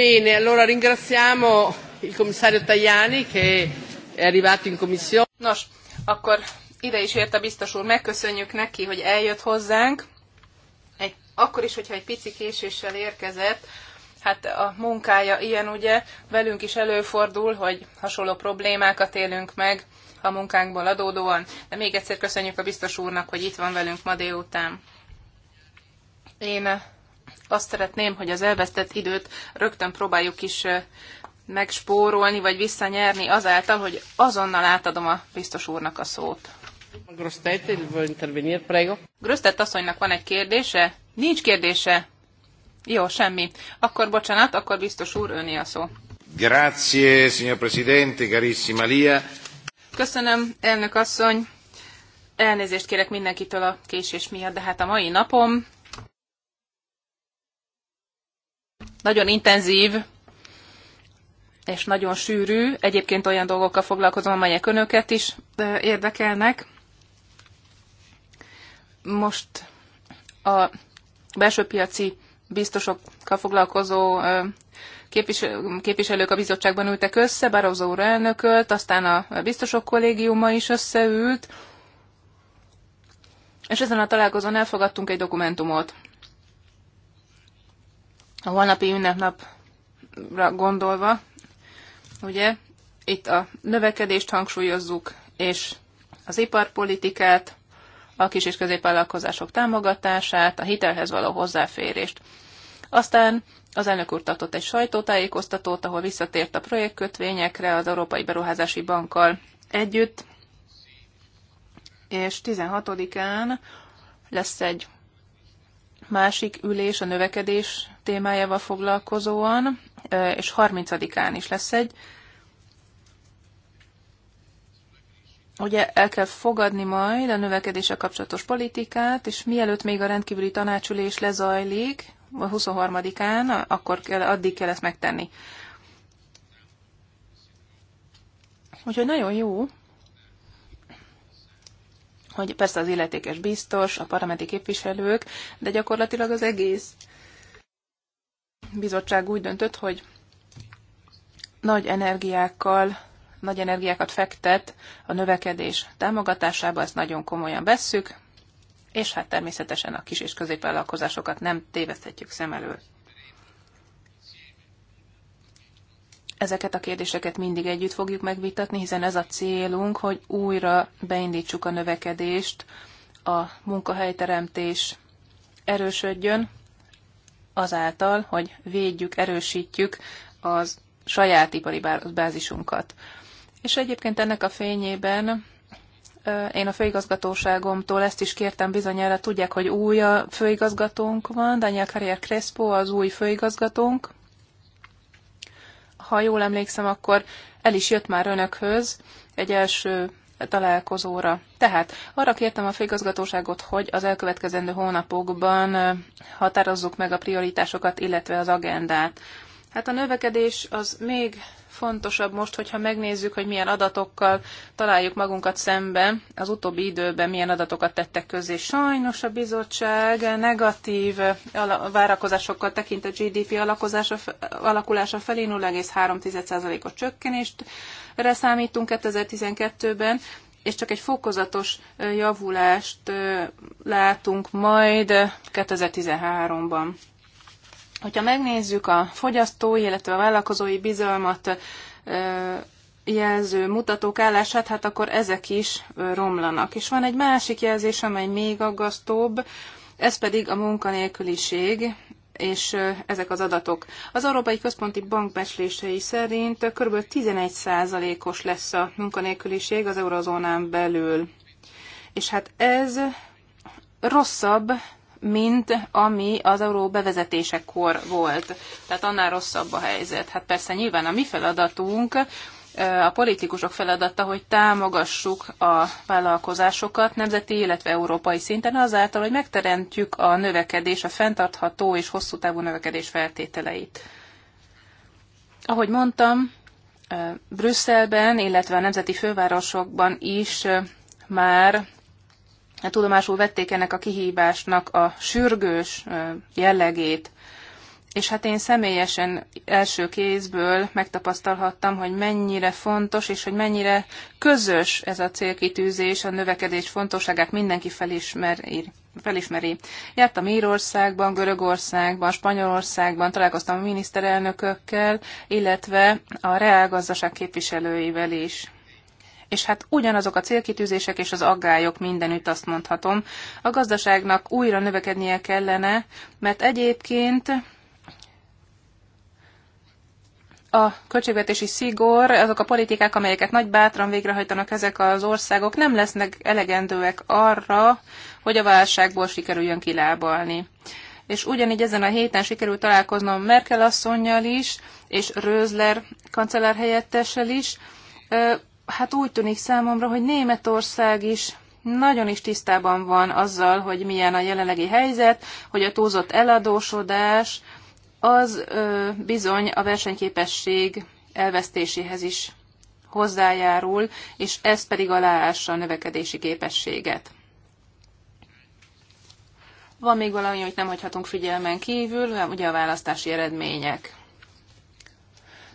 Bene, allora ringraziamo il commissario Tajani che è arrivato in commissione. Nos, akkor ide is ért a biztos úr, megköszönjük neki, hogy eljött hozzánk. Egy, akkor is, hogyha egy pici késéssel érkezett, hát a munkája ilyen ugye, velünk is előfordul, hogy hasonló problémákat élünk meg a munkánkból adódóan. De még egyszer köszönjük a biztos úrnak, hogy itt van velünk ma délután. Én azt szeretném, hogy az elvesztett időt rögtön próbáljuk is megspórolni, vagy visszanyerni azáltal, hogy azonnal átadom a biztos úrnak a szót. Grosztett, asszonynak van egy kérdése? Nincs kérdése? Jó, semmi. Akkor bocsánat, akkor biztos úr, öné a szó. Grazie, signor Presidente, carissima Lia. Köszönöm, elnök asszony. Elnézést kérek mindenkitől a késés miatt, de hát a mai napom nagyon intenzív és nagyon sűrű. Egyébként olyan dolgokkal foglalkozom, amelyek önöket is érdekelnek. Most a belső piaci biztosokkal foglalkozó képviselők a bizottságban ültek össze, Barozó úr elnökölt, aztán a biztosok kollégiuma is összeült, és ezen a találkozón elfogadtunk egy dokumentumot a holnapi ünnepnapra gondolva, ugye itt a növekedést hangsúlyozzuk, és az iparpolitikát, a kis és középvállalkozások támogatását, a hitelhez való hozzáférést. Aztán az elnök úr tartott egy sajtótájékoztatót, ahol visszatért a projektkötvényekre az Európai Beruházási Bankkal együtt, és 16-án lesz egy másik ülés a növekedés témájával foglalkozóan, és 30-án is lesz egy. Ugye el kell fogadni majd a növekedése kapcsolatos politikát, és mielőtt még a rendkívüli tanácsülés lezajlik, 23-án, akkor kell, addig kell ezt megtenni. Úgyhogy nagyon jó, hogy persze az illetékes biztos, a parlamenti képviselők, de gyakorlatilag az egész bizottság úgy döntött, hogy nagy energiákkal, nagy energiákat fektet a növekedés támogatásába, ezt nagyon komolyan vesszük, és hát természetesen a kis és középvállalkozásokat nem téveszthetjük szem elől. Ezeket a kérdéseket mindig együtt fogjuk megvitatni, hiszen ez a célunk, hogy újra beindítsuk a növekedést, a munkahelyteremtés erősödjön, azáltal, hogy védjük, erősítjük az saját ipari bázisunkat. És egyébként ennek a fényében én a főigazgatóságomtól ezt is kértem bizonyára, tudják, hogy új a főigazgatónk van, Daniel Carrier Crespo az új főigazgatónk, ha jól emlékszem, akkor el is jött már önökhöz egy első találkozóra. Tehát arra kértem a főigazgatóságot, hogy az elkövetkezendő hónapokban határozzuk meg a prioritásokat, illetve az agendát. Hát a növekedés az még legfontosabb most, hogyha megnézzük, hogy milyen adatokkal találjuk magunkat szembe, az utóbbi időben milyen adatokat tettek közé. Sajnos a bizottság negatív várakozásokkal tekint a GDP alakulása felé 0,3%-os csökkenést számítunk 2012-ben, és csak egy fokozatos javulást látunk majd 2013-ban. Hogyha megnézzük a fogyasztói, illetve a vállalkozói bizalmat jelző mutatók állását, hát akkor ezek is romlanak. És van egy másik jelzés, amely még aggasztóbb, ez pedig a munkanélküliség, és ezek az adatok. Az Európai Központi Bank becslései szerint kb. 11%-os lesz a munkanélküliség az eurozónán belül. És hát ez rosszabb, mint ami az euró bevezetésekor volt. Tehát annál rosszabb a helyzet. Hát persze nyilván a mi feladatunk, a politikusok feladata, hogy támogassuk a vállalkozásokat nemzeti, illetve európai szinten azáltal, hogy megteremtjük a növekedés, a fenntartható és hosszú távú növekedés feltételeit. Ahogy mondtam, Brüsszelben, illetve a nemzeti fővárosokban is már E tudomásul vették ennek a kihívásnak a sürgős jellegét. És hát én személyesen első kézből megtapasztalhattam, hogy mennyire fontos és hogy mennyire közös ez a célkitűzés, a növekedés fontosságát mindenki felismeri. felismeri. Jártam Írországban, Görögországban, Spanyolországban, találkoztam a miniszterelnökökkel, illetve a reálgazdaság képviselőivel is és hát ugyanazok a célkitűzések és az aggályok mindenütt azt mondhatom. A gazdaságnak újra növekednie kellene, mert egyébként a költségvetési szigor, azok a politikák, amelyeket nagy bátran végrehajtanak ezek az országok, nem lesznek elegendőek arra, hogy a válságból sikerüljön kilábalni és ugyanígy ezen a héten sikerült találkoznom Merkel asszonynal is, és Rözler kancellár helyettessel is, hát úgy tűnik számomra, hogy Németország is nagyon is tisztában van azzal, hogy milyen a jelenlegi helyzet, hogy a túlzott eladósodás az ö, bizony a versenyképesség elvesztéséhez is hozzájárul, és ez pedig aláássa a növekedési képességet. Van még valami, hogy nem hagyhatunk figyelmen kívül, ugye a választási eredmények.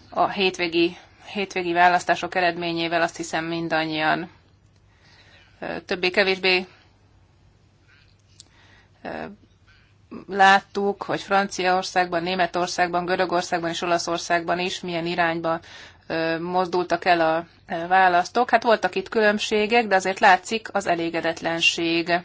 A hétvégi hétvégi választások eredményével azt hiszem mindannyian többé-kevésbé láttuk, hogy Franciaországban, Németországban, Görögországban és Olaszországban is milyen irányba mozdultak el a választók. Hát voltak itt különbségek, de azért látszik az elégedetlenség.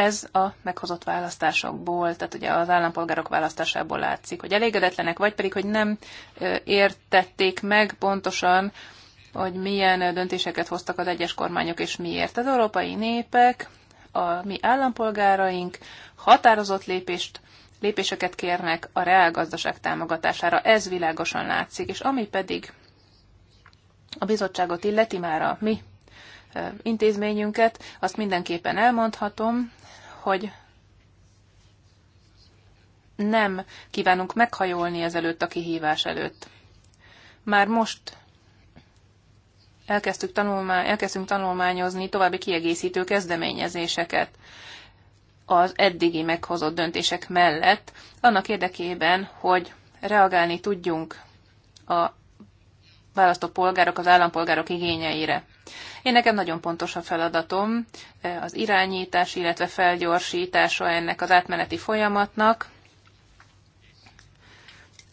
Ez a meghozott választásokból, tehát ugye az állampolgárok választásából látszik, hogy elégedetlenek, vagy pedig, hogy nem értették meg pontosan, hogy milyen döntéseket hoztak az egyes kormányok, és miért. Az európai népek, a mi állampolgáraink határozott lépést lépéseket kérnek a reálgazdaság támogatására. Ez világosan látszik, és ami pedig a bizottságot illeti már a mi intézményünket, azt mindenképpen elmondhatom, hogy nem kívánunk meghajolni ezelőtt a kihívás előtt. Már most elkezdtük tanulmány, elkezdtünk tanulmányozni további kiegészítő kezdeményezéseket az eddigi meghozott döntések mellett, annak érdekében, hogy reagálni tudjunk a polgárok az állampolgárok igényeire. Én nekem nagyon pontos a feladatom, e, az irányítás, illetve felgyorsítása ennek az átmeneti folyamatnak,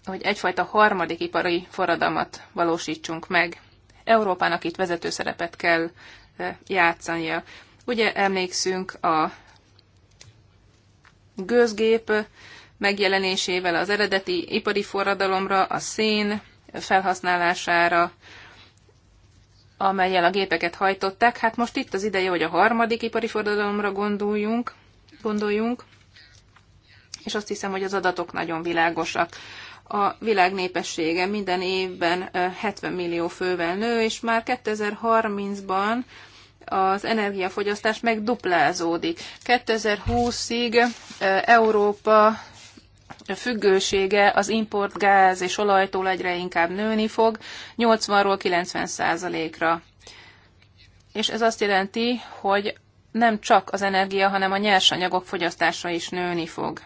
hogy egyfajta harmadik ipari forradalmat valósítsunk meg. Európának itt vezető szerepet kell e, játszania. Ugye emlékszünk a gőzgép megjelenésével az eredeti ipari forradalomra, a szén, felhasználására, amelyel a gépeket hajtották. Hát most itt az ideje, hogy a harmadik ipari forradalomra gondoljunk, gondoljunk, és azt hiszem, hogy az adatok nagyon világosak. A világ népessége minden évben 70 millió fővel nő, és már 2030-ban az energiafogyasztás megduplázódik. 2020-ig Európa függősége az importgáz és olajtól egyre inkább nőni fog, 80-ról 90 százalékra. És ez azt jelenti, hogy nem csak az energia, hanem a nyersanyagok fogyasztása is nőni fog.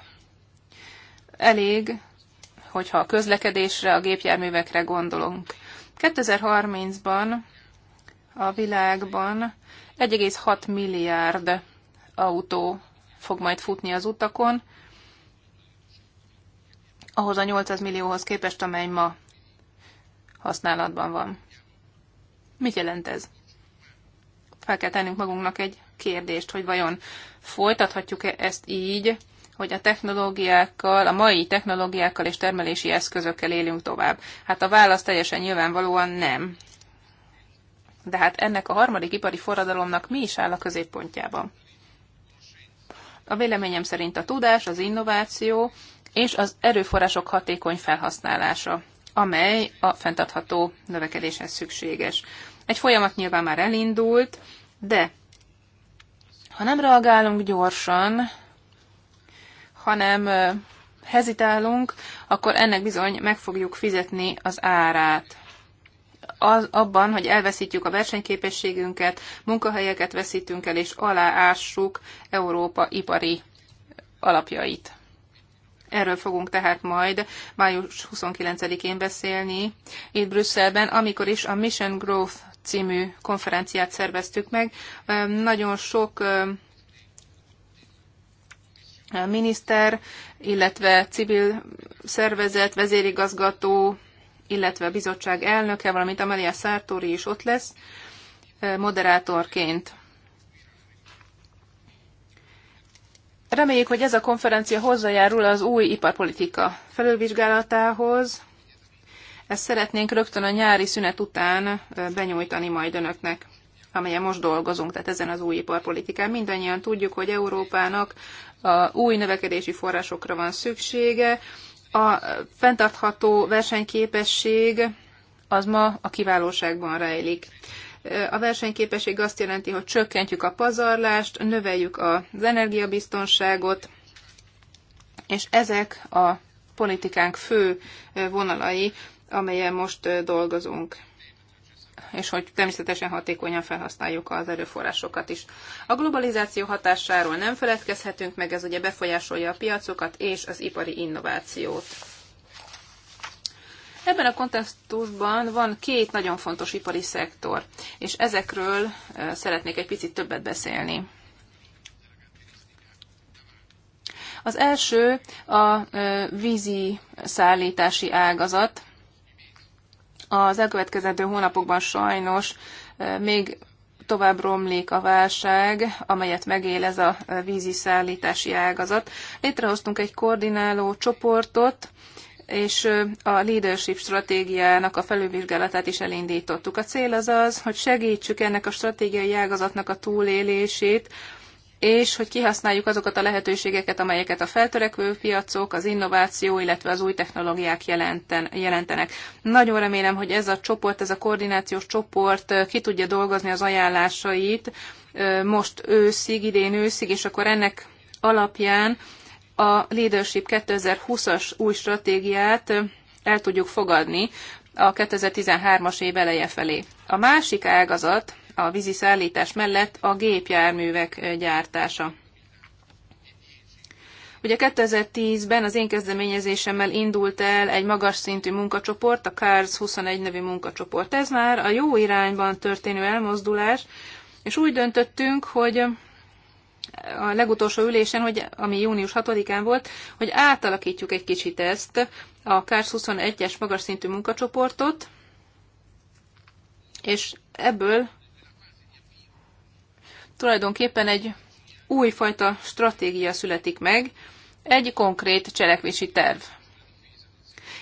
Elég, hogyha a közlekedésre, a gépjárművekre gondolunk. 2030-ban a világban 1,6 milliárd autó fog majd futni az utakon, ahhoz a 800 millióhoz képest, amely ma használatban van. Mit jelent ez? Fel kell tennünk magunknak egy kérdést, hogy vajon folytathatjuk-e ezt így, hogy a technológiákkal, a mai technológiákkal és termelési eszközökkel élünk tovább. Hát a válasz teljesen nyilvánvalóan nem. De hát ennek a harmadik ipari forradalomnak mi is áll a középpontjában? A véleményem szerint a tudás, az innováció és az erőforrások hatékony felhasználása, amely a fenntartható növekedéshez szükséges. Egy folyamat nyilván már elindult, de ha nem reagálunk gyorsan, hanem hezitálunk, akkor ennek bizony meg fogjuk fizetni az árát. Az, abban, hogy elveszítjük a versenyképességünket, munkahelyeket veszítünk el, és aláássuk Európa ipari alapjait. Erről fogunk tehát majd május 29-én beszélni itt Brüsszelben, amikor is a Mission Growth című konferenciát szerveztük meg. Nagyon sok miniszter, illetve civil szervezet, vezérigazgató, illetve bizottság elnöke, valamint Amelia Sartori is ott lesz moderátorként. Reméljük, hogy ez a konferencia hozzájárul az új iparpolitika felülvizsgálatához. Ezt szeretnénk rögtön a nyári szünet után benyújtani majd önöknek amelyen most dolgozunk, tehát ezen az új iparpolitikán. Mindannyian tudjuk, hogy Európának a új növekedési forrásokra van szüksége. A fenntartható versenyképesség az ma a kiválóságban rejlik. A versenyképesség azt jelenti, hogy csökkentjük a pazarlást, növeljük az energiabiztonságot, és ezek a politikánk fő vonalai, amelyen most dolgozunk és hogy természetesen hatékonyan felhasználjuk az erőforrásokat is. A globalizáció hatásáról nem feledkezhetünk meg, ez ugye befolyásolja a piacokat és az ipari innovációt. Ebben a kontextusban van két nagyon fontos ipari szektor, és ezekről szeretnék egy picit többet beszélni. Az első a vízi szállítási ágazat. Az elkövetkezendő hónapokban sajnos még tovább romlik a válság, amelyet megél ez a vízi szállítási ágazat. Létrehoztunk egy koordináló csoportot, és a leadership stratégiának a felülvizsgálatát is elindítottuk. A cél az az, hogy segítsük ennek a stratégiai ágazatnak a túlélését, és hogy kihasználjuk azokat a lehetőségeket, amelyeket a feltörekvő piacok, az innováció, illetve az új technológiák jelenten, jelentenek. Nagyon remélem, hogy ez a csoport, ez a koordinációs csoport ki tudja dolgozni az ajánlásait most őszig, idén őszig, és akkor ennek alapján a Leadership 2020-as új stratégiát el tudjuk fogadni a 2013-as év eleje felé. A másik ágazat a vízi szállítás mellett a gépjárművek gyártása. Ugye 2010-ben az én kezdeményezésemmel indult el egy magas szintű munkacsoport, a CARS 21 nevű munkacsoport. Ez már a jó irányban történő elmozdulás, és úgy döntöttünk, hogy a legutolsó ülésen, hogy, ami június 6-án volt, hogy átalakítjuk egy kicsit ezt, a KÁRS 21-es magas szintű munkacsoportot, és ebből tulajdonképpen egy újfajta stratégia születik meg, egy konkrét cselekvési terv.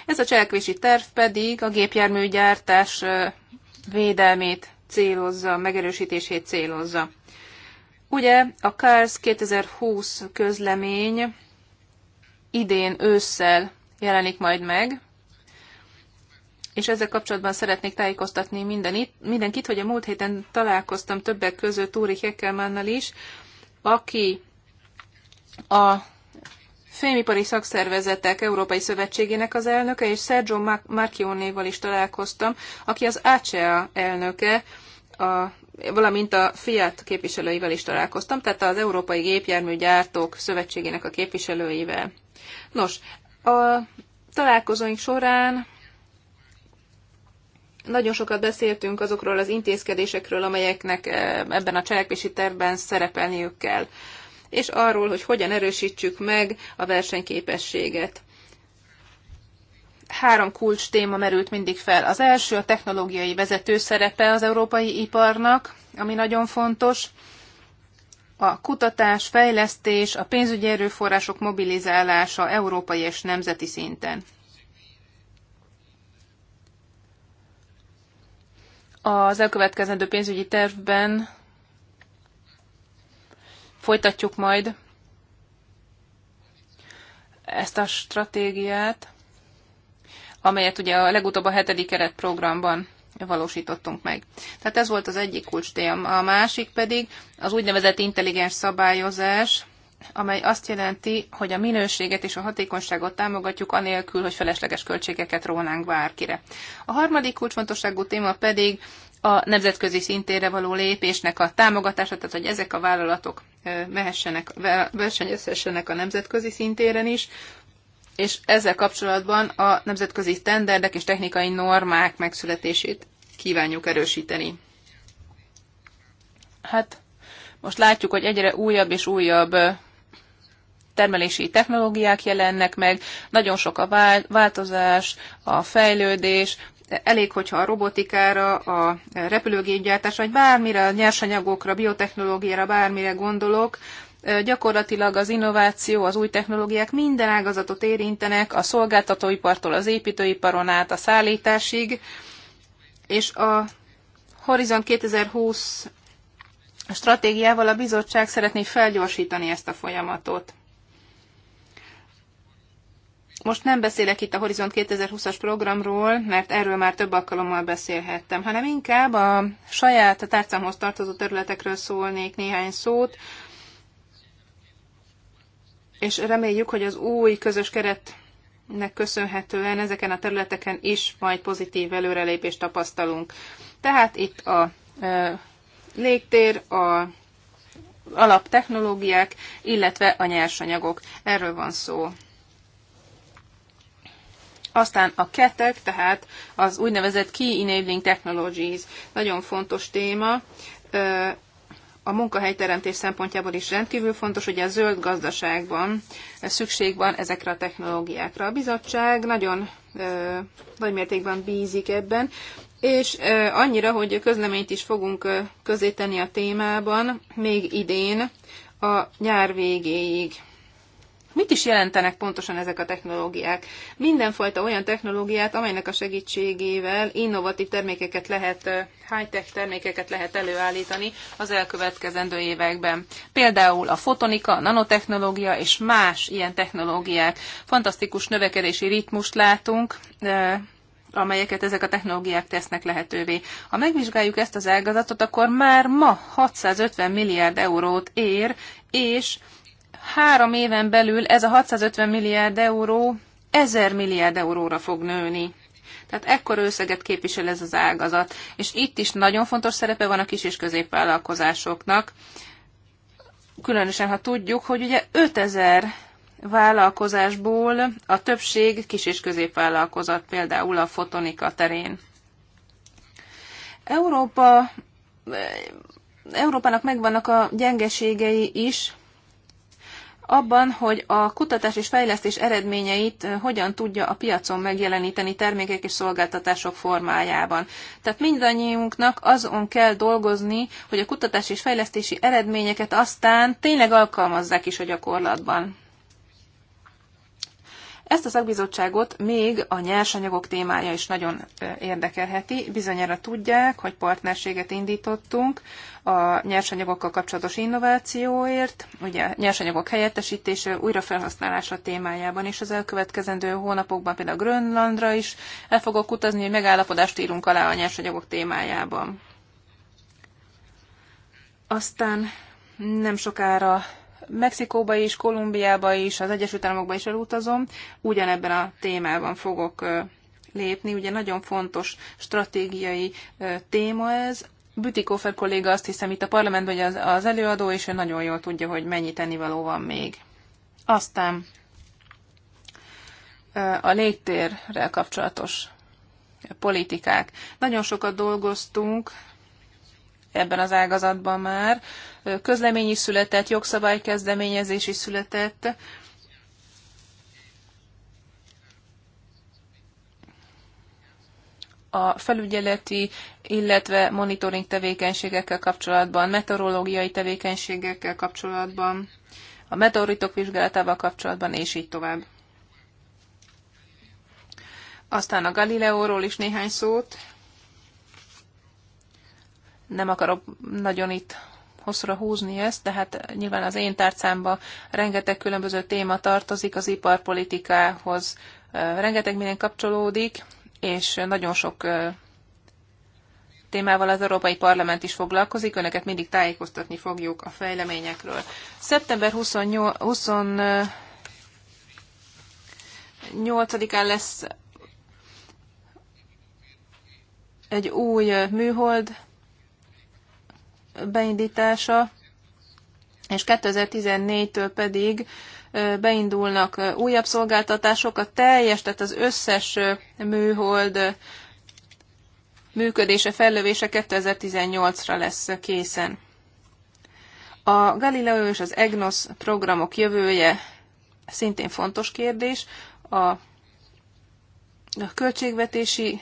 Ez a cselekvési terv pedig a gépjárműgyártás védelmét célozza, megerősítését célozza. Ugye a CARS 2020 közlemény idén ősszel jelenik majd meg, és ezzel kapcsolatban szeretnék tájékoztatni mindenkit, hogy a múlt héten találkoztam többek között Úri Heckelmannal is, aki a Fémipari Szakszervezetek Európai Szövetségének az elnöke, és Sergio Marchionéval is találkoztam, aki az ACEA e elnöke, a valamint a Fiat képviselőivel is találkoztam, tehát az Európai Gépjárműgyártók Szövetségének a képviselőivel. Nos, a találkozóink során nagyon sokat beszéltünk azokról az intézkedésekről, amelyeknek eh, ebben a cselekvési tervben szerepelniük kell, és arról, hogy hogyan erősítsük meg a versenyképességet három kulcs téma merült mindig fel. Az első a technológiai vezető szerepe az európai iparnak, ami nagyon fontos. A kutatás, fejlesztés, a pénzügyi erőforrások mobilizálása európai és nemzeti szinten. Az elkövetkezendő pénzügyi tervben folytatjuk majd ezt a stratégiát amelyet ugye a legutóbb a hetedik keretprogramban valósítottunk meg. Tehát ez volt az egyik kulcs téma. A másik pedig az úgynevezett intelligens szabályozás, amely azt jelenti, hogy a minőséget és a hatékonyságot támogatjuk anélkül, hogy felesleges költségeket rónánk bárkire. A harmadik kulcsfontosságú téma pedig a nemzetközi szintére való lépésnek a támogatása, tehát hogy ezek a vállalatok mehessenek, versenyezhessenek a nemzetközi szintéren is, és ezzel kapcsolatban a nemzetközi tenderdek és technikai normák megszületését kívánjuk erősíteni. Hát most látjuk, hogy egyre újabb és újabb termelési technológiák jelennek meg, nagyon sok a változás, a fejlődés, elég, hogyha a robotikára, a repülőgépgyártásra, vagy bármire, a nyersanyagokra, biotechnológiára, bármire gondolok, gyakorlatilag az innováció, az új technológiák minden ágazatot érintenek, a szolgáltatóipartól az építőiparon át a szállításig, és a Horizon 2020 stratégiával a bizottság szeretné felgyorsítani ezt a folyamatot. Most nem beszélek itt a Horizont 2020-as programról, mert erről már több alkalommal beszélhettem, hanem inkább a saját a tárcámhoz tartozó területekről szólnék néhány szót, és reméljük, hogy az új közös keretnek köszönhetően ezeken a területeken is majd pozitív előrelépést tapasztalunk. Tehát itt a e, légtér, a alaptechnológiák, illetve a nyersanyagok. Erről van szó. Aztán a ketek, tehát az úgynevezett Key Enabling Technologies, nagyon fontos téma a munkahelyteremtés szempontjából is rendkívül fontos, hogy a zöld gazdaságban szükség van ezekre a technológiákra. A bizottság nagyon nagy mértékben bízik ebben, és annyira, hogy közleményt is fogunk közéteni közé tenni a témában még idén, a nyár végéig. Mit is jelentenek pontosan ezek a technológiák? Mindenfajta olyan technológiát, amelynek a segítségével innovatív termékeket lehet, high-tech termékeket lehet előállítani az elkövetkezendő években. Például a fotonika, a nanotechnológia és más ilyen technológiák. Fantasztikus növekedési ritmust látunk, amelyeket ezek a technológiák tesznek lehetővé. Ha megvizsgáljuk ezt az ágazatot, akkor már ma 650 milliárd eurót ér, és három éven belül ez a 650 milliárd euró 1000 milliárd euróra fog nőni. Tehát ekkor összeget képvisel ez az ágazat. És itt is nagyon fontos szerepe van a kis és középvállalkozásoknak. Különösen, ha tudjuk, hogy ugye 5000 vállalkozásból a többség kis és középvállalkozat, például a fotonika terén. Európa, eh, Európának megvannak a gyengeségei is, abban, hogy a kutatás és fejlesztés eredményeit hogyan tudja a piacon megjeleníteni termékek és szolgáltatások formájában. Tehát mindannyiunknak azon kell dolgozni, hogy a kutatás és fejlesztési eredményeket aztán tényleg alkalmazzák is a gyakorlatban. Ezt a szakbizottságot még a nyersanyagok témája is nagyon érdekelheti. Bizonyára tudják, hogy partnerséget indítottunk a nyersanyagokkal kapcsolatos innovációért, ugye nyersanyagok helyettesítése, újrafelhasználása témájában, is az elkövetkezendő hónapokban például Grönlandra is el fogok utazni, hogy megállapodást írunk alá a nyersanyagok témájában. Aztán nem sokára Mexikóba is, Kolumbiába is, az Egyesült Államokba is elutazom, ugyanebben a témában fogok lépni. Ugye nagyon fontos stratégiai téma ez. Bütikófer kolléga azt hiszem itt a parlamentben hogy az, az előadó, és ő nagyon jól tudja, hogy mennyi tennivaló van még. Aztán a légtérrel kapcsolatos politikák. Nagyon sokat dolgoztunk ebben az ágazatban már. Közlemény is született, jogszabálykezdeményezés is született. a felügyeleti, illetve monitoring tevékenységekkel kapcsolatban, meteorológiai tevékenységekkel kapcsolatban, a meteoritok vizsgálatával kapcsolatban, és így tovább. Aztán a Galileóról is néhány szót nem akarok nagyon itt hosszúra húzni ezt, de hát nyilván az én tárcámba rengeteg különböző téma tartozik az iparpolitikához, rengeteg minden kapcsolódik, és nagyon sok témával az Európai Parlament is foglalkozik, önöket mindig tájékoztatni fogjuk a fejleményekről. Szeptember 28, 28-án lesz egy új műhold beindítása, és 2014-től pedig beindulnak újabb szolgáltatások, a teljes, tehát az összes műhold működése, fellövése 2018-ra lesz készen. A Galileo és az EGNOS programok jövője szintén fontos kérdés. A költségvetési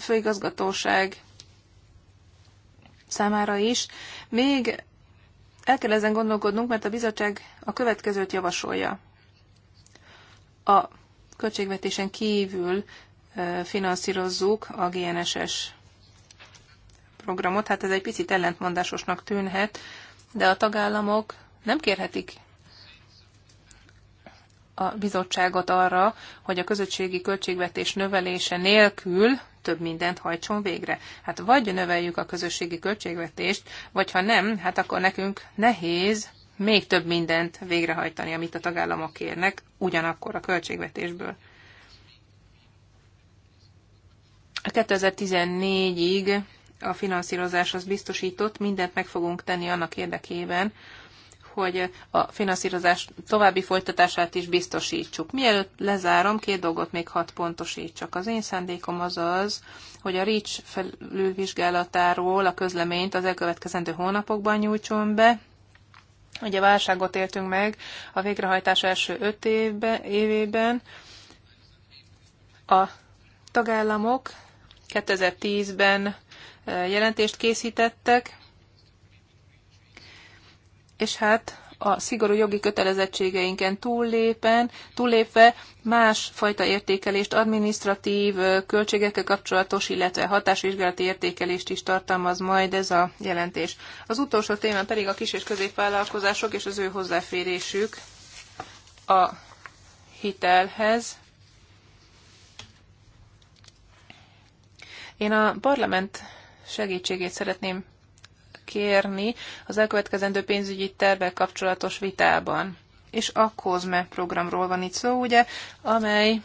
főigazgatóság számára is. Még el kell ezen gondolkodnunk, mert a bizottság a következőt javasolja. A költségvetésen kívül finanszírozzuk a GNSS programot. Hát ez egy picit ellentmondásosnak tűnhet, de a tagállamok nem kérhetik a bizottságot arra, hogy a közösségi költségvetés növelése nélkül több mindent hajtson végre. Hát vagy növeljük a közösségi költségvetést, vagy ha nem, hát akkor nekünk nehéz még több mindent végrehajtani, amit a tagállamok kérnek, ugyanakkor a költségvetésből. A 2014-ig a finanszírozáshoz biztosított mindent meg fogunk tenni annak érdekében, hogy a finanszírozás további folytatását is biztosítsuk. Mielőtt lezárom, két dolgot még hat pontosítsak. Az én szándékom az az, hogy a REACH felülvizsgálatáról a közleményt az elkövetkezendő hónapokban nyújtson be, Ugye válságot éltünk meg a végrehajtás első öt évben, évében. A tagállamok 2010-ben eh, jelentést készítettek, és hát a szigorú jogi kötelezettségeinken túllépen, túllépve más fajta értékelést, administratív költségekkel kapcsolatos, illetve hatásvizsgálati értékelést is tartalmaz majd ez a jelentés. Az utolsó téma pedig a kis- és középvállalkozások és az ő hozzáférésük a hitelhez. Én a parlament segítségét szeretném kérni az elkövetkezendő pénzügyi tervek kapcsolatos vitában. És a COSME programról van itt szó, ugye, amely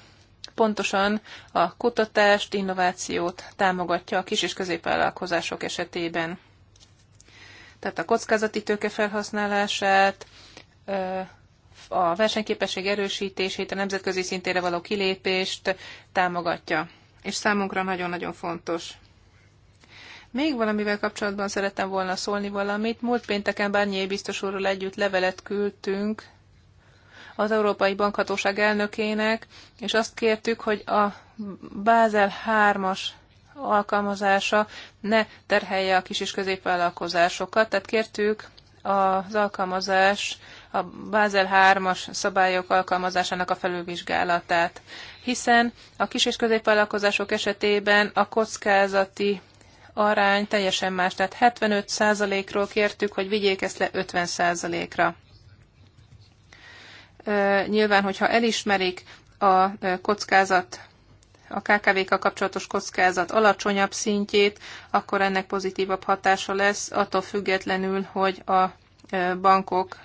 pontosan a kutatást, innovációt támogatja a kis- és középvállalkozások esetében. Tehát a kockázati tőke felhasználását, a versenyképesség erősítését, a nemzetközi szintére való kilépést támogatja. És számunkra nagyon-nagyon fontos. Még valamivel kapcsolatban szerettem volna szólni valamit. Múlt pénteken Bárnyé biztos úrral együtt levelet küldtünk az Európai Bankhatóság elnökének, és azt kértük, hogy a Bázel 3-as alkalmazása ne terhelje a kis és középvállalkozásokat. Tehát kértük az alkalmazás, a Bázel 3-as szabályok alkalmazásának a felülvizsgálatát, hiszen a kis és középvállalkozások esetében a kockázati arány teljesen más, tehát 75%-ról kértük, hogy vigyék ezt le 50%-ra. Nyilván, hogyha elismerik a kockázat a KKV-kkal kapcsolatos kockázat alacsonyabb szintjét, akkor ennek pozitívabb hatása lesz, attól függetlenül, hogy a bankok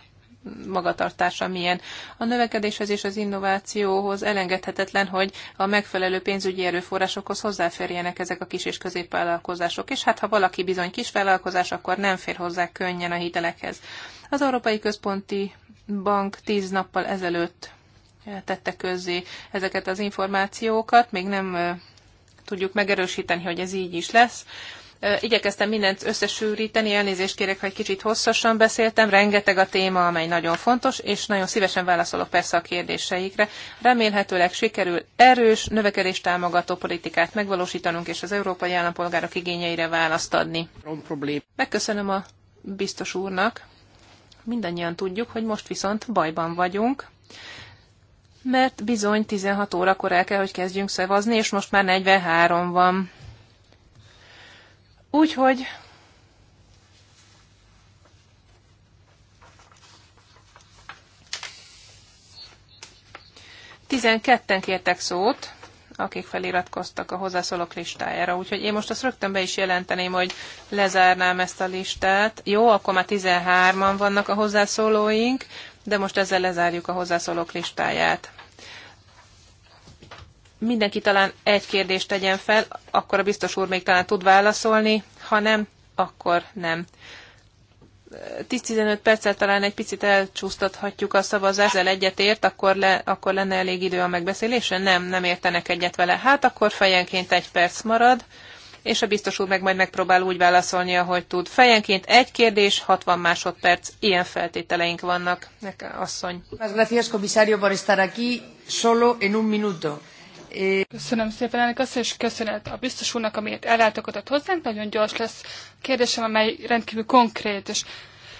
magatartása milyen. A növekedéshez és az innovációhoz elengedhetetlen, hogy a megfelelő pénzügyi erőforrásokhoz hozzáférjenek ezek a kis és középvállalkozások, és hát ha valaki bizony vállalkozás, akkor nem fér hozzá könnyen a hitelekhez. Az Európai Központi Bank tíz nappal ezelőtt tette közzé ezeket az információkat, még nem tudjuk megerősíteni, hogy ez így is lesz Igyekeztem mindent összesűríteni, elnézést kérek, ha egy kicsit hosszasan beszéltem. Rengeteg a téma, amely nagyon fontos, és nagyon szívesen válaszolok persze a kérdéseikre. Remélhetőleg sikerül erős, növekedést támogató politikát megvalósítanunk, és az európai állampolgárok igényeire választ adni. Megköszönöm a biztos úrnak. Mindannyian tudjuk, hogy most viszont bajban vagyunk, mert bizony 16 órakor el kell, hogy kezdjünk szavazni, és most már 43 van. Úgyhogy tizenketten kértek szót, akik feliratkoztak a hozzászólók listájára. Úgyhogy én most azt rögtön be is jelenteném, hogy lezárnám ezt a listát. Jó, akkor már 13-an vannak a hozzászólóink, de most ezzel lezárjuk a hozzászólók listáját mindenki talán egy kérdést tegyen fel, akkor a biztos úr még talán tud válaszolni, ha nem, akkor nem. 10-15 perccel talán egy picit elcsúsztathatjuk a szavazást, ezzel ért, akkor, le, akkor lenne elég idő a megbeszélésre? Nem, nem értenek egyet vele. Hát akkor fejenként egy perc marad, és a biztos úr meg majd megpróbál úgy válaszolni, ahogy tud. Fejenként egy kérdés, 60 másodperc, ilyen feltételeink vannak, nekem asszony. Gracias, comisario, por estar aquí, solo en un minuto. Köszönöm szépen, ennek azt és köszönet a biztos úrnak, amiért ellátogatott hozzánk. Nagyon gyors lesz a kérdésem, amely rendkívül konkrét, és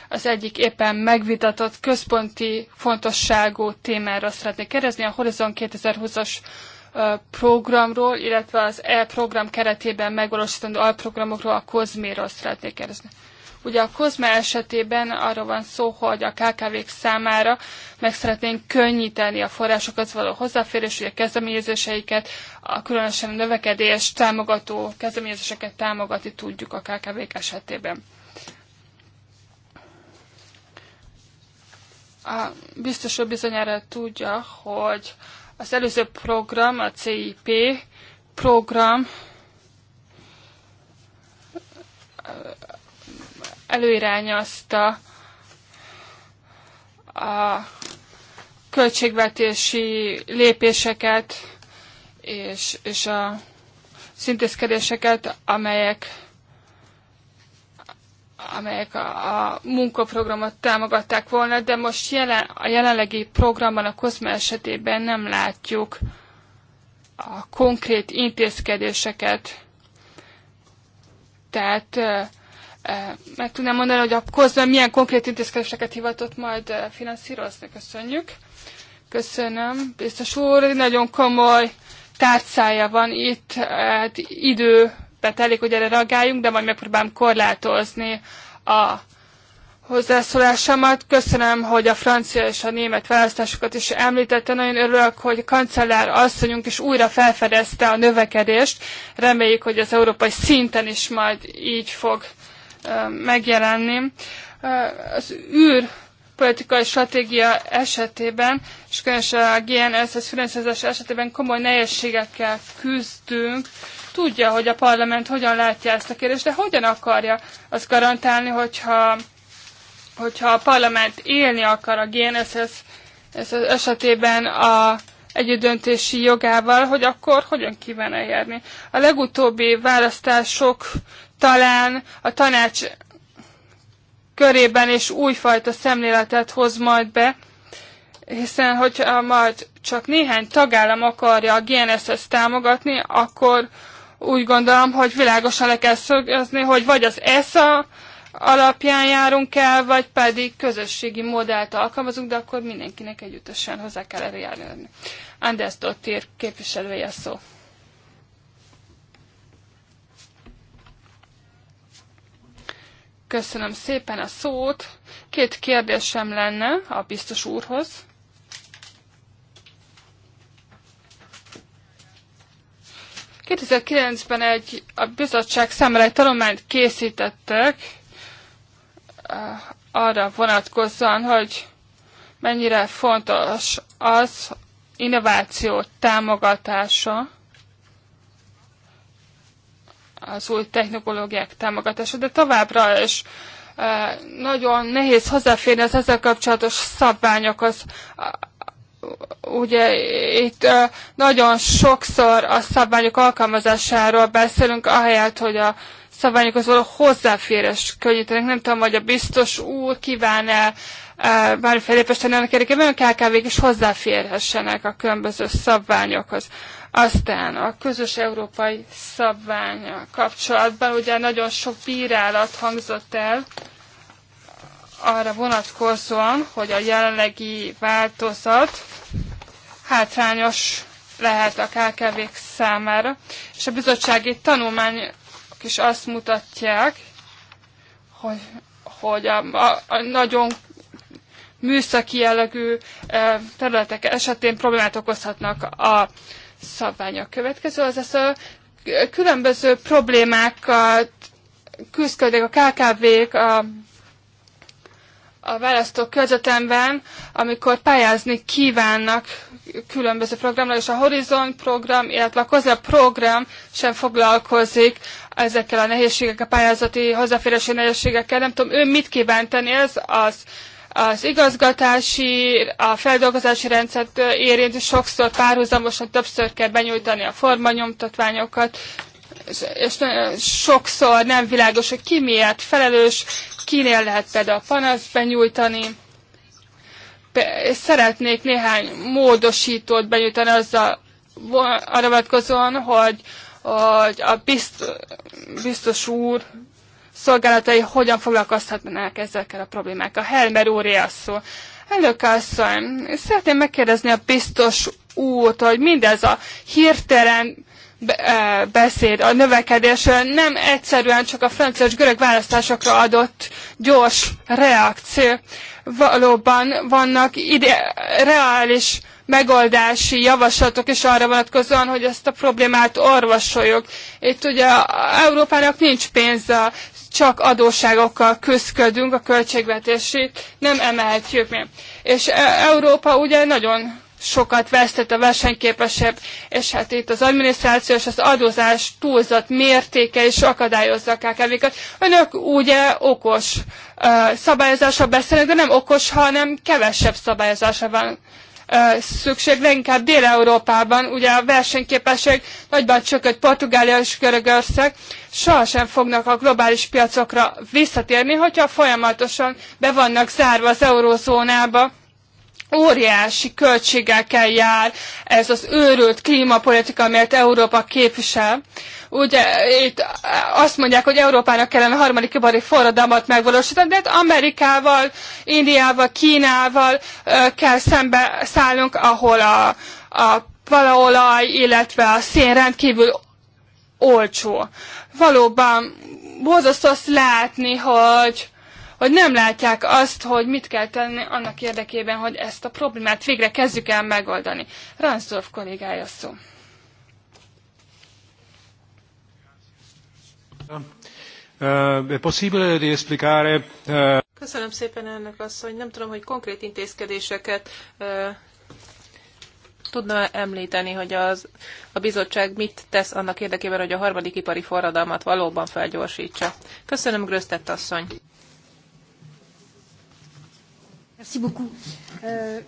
az egyik éppen megvitatott központi fontosságú témára szeretnék kérdezni, a Horizon 2020-as programról, illetve az E-program keretében megvalósítandó alprogramokról, a Kozméről szeretnék kérdezni. Ugye a Kozma esetében arról van szó, hogy a KKV-k számára meg szeretnénk könnyíteni a forrásokhoz való hozzáférés, ugye a kezdeményezéseiket, a különösen a növekedés támogató kezdeményezéseket támogatni tudjuk a KKV-k esetében. A biztos bizonyára tudja, hogy az előző program, a CIP program előirányozta a költségvetési lépéseket és, és a szintézkedéseket, amelyek amelyek a, a munkaprogramot támogatták volna, de most jelen, a jelenlegi programban, a COSME esetében nem látjuk a konkrét intézkedéseket. Tehát meg tudnám mondani, hogy a COSZBEN milyen konkrét intézkedéseket hivatott majd finanszírozni. Köszönjük. Köszönöm. Biztos úr, nagyon komoly tárcája van itt, hát idő betelik, hogy erre reagáljunk, de majd megpróbálom korlátozni a hozzászólásomat. Köszönöm, hogy a francia és a német választásokat is említette. Nagyon örülök, hogy a kancellár asszonyunk is újra felfedezte a növekedést. Reméljük, hogy az európai szinten is majd így fog megjelenni. Az űr politikai stratégia esetében, és különösen a GNSS 900 esetében komoly nehézségekkel küzdünk, tudja, hogy a parlament hogyan látja ezt a kérdést, de hogyan akarja azt garantálni, hogyha, hogyha a parlament élni akar a GNSS ez az esetében a együttdöntési jogával, hogy akkor hogyan kíván eljárni. A legutóbbi választások talán a tanács körében is újfajta szemléletet hoz majd be, hiszen hogyha majd csak néhány tagállam akarja a GNSS-t támogatni, akkor úgy gondolom, hogy világosan le kell szögezni, hogy vagy az ESA alapján járunk el, vagy pedig közösségi modellt alkalmazunk, de akkor mindenkinek együttesen hozzá kell erre járni. Anders Dottir képviselője szó. Köszönöm szépen a szót. Két kérdésem lenne a biztos úrhoz. ben egy, a bizottság számára egy tanulmányt készítettek eh, arra vonatkozóan, hogy mennyire fontos az innováció támogatása, az új technológiák támogatása, de továbbra is e, nagyon nehéz hozzáférni az ezzel kapcsolatos szabványokhoz. Ugye itt e, nagyon sokszor a szabványok alkalmazásáról beszélünk, ahelyett, hogy a szabványokhoz való hozzáférés könnyítenek. Nem tudom, hogy a biztos úr kíván-e e, bármi felépesteni tenni annak érdekében, hogy KKV-k is hozzáférhessenek a különböző szabványokhoz. Aztán a közös európai szabványa kapcsolatban ugye nagyon sok bírálat hangzott el arra vonatkozóan, hogy a jelenlegi változat hátrányos lehet a kkv számára, és a bizottsági tanulmányok is azt mutatják, hogy, hogy a, a, a nagyon műszaki jellegű eh, területek esetén problémát okozhatnak a szabvány a következő, azaz a különböző problémákat küzdködik a KKV-k a, a választók közöttemben, amikor pályázni kívánnak különböző programra, és a Horizon program, illetve a COSLA program sem foglalkozik ezekkel a nehézségekkel, a pályázati hozzáférési nehézségekkel. Nem tudom, ő mit kíván tenni, ez az az igazgatási, a feldolgozási rendszert érint, sokszor párhuzamosan többször kell benyújtani a formanyomtatványokat, és sokszor nem világos, hogy ki miért felelős, kinél lehet például a panaszt benyújtani. Szeretnék néhány módosítót benyújtani azzal arra vonatkozóan, hogy, hogy a bizt, biztos úr szolgálatai hogyan foglalkozhatnak ezekkel a problémákkal. Helmer úr szó. Elnök asszony, szeretném megkérdezni a biztos út, hogy mindez a hirtelen beszéd, a növekedés nem egyszerűen csak a francia és görög választásokra adott gyors reakció. Valóban vannak ide reális megoldási javaslatok is arra vonatkozóan, hogy ezt a problémát orvosoljuk. Itt ugye Európának nincs pénze a csak adósságokkal küzdködünk a költségvetését, nem emelhetjük mi. És e- Európa ugye nagyon sokat vesztett a versenyképesebb, és hát itt az adminisztráció és az adózás túlzott mértéke is akadályozza a KKV-kat. Önök ugye okos uh, szabályozásra beszélnek, de nem okos, hanem kevesebb szabályozásra van szükség, leginkább Dél-Európában, ugye a versenyképesség nagyban csökkent Portugália és Görögország, sohasem fognak a globális piacokra visszatérni, hogyha folyamatosan be vannak zárva az eurózónába óriási költségekkel jár ez az őrült klímapolitika, amelyet Európa képvisel. Ugye itt azt mondják, hogy Európának kellene a harmadik ipari forradalmat megvalósítani, de hát Amerikával, Indiával, Kínával kell szembe szállnunk, ahol a, a palaolaj, illetve a szén rendkívül olcsó. Valóban borzasztó azt látni, hogy hogy nem látják azt, hogy mit kell tenni annak érdekében, hogy ezt a problémát végre kezdjük el megoldani. Ransdorf kollégája szó. Eh, eh, Köszönöm szépen ennek hogy Nem tudom, hogy konkrét intézkedéseket eh, tudna említeni, hogy az, a bizottság mit tesz annak érdekében, hogy a harmadik ipari forradalmat valóban felgyorsítsa. Köszönöm, Grösztett asszony. Merci beaucoup. Euh,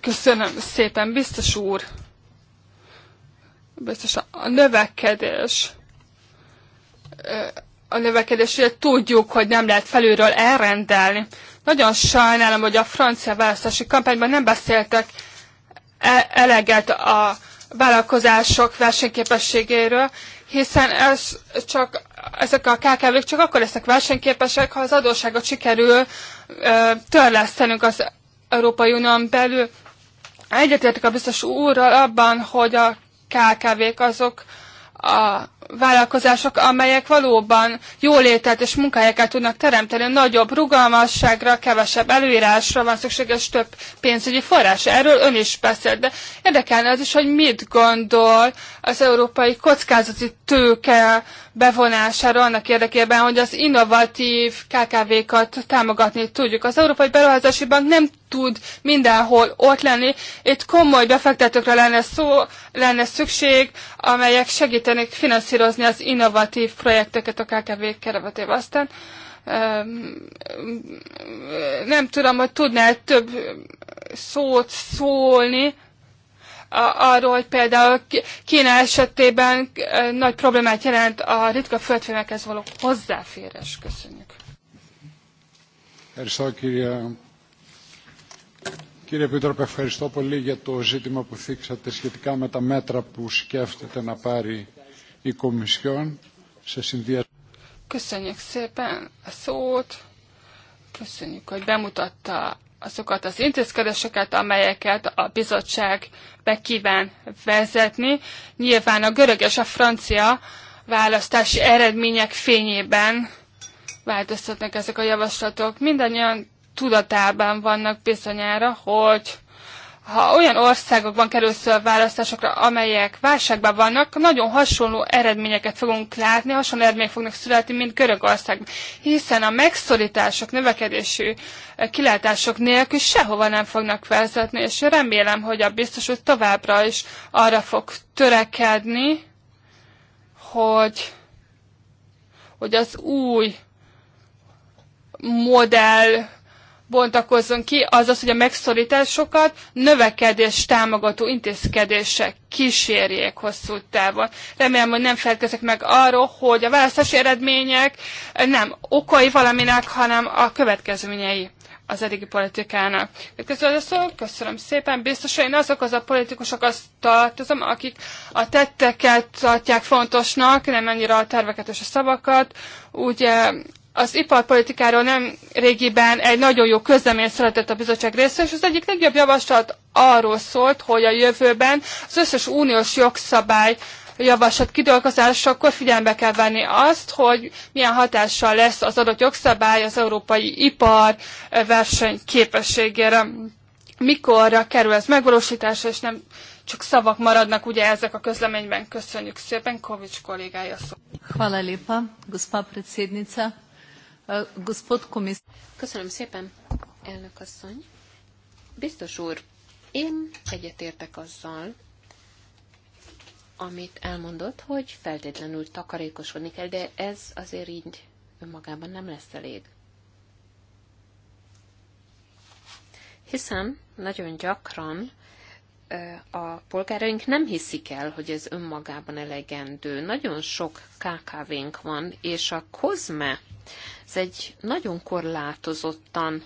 Köszönöm szépen, biztos úr. Biztos a növekedés. A növekedés, ugye tudjuk, hogy nem lehet felülről elrendelni. Nagyon sajnálom, hogy a francia választási kampányban nem beszéltek e, eleget a vállalkozások versenyképességéről, hiszen ez csak, ezek a KKV-k csak akkor lesznek versenyképesek, ha az adósságot sikerül törlesztenünk az Európai Unión belül. Egyetértek a biztos úrral abban, hogy a KKV-k azok a vállalkozások, amelyek valóban jólétet és munkahelyeket tudnak teremteni. Nagyobb rugalmasságra, kevesebb előírásra van szükséges több pénzügyi forrás. Erről ön is beszélt, de érdekelne az is, hogy mit gondol az európai kockázati tőke bevonására annak érdekében, hogy az innovatív KKV-kat támogatni tudjuk. Az Európai Beruházási Bank nem tud mindenhol ott lenni. Itt komoly befektetőkre lenne szó, lenne szükség, amelyek segítenek finanszírozni az innovatív projekteket a KKV keretében. Aztán nem tudom, hogy tudnál több szót szólni arról, hogy például Kína esetében nagy problémát jelent a ritka földfémekhez való hozzáférés. Köszönjük. Κύριε Επίτροπε, ευχαριστώ πολύ για το ζήτημα που θίξατε σχετικά με τα μέτρα που σκέφτεται να πάρει η Κομισιόν σε συνδυασμό. Köszönjük szépen a szót, köszönjük, hogy bemutatta azokat az intézkedéseket, amelyeket a bizottság bekíván vezetni. Nyilván a görög és a francia választási eredmények fényében változtatnak ezek a javaslatok. Mindannyian tudatában vannak bizonyára, hogy ha olyan országokban kerülsz a választásokra, amelyek válságban vannak, nagyon hasonló eredményeket fogunk látni, hasonló eredmények fognak születni, mint Görögországban. Hiszen a megszorítások, növekedési eh, kilátások nélkül sehova nem fognak vezetni, és remélem, hogy a biztos úr továbbra is arra fog törekedni, hogy, hogy az új modell bontakozzon ki, azaz, hogy a megszorításokat növekedés támogató intézkedések kísérjék hosszú távon. Remélem, hogy nem felkezek meg arról, hogy a választási eredmények nem okai valaminek, hanem a következményei az eddigi politikának. Köszönöm, köszönöm szépen. Biztos, én azok az a azt tartozom, akik a tetteket tartják fontosnak, nem annyira a terveket és a szavakat. Ugye az iparpolitikáról nem régiben egy nagyon jó közlemény született a bizottság részéről, és az egyik legjobb javaslat arról szólt, hogy a jövőben az összes uniós jogszabály javaslat kidolgozásakor figyelembe kell venni azt, hogy milyen hatással lesz az adott jogszabály az európai ipar versenyképességére. Mikorra kerül ez megvalósításra, és nem csak szavak maradnak ugye ezek a közleményben. Köszönjük szépen, Kovics kollégája szó. Hvala lepa, gospa predsednica. Köszönöm szépen, elnök asszony. Biztos úr, én egyetértek azzal, amit elmondott, hogy feltétlenül takarékoskodni kell, de ez azért így önmagában nem lesz elég. Hiszen nagyon gyakran a polgáraink nem hiszik el, hogy ez önmagában elegendő. Nagyon sok KKV-nk van, és a COSME, ez egy nagyon korlátozottan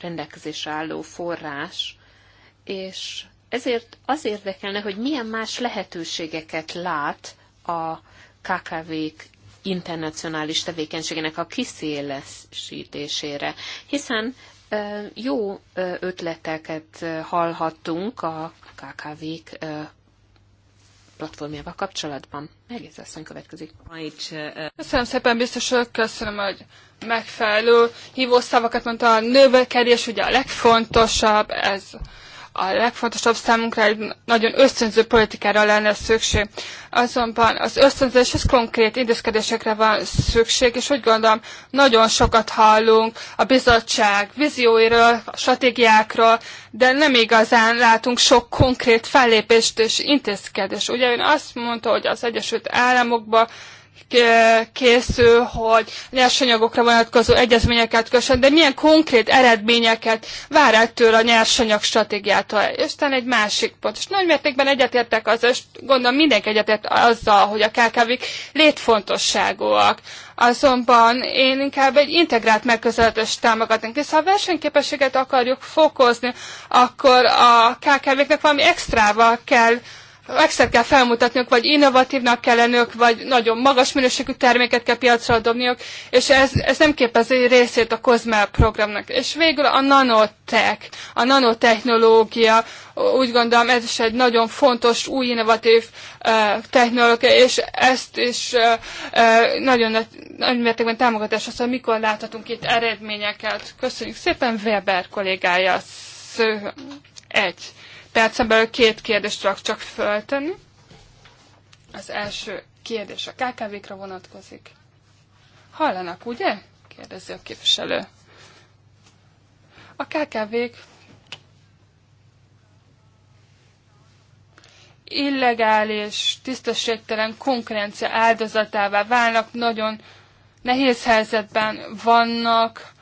rendelkezésre álló forrás, és ezért az érdekelne, hogy milyen más lehetőségeket lát a KKV-k internacionális tevékenységének a kiszélesítésére, hiszen jó ötleteket hallhattunk a KKV-k platformjával kapcsolatban. Megész asszony következik. Köszönöm szépen, biztos köszönöm, hogy megfelelő hívószavakat mondta a növekedés, ugye a legfontosabb, ez a legfontosabb számunkra egy nagyon ösztönző politikára lenne szükség. Azonban az ösztönzéshez konkrét intézkedésekre van szükség, és úgy gondolom, nagyon sokat hallunk a bizottság vizióiról, a stratégiákról, de nem igazán látunk sok konkrét fellépést és intézkedést. Ugye ön azt mondta, hogy az Egyesült Államokban készül, hogy nyersanyagokra vonatkozó egyezményeket kössön, de milyen konkrét eredményeket vár ettől a nyersanyag stratégiától. És aztán egy másik pont. És nagy mértékben egyetértek az, és gondolom mindenki egyetért azzal, hogy a KKV-k létfontosságúak. Azonban én inkább egy integrált megközelítést támogatnék, és ha a versenyképességet akarjuk fokozni, akkor a KKV-knek valami extrával kell Megszer kell felmutatniuk, vagy innovatívnak kell lennünk, vagy nagyon magas minőségű terméket kell piacra dobniuk, és ez, ez nem képezi részét a COSME programnak. És végül a nanotech, a nanotechnológia, úgy gondolom ez is egy nagyon fontos, új innovatív uh, technológia, és ezt is uh, uh, nagyon nagy, nagy mértékben támogatás az, hogy mikor láthatunk itt eredményeket. Köszönjük szépen, Weber kollégája, sző egy percen belül két kérdést tudok csak föltenni. Az első kérdés a KKV-kra vonatkozik. Hallanak, ugye? kérdezi a képviselő. A KKV-k illegális, tisztességtelen konkurencia áldozatává válnak, nagyon nehéz helyzetben vannak,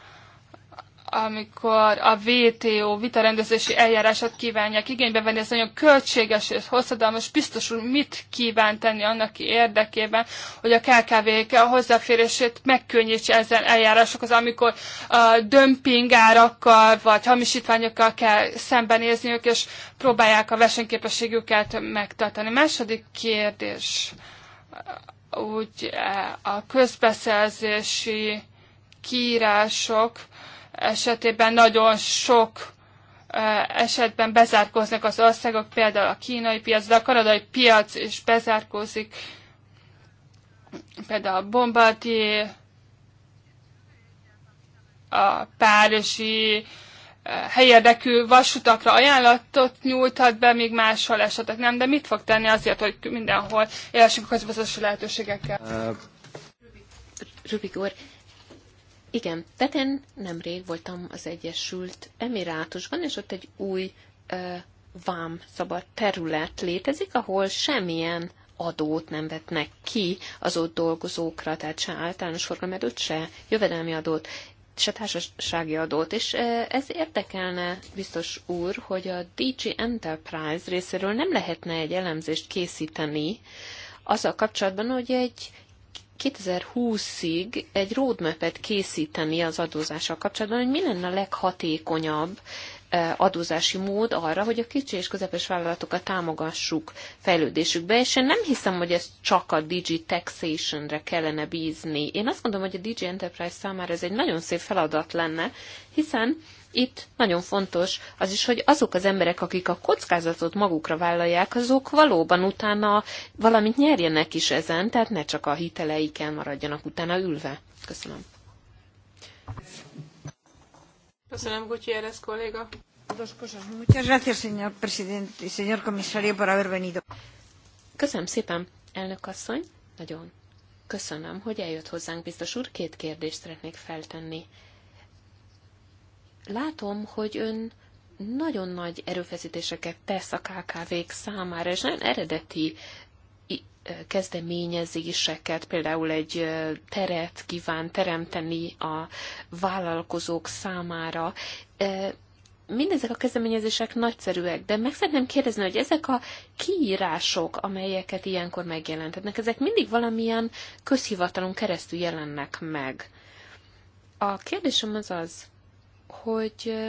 amikor a VTO vitarendezési eljárását kívánják igénybe venni, ez nagyon költséges és hosszadalmas, biztos úr mit kíván tenni annak érdekében, hogy a KKV-k a hozzáférését megkönnyítse ezen eljárásokhoz, amikor a dömping árakkal vagy hamisítványokkal kell szembenézniük, és próbálják a versenyképességüket megtartani. Második kérdés, úgy a közbeszerzési kiírások, esetében nagyon sok esetben bezárkóznak az országok, például a kínai piac, de a kanadai piac is bezárkózik, például a Bombardier, a párizsi helyérdekű vasutakra ajánlatot nyújthat be, még máshol esetek nem, de mit fog tenni azért, hogy mindenhol élessünk a közbiztosási lehetőségekkel? Uh, Rubik úr, igen, tehát én nemrég voltam az Egyesült Emirátusban, és ott egy új uh, vám szabad terület létezik, ahol semmilyen adót nem vetnek ki az ott dolgozókra, tehát se általános forgalmadót, se jövedelmi adót, se társasági adót. És ez érdekelne, biztos úr, hogy a DG Enterprise részéről nem lehetne egy elemzést készíteni azzal kapcsolatban, hogy egy 2020-ig egy roadmap-et készíteni az adózással kapcsolatban, hogy mi lenne a leghatékonyabb adózási mód arra, hogy a kicsi és közepes vállalatokat támogassuk fejlődésükbe, és én nem hiszem, hogy ezt csak a Digi Taxation-re kellene bízni. Én azt gondolom, hogy a Digi Enterprise számára ez egy nagyon szép feladat lenne, hiszen itt nagyon fontos az is, hogy azok az emberek, akik a kockázatot magukra vállalják, azok valóban utána valamit nyerjenek is ezen, tehát ne csak a hiteleiken maradjanak utána ülve. Köszönöm. Köszönöm, Gutiérrez kolléga. Dos cosas. Muchas gracias, señor presidente señor comisario, por haber venido. Köszönöm szépen, elnök asszony. Nagyon köszönöm, hogy eljött hozzánk, biztos úr. Két kérdést szeretnék feltenni látom, hogy ön nagyon nagy erőfeszítéseket tesz a KKV-k számára, és nagyon eredeti kezdeményezéseket, például egy teret kíván teremteni a vállalkozók számára. Mindezek a kezdeményezések nagyszerűek, de meg szeretném kérdezni, hogy ezek a kiírások, amelyeket ilyenkor megjelentetnek, ezek mindig valamilyen közhivatalon keresztül jelennek meg. A kérdésem az az, hogy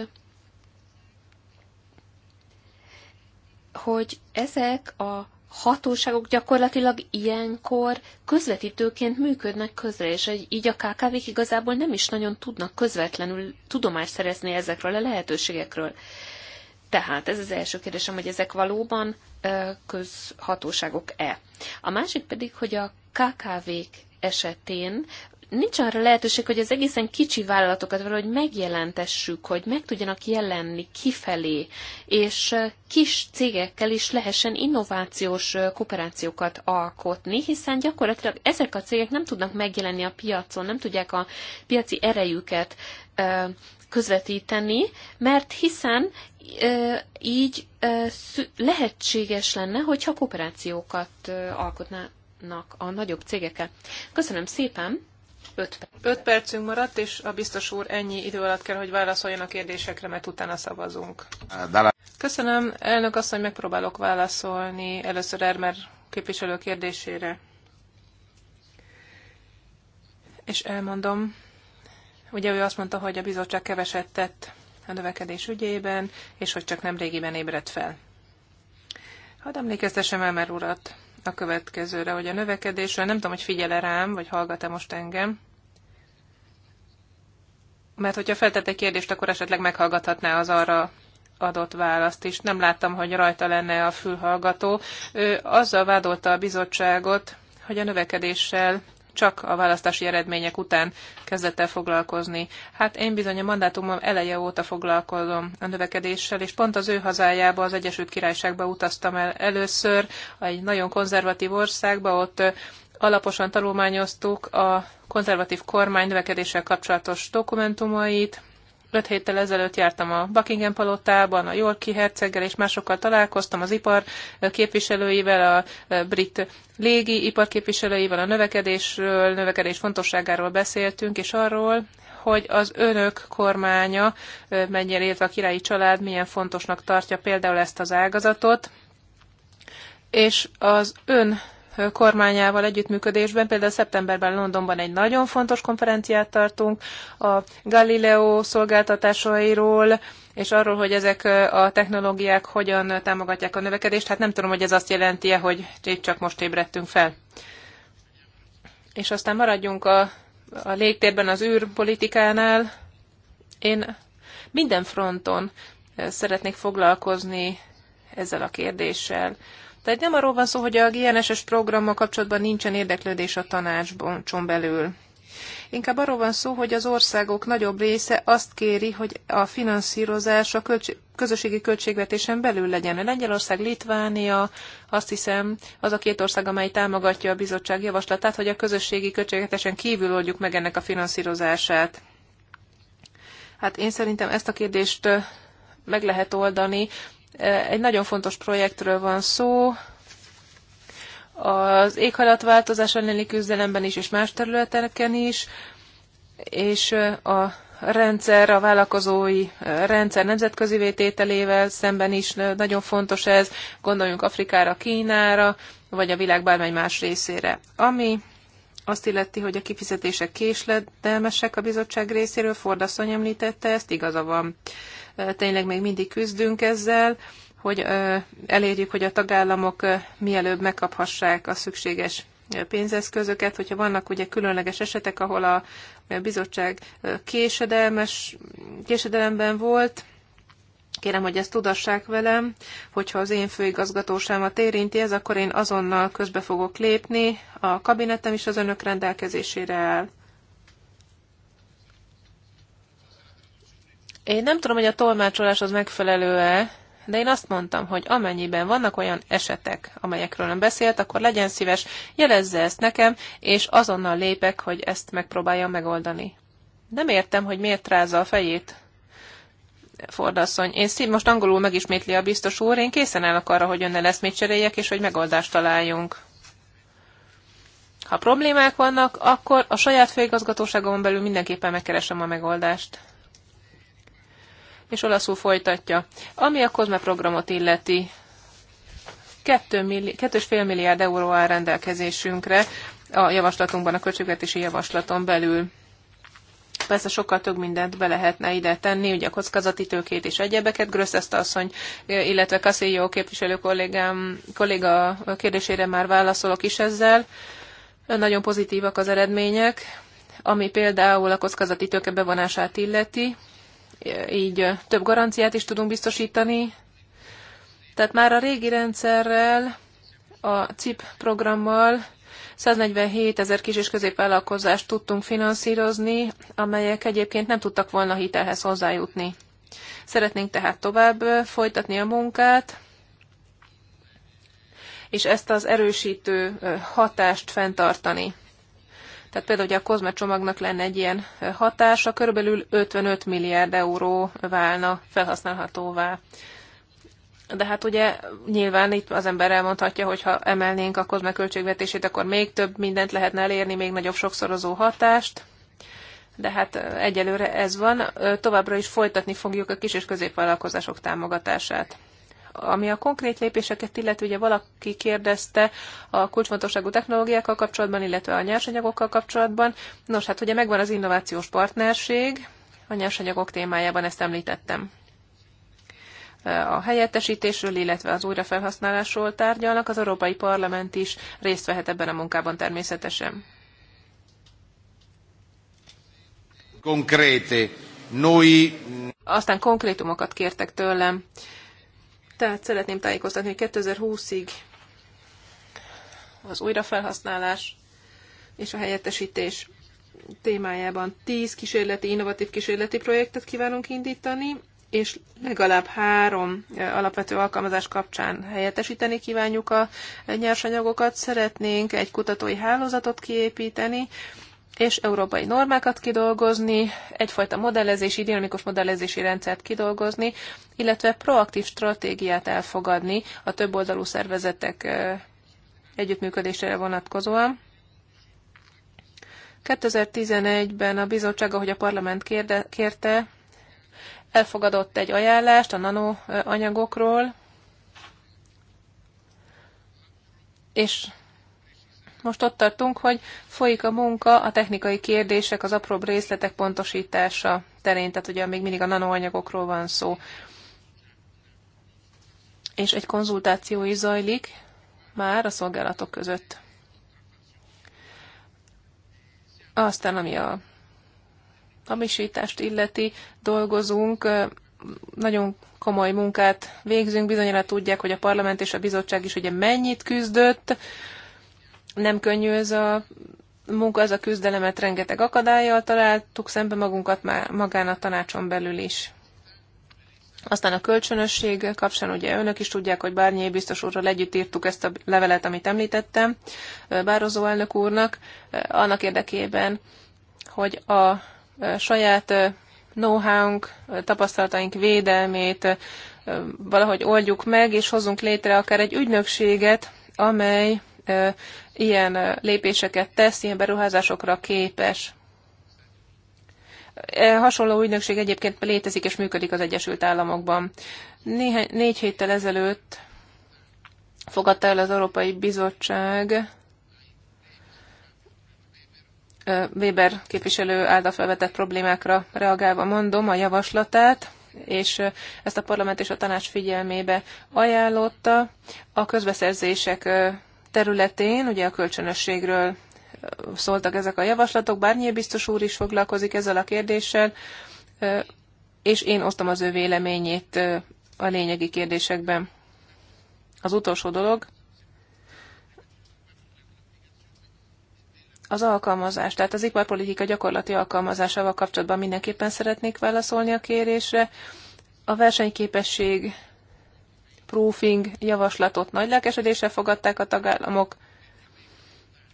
hogy ezek a hatóságok gyakorlatilag ilyenkor közvetítőként működnek közre, és így a KKV-k igazából nem is nagyon tudnak közvetlenül tudomást szerezni ezekről a lehetőségekről. Tehát ez az első kérdésem, hogy ezek valóban közhatóságok-e. A másik pedig, hogy a KKV-k esetén nincs arra lehetőség, hogy az egészen kicsi vállalatokat valahogy megjelentessük, hogy meg tudjanak jelenni kifelé, és kis cégekkel is lehessen innovációs kooperációkat alkotni, hiszen gyakorlatilag ezek a cégek nem tudnak megjelenni a piacon, nem tudják a piaci erejüket közvetíteni, mert hiszen így lehetséges lenne, hogyha kooperációkat alkotnának a nagyobb cégekkel. Köszönöm szépen! 5 perc. percünk maradt, és a biztos úr ennyi idő alatt kell, hogy válaszoljon a kérdésekre, mert utána szavazunk. Köszönöm, elnök asszony, megpróbálok válaszolni először Ermer képviselő kérdésére. És elmondom, ugye ő azt mondta, hogy a bizottság keveset tett a növekedés ügyében, és hogy csak nem régiben ébredt fel. Hadd emlékeztessem Elmer urat a következőre, hogy a növekedésről, nem tudom, hogy figyel -e rám, vagy hallgat-e most engem, mert hogyha feltett egy kérdést, akkor esetleg meghallgathatná az arra adott választ is. Nem láttam, hogy rajta lenne a fülhallgató. Ő azzal vádolta a bizottságot, hogy a növekedéssel csak a választási eredmények után kezdett el foglalkozni. Hát én bizony a mandátumom eleje óta foglalkozom a növekedéssel, és pont az ő hazájába, az Egyesült Királyságba utaztam el először, egy nagyon konzervatív országba, ott alaposan tanulmányoztuk a konzervatív kormány növekedéssel kapcsolatos dokumentumait, Öt héttel ezelőtt jártam a Buckingham palotában, a Yorki herceggel és másokkal találkoztam, az ipar képviselőivel, a brit légi ipar képviselőivel, a növekedésről, növekedés fontosságáról beszéltünk, és arról, hogy az önök kormánya, mennyire illetve a királyi család milyen fontosnak tartja például ezt az ágazatot, és az ön kormányával együttműködésben. Például szeptemberben Londonban egy nagyon fontos konferenciát tartunk a Galileo szolgáltatásairól, és arról, hogy ezek a technológiák hogyan támogatják a növekedést. Hát nem tudom, hogy ez azt jelenti-e, hogy csak most ébredtünk fel. És aztán maradjunk a, a légtérben az űrpolitikánál. Én minden fronton szeretnék foglalkozni ezzel a kérdéssel. Tehát nem arról van szó, hogy a GNSS programmal kapcsolatban nincsen érdeklődés a tanácsban belül. Inkább arról van szó, hogy az országok nagyobb része azt kéri, hogy a finanszírozás a költség, közösségi költségvetésen belül legyen. A Lengyelország, Litvánia, azt hiszem, az a két ország, amely támogatja a bizottság javaslatát, hogy a közösségi költségvetésen kívül oldjuk meg ennek a finanszírozását. Hát én szerintem ezt a kérdést meg lehet oldani egy nagyon fontos projektről van szó, az éghajlatváltozás elleni küzdelemben is, és más területeken is, és a rendszer, a vállalkozói rendszer nemzetközi vétételével szemben is nagyon fontos ez, gondoljunk Afrikára, Kínára, vagy a világ bármely más részére. Ami azt illeti, hogy a kifizetések késledelmesek a bizottság részéről, Ford asszony említette ezt, igaza van tényleg még mindig küzdünk ezzel, hogy elérjük, hogy a tagállamok mielőbb megkaphassák a szükséges pénzeszközöket, hogyha vannak ugye különleges esetek, ahol a bizottság késedelmes, késedelemben volt, Kérem, hogy ezt tudassák velem, hogyha az én főigazgatóságomat érinti ez, akkor én azonnal közbe fogok lépni, a kabinetem is az önök rendelkezésére áll. Én nem tudom, hogy a tolmácsolás az megfelelő-e, de én azt mondtam, hogy amennyiben vannak olyan esetek, amelyekről nem beszélt, akkor legyen szíves, jelezze ezt nekem, és azonnal lépek, hogy ezt megpróbáljam megoldani. Nem értem, hogy miért rázza a fejét. Fordasszony, én szív, most angolul megismétli a biztos úr, én készen állok arra, hogy önnel eszmét cseréljek, és hogy megoldást találjunk. Ha problémák vannak, akkor a saját főigazgatóságon belül mindenképpen megkeresem a megoldást és olaszul folytatja. Ami a COSME programot illeti, 2,5 milliárd, euró áll rendelkezésünkre a javaslatunkban, a költségvetési javaslaton belül. Persze sokkal több mindent be lehetne ide tenni, ugye a kockázati tőkét és egyebeket. Grösszeszt asszony, illetve Casillo képviselő kollégám, kolléga kérdésére már válaszolok is ezzel. Nagyon pozitívak az eredmények, ami például a kockázati tőke bevonását illeti így több garanciát is tudunk biztosítani. Tehát már a régi rendszerrel, a CIP programmal 147 ezer kis és középvállalkozást tudtunk finanszírozni, amelyek egyébként nem tudtak volna hitelhez hozzájutni. Szeretnénk tehát tovább folytatni a munkát, és ezt az erősítő hatást fenntartani. Tehát például, hogy a kozme csomagnak lenne egy ilyen hatása, körülbelül 55 milliárd euró válna felhasználhatóvá. De hát ugye nyilván itt az ember elmondhatja, hogy ha emelnénk a kozme költségvetését, akkor még több mindent lehetne elérni, még nagyobb sokszorozó hatást. De hát egyelőre ez van. Továbbra is folytatni fogjuk a kis és középvállalkozások támogatását. Ami a konkrét lépéseket illeti, ugye valaki kérdezte a kulcsfontosságú technológiákkal kapcsolatban, illetve a nyersanyagokkal kapcsolatban. Nos, hát ugye megvan az innovációs partnerség, a nyersanyagok témájában ezt említettem a helyettesítésről, illetve az újrafelhasználásról tárgyalnak, az Európai Parlament is részt vehet ebben a munkában természetesen. Konkréte. Noi... Aztán konkrétumokat kértek tőlem tehát szeretném tájékoztatni, hogy 2020-ig az újrafelhasználás és a helyettesítés témájában 10 kísérleti, innovatív kísérleti projektet kívánunk indítani, és legalább három alapvető alkalmazás kapcsán helyettesíteni kívánjuk a nyersanyagokat. Szeretnénk egy kutatói hálózatot kiépíteni, és európai normákat kidolgozni, egyfajta modellezési, dinamikus modellezési rendszert kidolgozni, illetve proaktív stratégiát elfogadni a többoldalú szervezetek együttműködésére vonatkozóan. 2011-ben a bizottság, ahogy a parlament kérde, kérte, elfogadott egy ajánlást a nanoanyagokról, és most ott tartunk, hogy folyik a munka, a technikai kérdések, az apróbb részletek pontosítása terén, tehát ugye még mindig a nanoanyagokról van szó. És egy konzultáció is zajlik már a szolgálatok között. Aztán, ami a hamisítást illeti, dolgozunk, nagyon komoly munkát végzünk, bizonyára tudják, hogy a parlament és a bizottság is ugye mennyit küzdött nem könnyű ez a munka, ez a küzdelemet rengeteg akadályjal találtuk szembe magunkat már magán a tanácson belül is. Aztán a kölcsönösség kapcsán ugye önök is tudják, hogy Bárnyi biztos úrral együtt írtuk ezt a levelet, amit említettem, Bározó elnök úrnak, annak érdekében, hogy a saját know-how-nk, tapasztalataink védelmét valahogy oldjuk meg, és hozunk létre akár egy ügynökséget, amely ilyen lépéseket tesz, ilyen beruházásokra képes. E, hasonló ügynökség egyébként létezik és működik az Egyesült Államokban. Néhány, négy héttel ezelőtt fogadta el az Európai Bizottság Weber képviselő által felvetett problémákra reagálva mondom a javaslatát, és ezt a parlament és a tanács figyelmébe ajánlotta. A közbeszerzések területén, ugye a kölcsönösségről szóltak ezek a javaslatok, Bárnyé biztos úr is foglalkozik ezzel a kérdéssel, és én osztom az ő véleményét a lényegi kérdésekben. Az utolsó dolog, az alkalmazás, tehát az iparpolitika gyakorlati alkalmazásával kapcsolatban mindenképpen szeretnék válaszolni a kérésre. A versenyképesség proofing javaslatot nagy lelkesedéssel fogadták a tagállamok,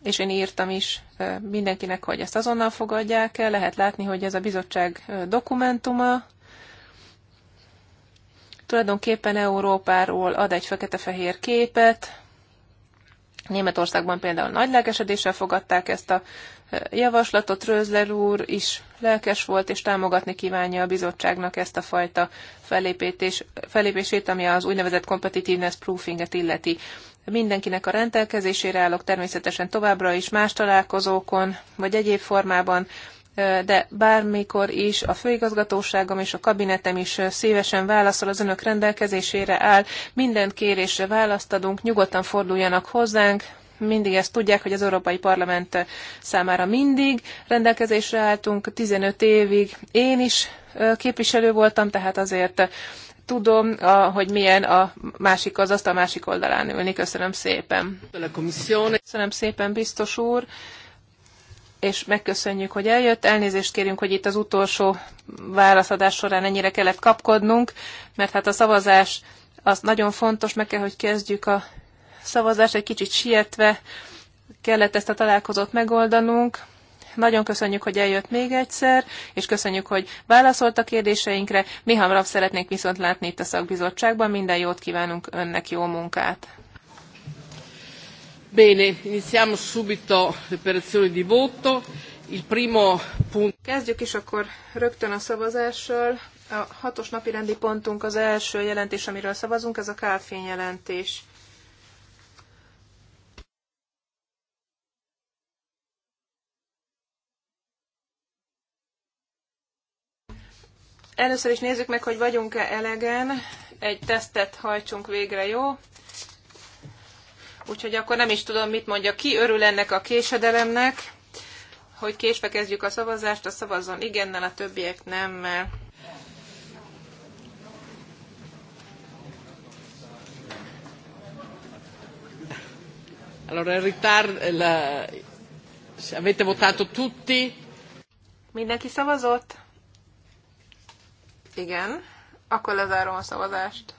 és én írtam is mindenkinek, hogy ezt azonnal fogadják el. Lehet látni, hogy ez a bizottság dokumentuma, tulajdonképpen Európáról ad egy fekete-fehér képet. Németországban például nagy lelkesedéssel fogadták ezt a javaslatot Rözler úr is lelkes volt, és támogatni kívánja a bizottságnak ezt a fajta felépítés, felépését, ami az úgynevezett competitiveness proofinget illeti. Mindenkinek a rendelkezésére állok természetesen továbbra is más találkozókon, vagy egyéb formában, de bármikor is a főigazgatóságom és a kabinetem is szívesen válaszol, az önök rendelkezésére áll, minden kérésre választ adunk, nyugodtan forduljanak hozzánk, mindig ezt tudják, hogy az Európai Parlament számára mindig rendelkezésre álltunk, 15 évig én is képviselő voltam, tehát azért tudom, a, hogy milyen a másik, az azt a másik oldalán ülni. Köszönöm szépen. Köszönöm szépen, biztos úr és megköszönjük, hogy eljött. Elnézést kérünk, hogy itt az utolsó válaszadás során ennyire kellett kapkodnunk, mert hát a szavazás az nagyon fontos, meg kell, hogy kezdjük a szavazás, egy kicsit sietve kellett ezt a találkozót megoldanunk. Nagyon köszönjük, hogy eljött még egyszer, és köszönjük, hogy válaszolt a kérdéseinkre. Mi hamarabb szeretnénk viszont látni itt a szakbizottságban. Minden jót kívánunk önnek, jó munkát! Bene, iniziamo subito le operazioni di voto. Il primo punto... Kezdjük is akkor rögtön a szavazással. A hatos napi rendi pontunk az első jelentés, amiről szavazunk, ez a Kálfény jelentés. Először is nézzük meg, hogy vagyunk-e elegen. Egy tesztet hajtsunk végre, jó? Úgyhogy akkor nem is tudom, mit mondja. Ki örül ennek a késedelemnek, hogy késve kezdjük a szavazást, a szavazzon igennel, a többiek nemmel. Allora, il ritardo, la... avete votato tutti? Mindenki szavazott? Igen. Akkor lezárom a szavazást.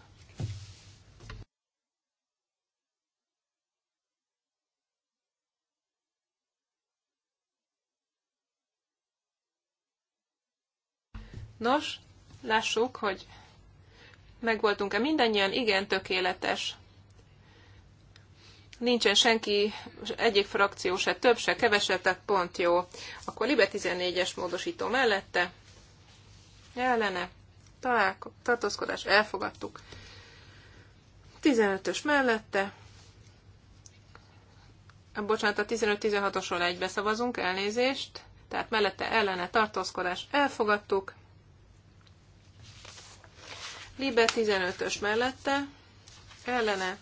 Nos, lássuk, hogy megvoltunk-e mindannyian. Igen, tökéletes. Nincsen senki, egyik frakció se több, se kevesebb, tehát pont jó. Akkor Libe 14-es módosító mellette, ellene, tartózkodás elfogadtuk. 15-ös mellette, bocsánat, a 15-16-osról egybe szavazunk, elnézést, tehát mellette ellene tartózkodás elfogadtuk. Libe 15-ös mellette, ellene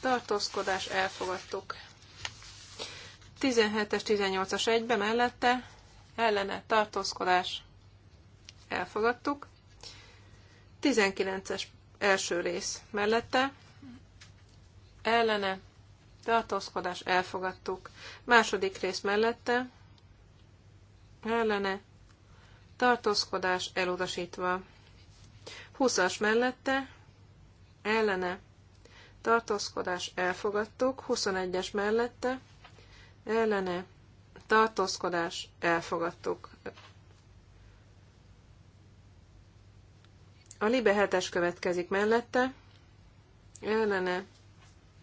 tartózkodás elfogadtuk. 17-es, 18-as egybe mellette, ellene tartózkodás elfogadtuk. 19-es első rész mellette, ellene, tartózkodás, elfogadtuk. Második rész mellette, ellene, tartózkodás, elutasítva. 20-as mellette, ellene, tartózkodás, elfogadtuk. 21-es mellette, ellene, tartózkodás, elfogadtuk. A Libe hetes következik mellette, ellene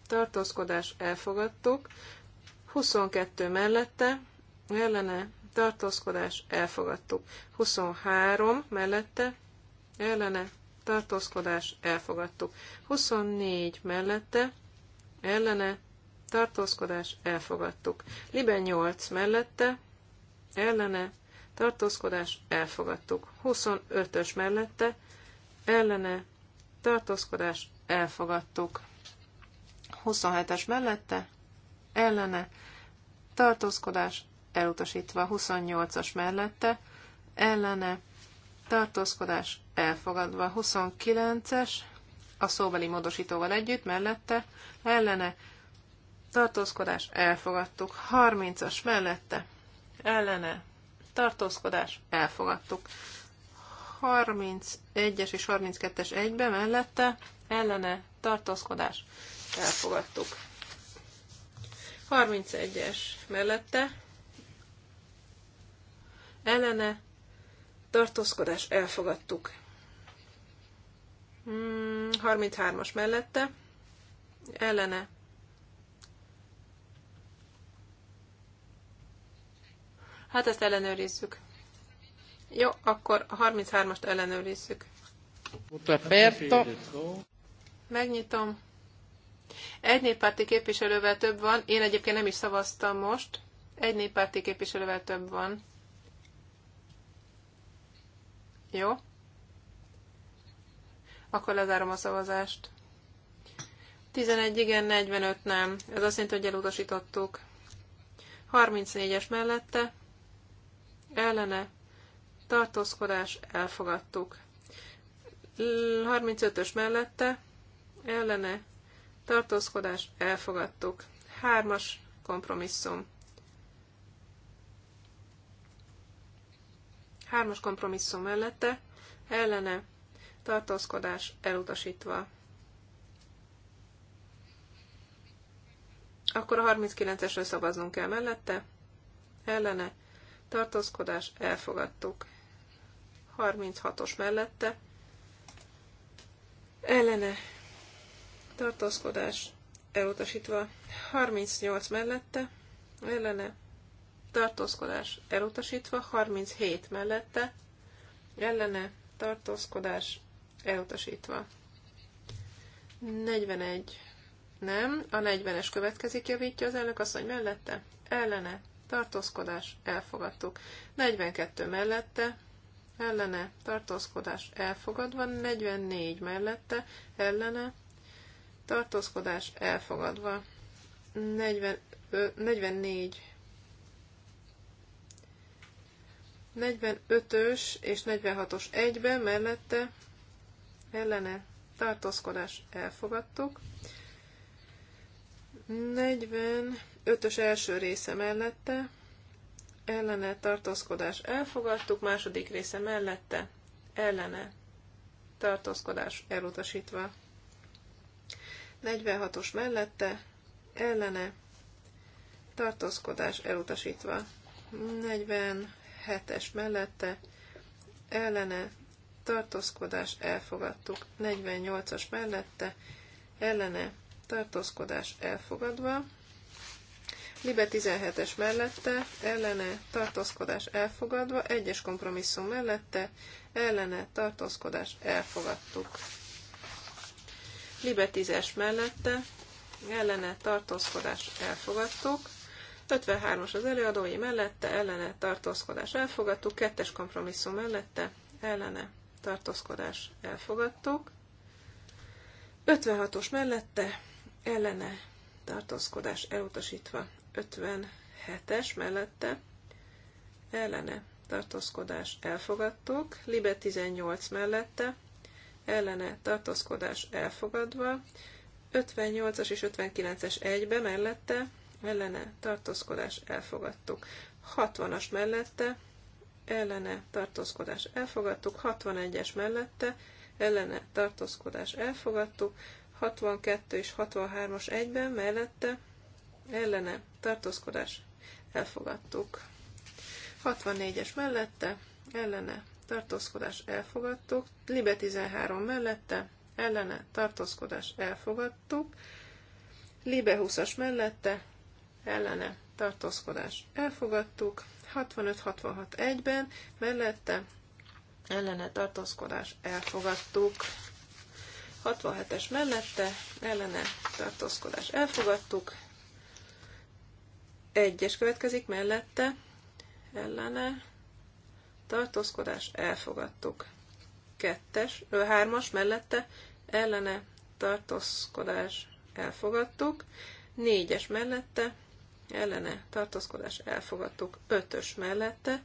tartózkodás elfogadtuk, 22 mellette, ellene tartózkodás elfogadtuk, 23 mellette, ellene tartózkodás elfogadtuk, 24 mellette, ellene tartózkodás elfogadtuk, Libe 8 mellette, ellene tartózkodás elfogadtuk, 25-ös mellette, ellene tartózkodás elfogadtuk. 27-es mellette ellene tartózkodás elutasítva. 28-as mellette ellene tartózkodás elfogadva. 29-es a szóbeli módosítóval együtt mellette ellene tartózkodás elfogadtuk. 30-as mellette ellene tartózkodás elfogadtuk. 31-es és 32-es egybe mellette ellene tartózkodás elfogadtuk. 31-es mellette ellene tartózkodás elfogadtuk. 33-as hmm, mellette ellene Hát ezt ellenőrizzük. Jó, akkor a 33-ast ellenőrizzük. Aperto. Megnyitom. Egy néppárti képviselővel több van. Én egyébként nem is szavaztam most. Egy néppárti képviselővel több van. Jó. Akkor lezárom a szavazást. 11 igen, 45 nem. Ez azt jelenti, hogy elutasítottuk. 34-es mellette. Ellene tartózkodás, elfogadtuk. 35-ös mellette, ellene, tartózkodás, elfogadtuk. Hármas kompromisszum. Hármas kompromisszum mellette, ellene, tartózkodás, elutasítva. Akkor a 39-esről szavaznunk kell mellette, ellene, tartózkodás, elfogadtuk. 36-os mellette ellene tartózkodás elutasítva, 38 mellette ellene tartózkodás elutasítva, 37 mellette ellene tartózkodás elutasítva. 41. Nem, a 40-es következik, javítja az elnök asszony mellette. Ellene, tartózkodás, elfogadtuk. 42 mellette, ellene tartózkodás elfogadva, 44 mellette ellene tartózkodás elfogadva, 40, ö, 44 45-ös és 46-os egybe mellette ellene tartózkodás elfogadtuk. 45-ös első része mellette ellene tartózkodás elfogadtuk, második része mellette ellene tartózkodás elutasítva. 46-os mellette ellene tartózkodás elutasítva. 47-es mellette ellene tartózkodás elfogadtuk. 48-as mellette ellene tartózkodás elfogadva. Libe 17-es mellette, ellene tartózkodás elfogadva, egyes kompromisszum mellette, ellene tartózkodás elfogadtuk. Libe 10-es mellette, ellene tartózkodás elfogadtuk. 53-as az előadói mellette, ellene tartózkodás elfogadtuk, kettes kompromisszum mellette, ellene tartózkodás elfogadtuk. 56-os mellette, ellene tartózkodás elutasítva. 57-es mellette ellene tartózkodás elfogadtuk, Libe 18 mellette ellene tartózkodás elfogadva, 58-as és 59-es egybe mellette ellene tartózkodás elfogadtuk, 60-as mellette ellene tartózkodás elfogadtuk, 61-es mellette ellene tartózkodás elfogadtuk, 62 és 63-as egyben mellette ellene tartózkodás elfogadtuk. 64-es mellette ellene tartózkodás elfogadtuk. Libe 13 mellette ellene tartózkodás elfogadtuk. Libe 20-as mellette ellene tartózkodás elfogadtuk. 65-66 1 ben mellette ellene tartózkodás elfogadtuk. 67-es mellette ellene tartózkodás elfogadtuk, egyes következik mellette, ellene, tartózkodás, elfogadtuk. Kettes, ö, hármas mellette, ellene, tartózkodás, elfogadtuk. Négyes mellette, ellene, tartózkodás, elfogadtuk. Ötös mellette,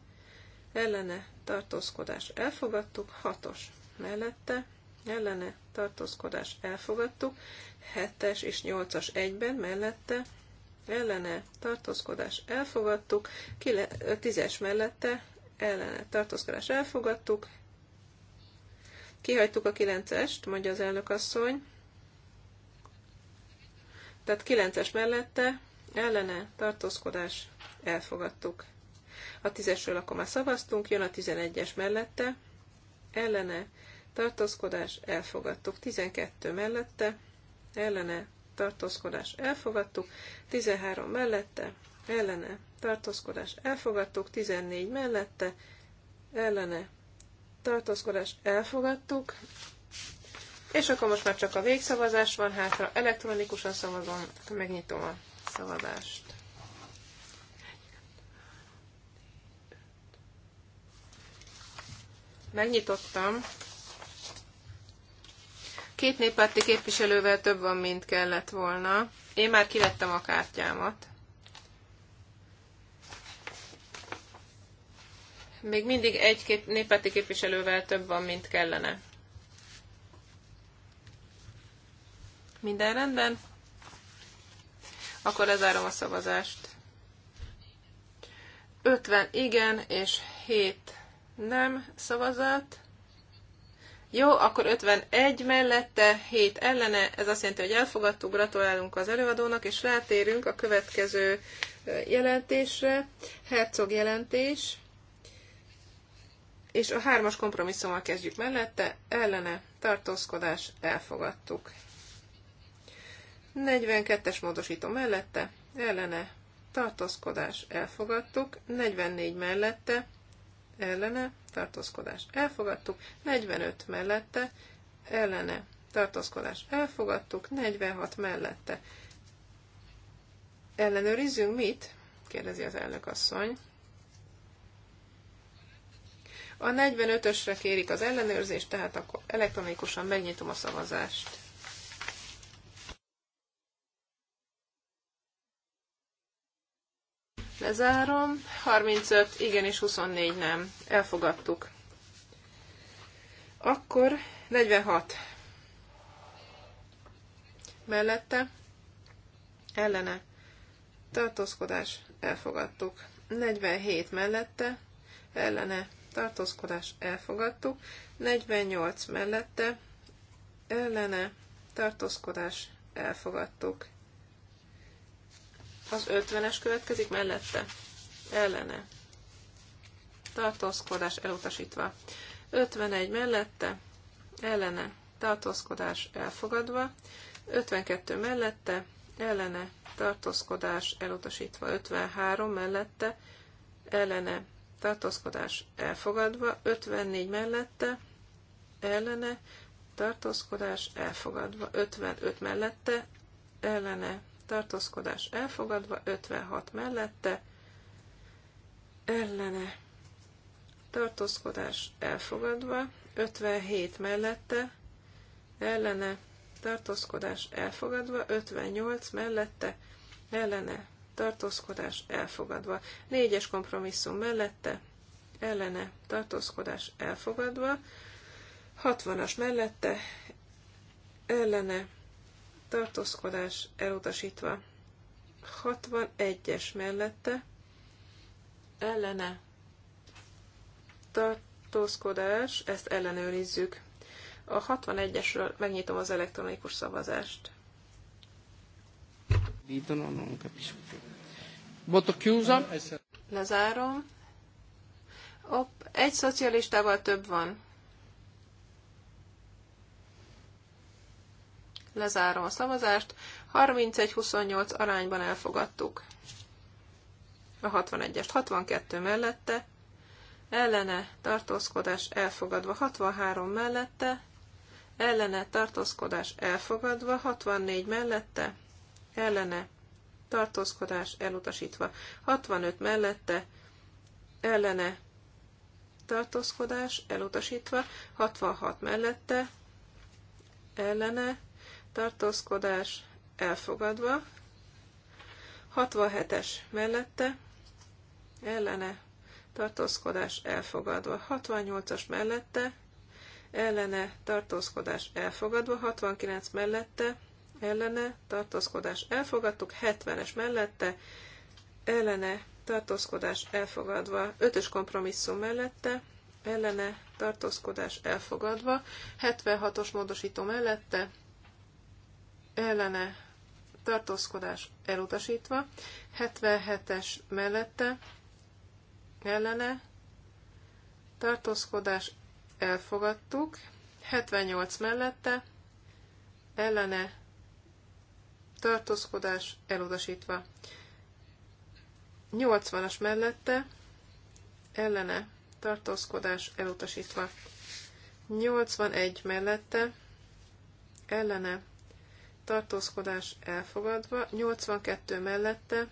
ellene, tartózkodás, elfogadtuk. Hatos mellette, ellene tartózkodás elfogadtuk, hetes és nyolcas egyben mellette ellene tartózkodás elfogadtuk, 10-es mellette ellene tartózkodás elfogadtuk, kihagytuk a 9-est, mondja az elnök asszony, tehát 9-es mellette ellene tartózkodás elfogadtuk. A 10-esről akkor már szavaztunk, jön a 11-es mellette, ellene tartózkodás elfogadtuk, 12 mellette ellene tartózkodás elfogadtuk, 13 mellette, ellene, tartózkodás elfogadtuk, 14 mellette, ellene, tartózkodás elfogadtuk, és akkor most már csak a végszavazás van hátra, elektronikusan szavazom, megnyitom a szavazást. Megnyitottam, Két néppárti képviselővel több van, mint kellett volna. Én már kivettem a kártyámat. Még mindig egy kép- néppárti képviselővel több van, mint kellene. Minden rendben? Akkor lezárom a szavazást. 50 igen és 7 nem szavazat. Jó, akkor 51 mellette, 7 ellene, ez azt jelenti, hogy elfogadtuk, gratulálunk az előadónak, és rátérünk a következő jelentésre, Herzog jelentés, és a hármas kompromisszummal kezdjük mellette, ellene, tartózkodás, elfogadtuk. 42-es módosító mellette, ellene, tartózkodás, elfogadtuk, 44 mellette, ellene, tartózkodás elfogadtuk, 45 mellette, ellene, tartózkodás elfogadtuk, 46 mellette. Ellenőrizzünk mit? kérdezi az elnök asszony. A 45-ösre kérik az ellenőrzést, tehát akkor elektronikusan megnyitom a szavazást. Lezárom. 35, igen, és 24 nem. Elfogadtuk. Akkor 46. Mellette. Ellene. Tartózkodás. Elfogadtuk. 47 mellette. Ellene. Tartózkodás. Elfogadtuk. 48 mellette. Ellene. Tartózkodás. Elfogadtuk. Az 50-es következik mellette. Ellene. Tartózkodás elutasítva. 51 mellette. Ellene. Tartózkodás elfogadva. 52 mellette. Ellene. Tartózkodás elutasítva. 53 mellette. Ellene. Tartózkodás elfogadva. 54 mellette. Ellene. Tartózkodás elfogadva. 55 mellette. Ellene tartózkodás elfogadva, 56 mellette, ellene tartózkodás elfogadva, 57 mellette, ellene tartózkodás elfogadva, 58 mellette, ellene tartózkodás elfogadva, 4-es kompromisszum mellette, ellene tartózkodás elfogadva, 60-as mellette, ellene tartózkodás elutasítva. 61-es mellette ellene tartózkodás, ezt ellenőrizzük. A 61-esről megnyitom az elektronikus szavazást. Lezárom. Op, egy szocialistával több van. Lezárom a szavazást. 31-28 arányban elfogadtuk. A 61-est 62 mellette, ellene tartózkodás elfogadva 63 mellette, ellene tartózkodás elfogadva 64 mellette, ellene tartózkodás elutasítva 65 mellette, ellene tartózkodás elutasítva 66 mellette, ellene tartózkodás elfogadva, 67-es mellette, ellene, tartózkodás elfogadva, 68-as mellette, ellene, tartózkodás elfogadva, 69 mellette, ellene, tartózkodás elfogadtuk, 70-es mellette, ellene, tartózkodás elfogadva, 5-ös kompromisszum mellette, ellene, tartózkodás elfogadva, 76-os módosító mellette, ellene tartózkodás elutasítva, 77-es mellette ellene tartózkodás elfogadtuk, 78 mellette ellene tartózkodás elutasítva. 80-as mellette ellene tartózkodás elutasítva. 81 mellette ellene tartózkodás elfogadva, 82 mellette,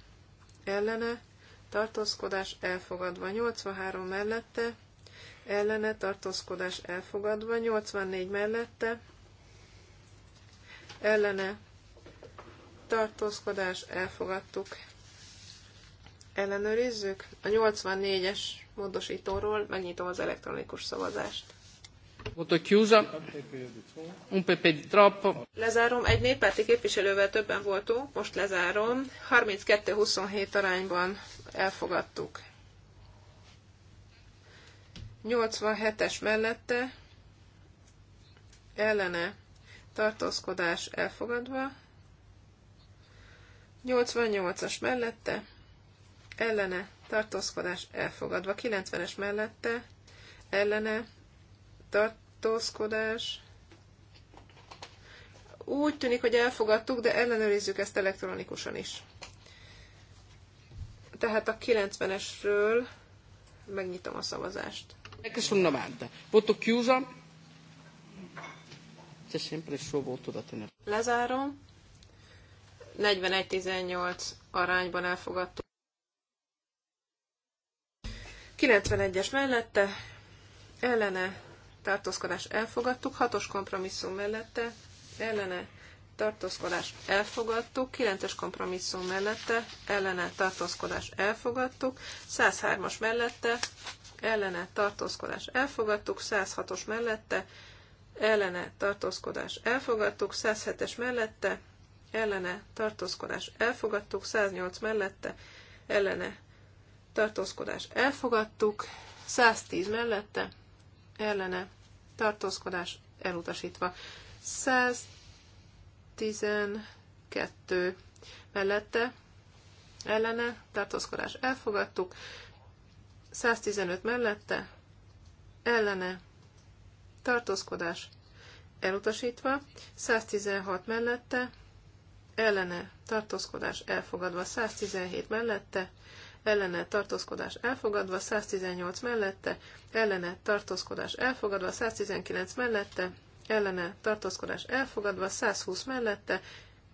ellene, tartózkodás elfogadva, 83 mellette, ellene, tartózkodás elfogadva, 84 mellette, ellene, tartózkodás elfogadtuk. Ellenőrizzük. A 84-es módosítóról megnyitom az elektronikus szavazást. Voto chiusa. Un PP di troppo. Lezárom. Egy néppárti képviselővel többen voltunk, most lezárom. 32-27 arányban elfogadtuk. 87-es mellette ellene tartózkodás elfogadva. 88-as mellette ellene tartózkodás elfogadva. 90-es mellette ellene tartózkodás. Úgy tűnik, hogy elfogadtuk, de ellenőrizzük ezt elektronikusan is. Tehát a 90-esről megnyitom a szavazást. Sono 90. Voto chiuso. C'è sempre il suo voto da tenere. Lezárom. 41-18 arányban elfogadtuk. 91-es mellette ellene tartózkodás elfogadtuk, hatos kompromisszum mellette ellene tartózkodás elfogadtuk, 9-es kompromisszum mellette ellene tartózkodás elfogadtuk, 103-as mellette ellene tartózkodás elfogadtuk, 106-os mellette ellene tartózkodás elfogadtuk, 107-es mellette ellene tartózkodás elfogadtuk, 108 mellette ellene tartózkodás elfogadtuk, 110 mellette ellene tartózkodás elutasítva. 112 mellette ellene tartózkodás elfogadtuk, 115 mellette ellene tartózkodás elutasítva, 116 mellette ellene tartózkodás elfogadva, 117 mellette ellene tartózkodás elfogadva, 118 mellette, ellene tartózkodás elfogadva, 119 mellette, ellene tartózkodás elfogadva, 120 mellette,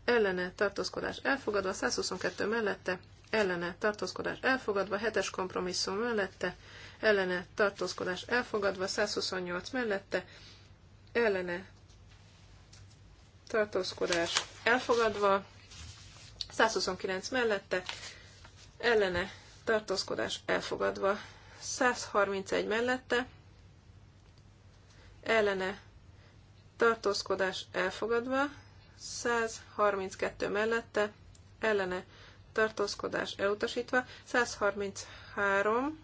ellene tartózkodás elfogadva, 122 mellette, ellene tartózkodás elfogadva, 7-es kompromisszum mellette, ellene tartózkodás elfogadva, 128 mellette, ellene tartózkodás elfogadva, 129 mellette, ellene tartózkodás elfogadva, 131 mellette, ellene tartózkodás elfogadva, 132 mellette, ellene tartózkodás elutasítva, 133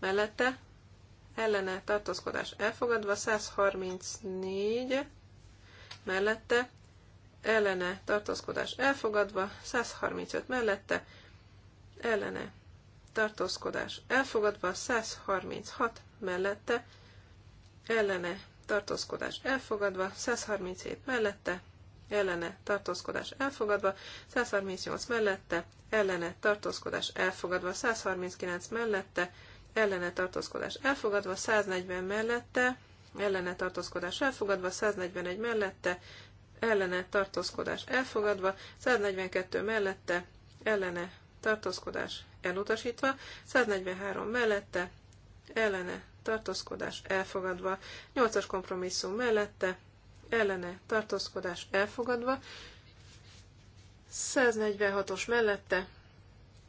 mellette, ellene tartózkodás elfogadva, 134 mellette, ellene tartózkodás elfogadva, 135 mellette ellene tartózkodás elfogadva, 136 mellette ellene tartózkodás elfogadva, 137 mellette ellene tartózkodás elfogadva, 138 mellette ellene tartózkodás elfogadva, 139 mellette ellene tartózkodás elfogadva, 140 mellette ellene tartózkodás elfogadva, 141 mellette, ellene tartózkodás elfogadva, 142 mellette ellene tartózkodás elutasítva, 143 mellette ellene tartózkodás elfogadva, 8-as kompromisszum mellette ellene tartózkodás elfogadva, 146-os mellette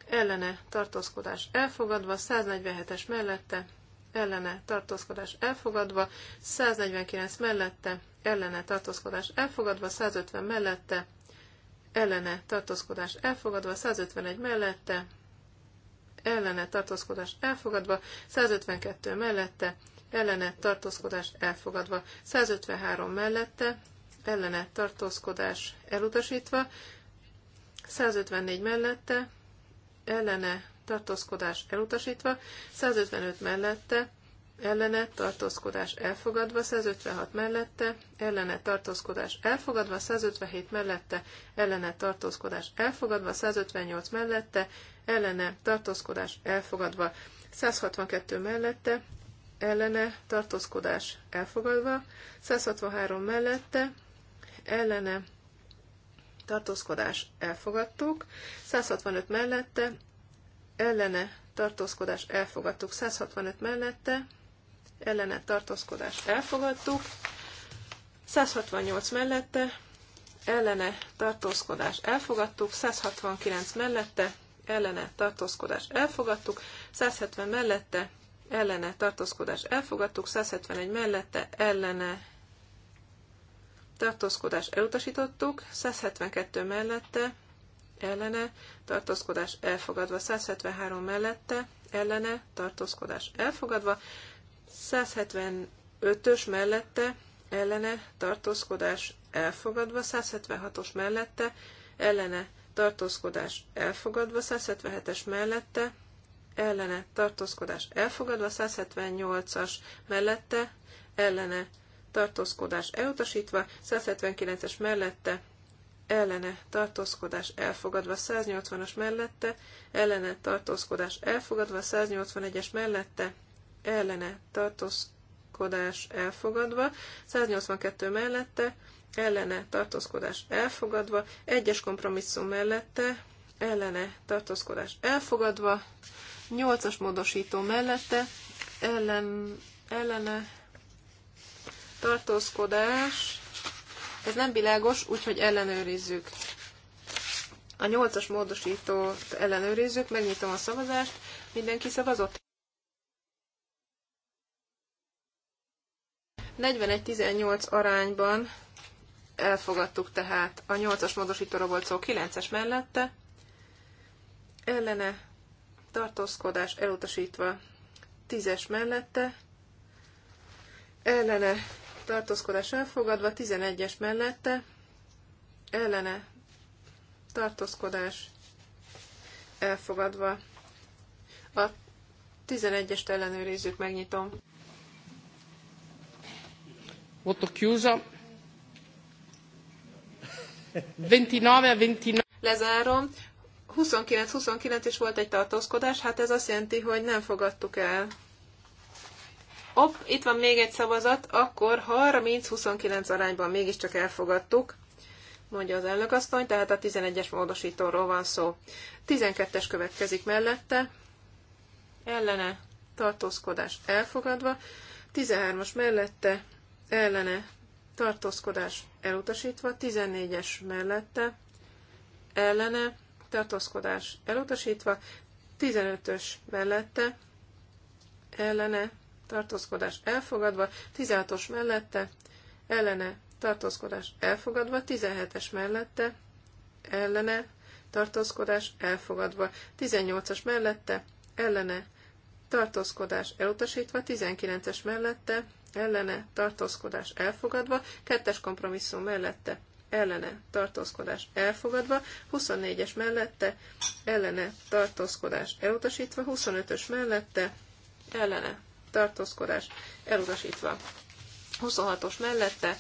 ellene tartózkodás elfogadva, 147-es mellette ellene tartózkodás elfogadva, 149 mellette ellene tartózkodás elfogadva, 150 mellette ellene tartózkodás elfogadva, 151 mellette ellene tartózkodás elfogadva, 152 mellette ellene tartózkodás elfogadva, 153 mellette ellene tartózkodás elutasítva, 154 mellette ellene tartózkodás elutasítva, 155 mellette, ellene tartózkodás elfogadva, 156 mellette, ellene tartózkodás elfogadva, 157 mellette, ellene tartózkodás elfogadva, 158 mellette, ellene tartózkodás elfogadva, 162 mellette, ellene tartózkodás elfogadva, 163 mellette, ellene tartózkodás elfogadtuk, 165 mellette, ellene tartózkodás elfogadtuk. 165 mellette ellene tartózkodás elfogadtuk. 168 mellette ellene tartózkodás elfogadtuk, 169 mellette ellene tartózkodás elfogadtuk, 170 mellette ellene tartózkodás elfogadtuk, 171 mellette ellene tartózkodás elutasítottuk, 172 mellette ellene tartózkodás elfogadva, 173 mellette ellene tartózkodás elfogadva, 175-ös mellette ellene tartózkodás elfogadva, 176-os mellette ellene tartózkodás elfogadva, 177-es mellette ellene tartózkodás elfogadva, 178-as mellette ellene tartózkodás elutasítva, 179-es mellette ellene tartózkodás elfogadva 180-as mellette, ellene tartózkodás elfogadva 181-es mellette, ellene tartózkodás elfogadva 182 mellette, ellene tartózkodás elfogadva, egyes kompromisszum mellette, ellene tartózkodás elfogadva, 8-as módosító mellette, ellen, ellene tartózkodás ez nem világos, úgyhogy ellenőrizzük. A nyolcas módosítót ellenőrizzük, megnyitom a szavazást. Mindenki szavazott? 41-18 arányban elfogadtuk tehát a 8-as módosítóra volt szó 9-es mellette, ellene tartózkodás elutasítva 10-es mellette, ellene tartózkodás elfogadva, 11-es mellette ellene tartózkodás elfogadva. A 11-est ellenőrizzük, megnyitom. Voto chiuso. 29-29. Lezárom. 29-29 is volt egy tartózkodás, hát ez azt jelenti, hogy nem fogadtuk el. Op, itt van még egy szavazat, akkor 30-29 arányban mégiscsak elfogadtuk, mondja az elnökasztony, tehát a 11-es módosítóról van szó. 12-es következik mellette, ellene tartózkodás elfogadva, 13-as mellette, ellene tartózkodás elutasítva, 14-es mellette, ellene tartózkodás elutasítva, 15-ös mellette, ellene tartózkodás elfogadva, 16-os mellette, ellene, tartózkodás elfogadva, 17-es mellette, ellene, tartózkodás elfogadva, 18-as mellette, ellene, tartózkodás elutasítva, 19-es mellette, ellene, tartózkodás elfogadva, 2-es kompromisszum mellette, ellene, tartózkodás elfogadva, 24-es mellette, ellene, tartózkodás elutasítva, 25-ös mellette, ellene, tartózkodás elutasítva. 26-os mellette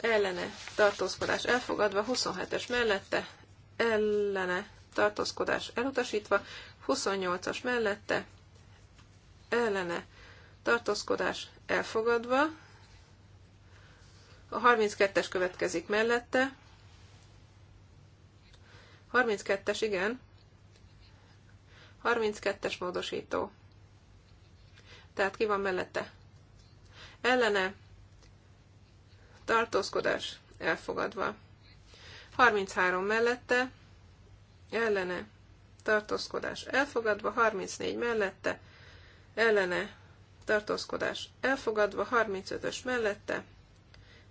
ellene tartózkodás elfogadva, 27-es mellette ellene tartózkodás elutasítva, 28-as mellette ellene tartózkodás elfogadva, a 32-es következik mellette, 32-es, igen, 32-es módosító tehát ki van mellette? Ellene. Tartózkodás. Elfogadva. 33 mellette. Ellene. Tartózkodás. Elfogadva. 34 mellette. Ellene. Tartózkodás. Elfogadva. 35-ös mellette.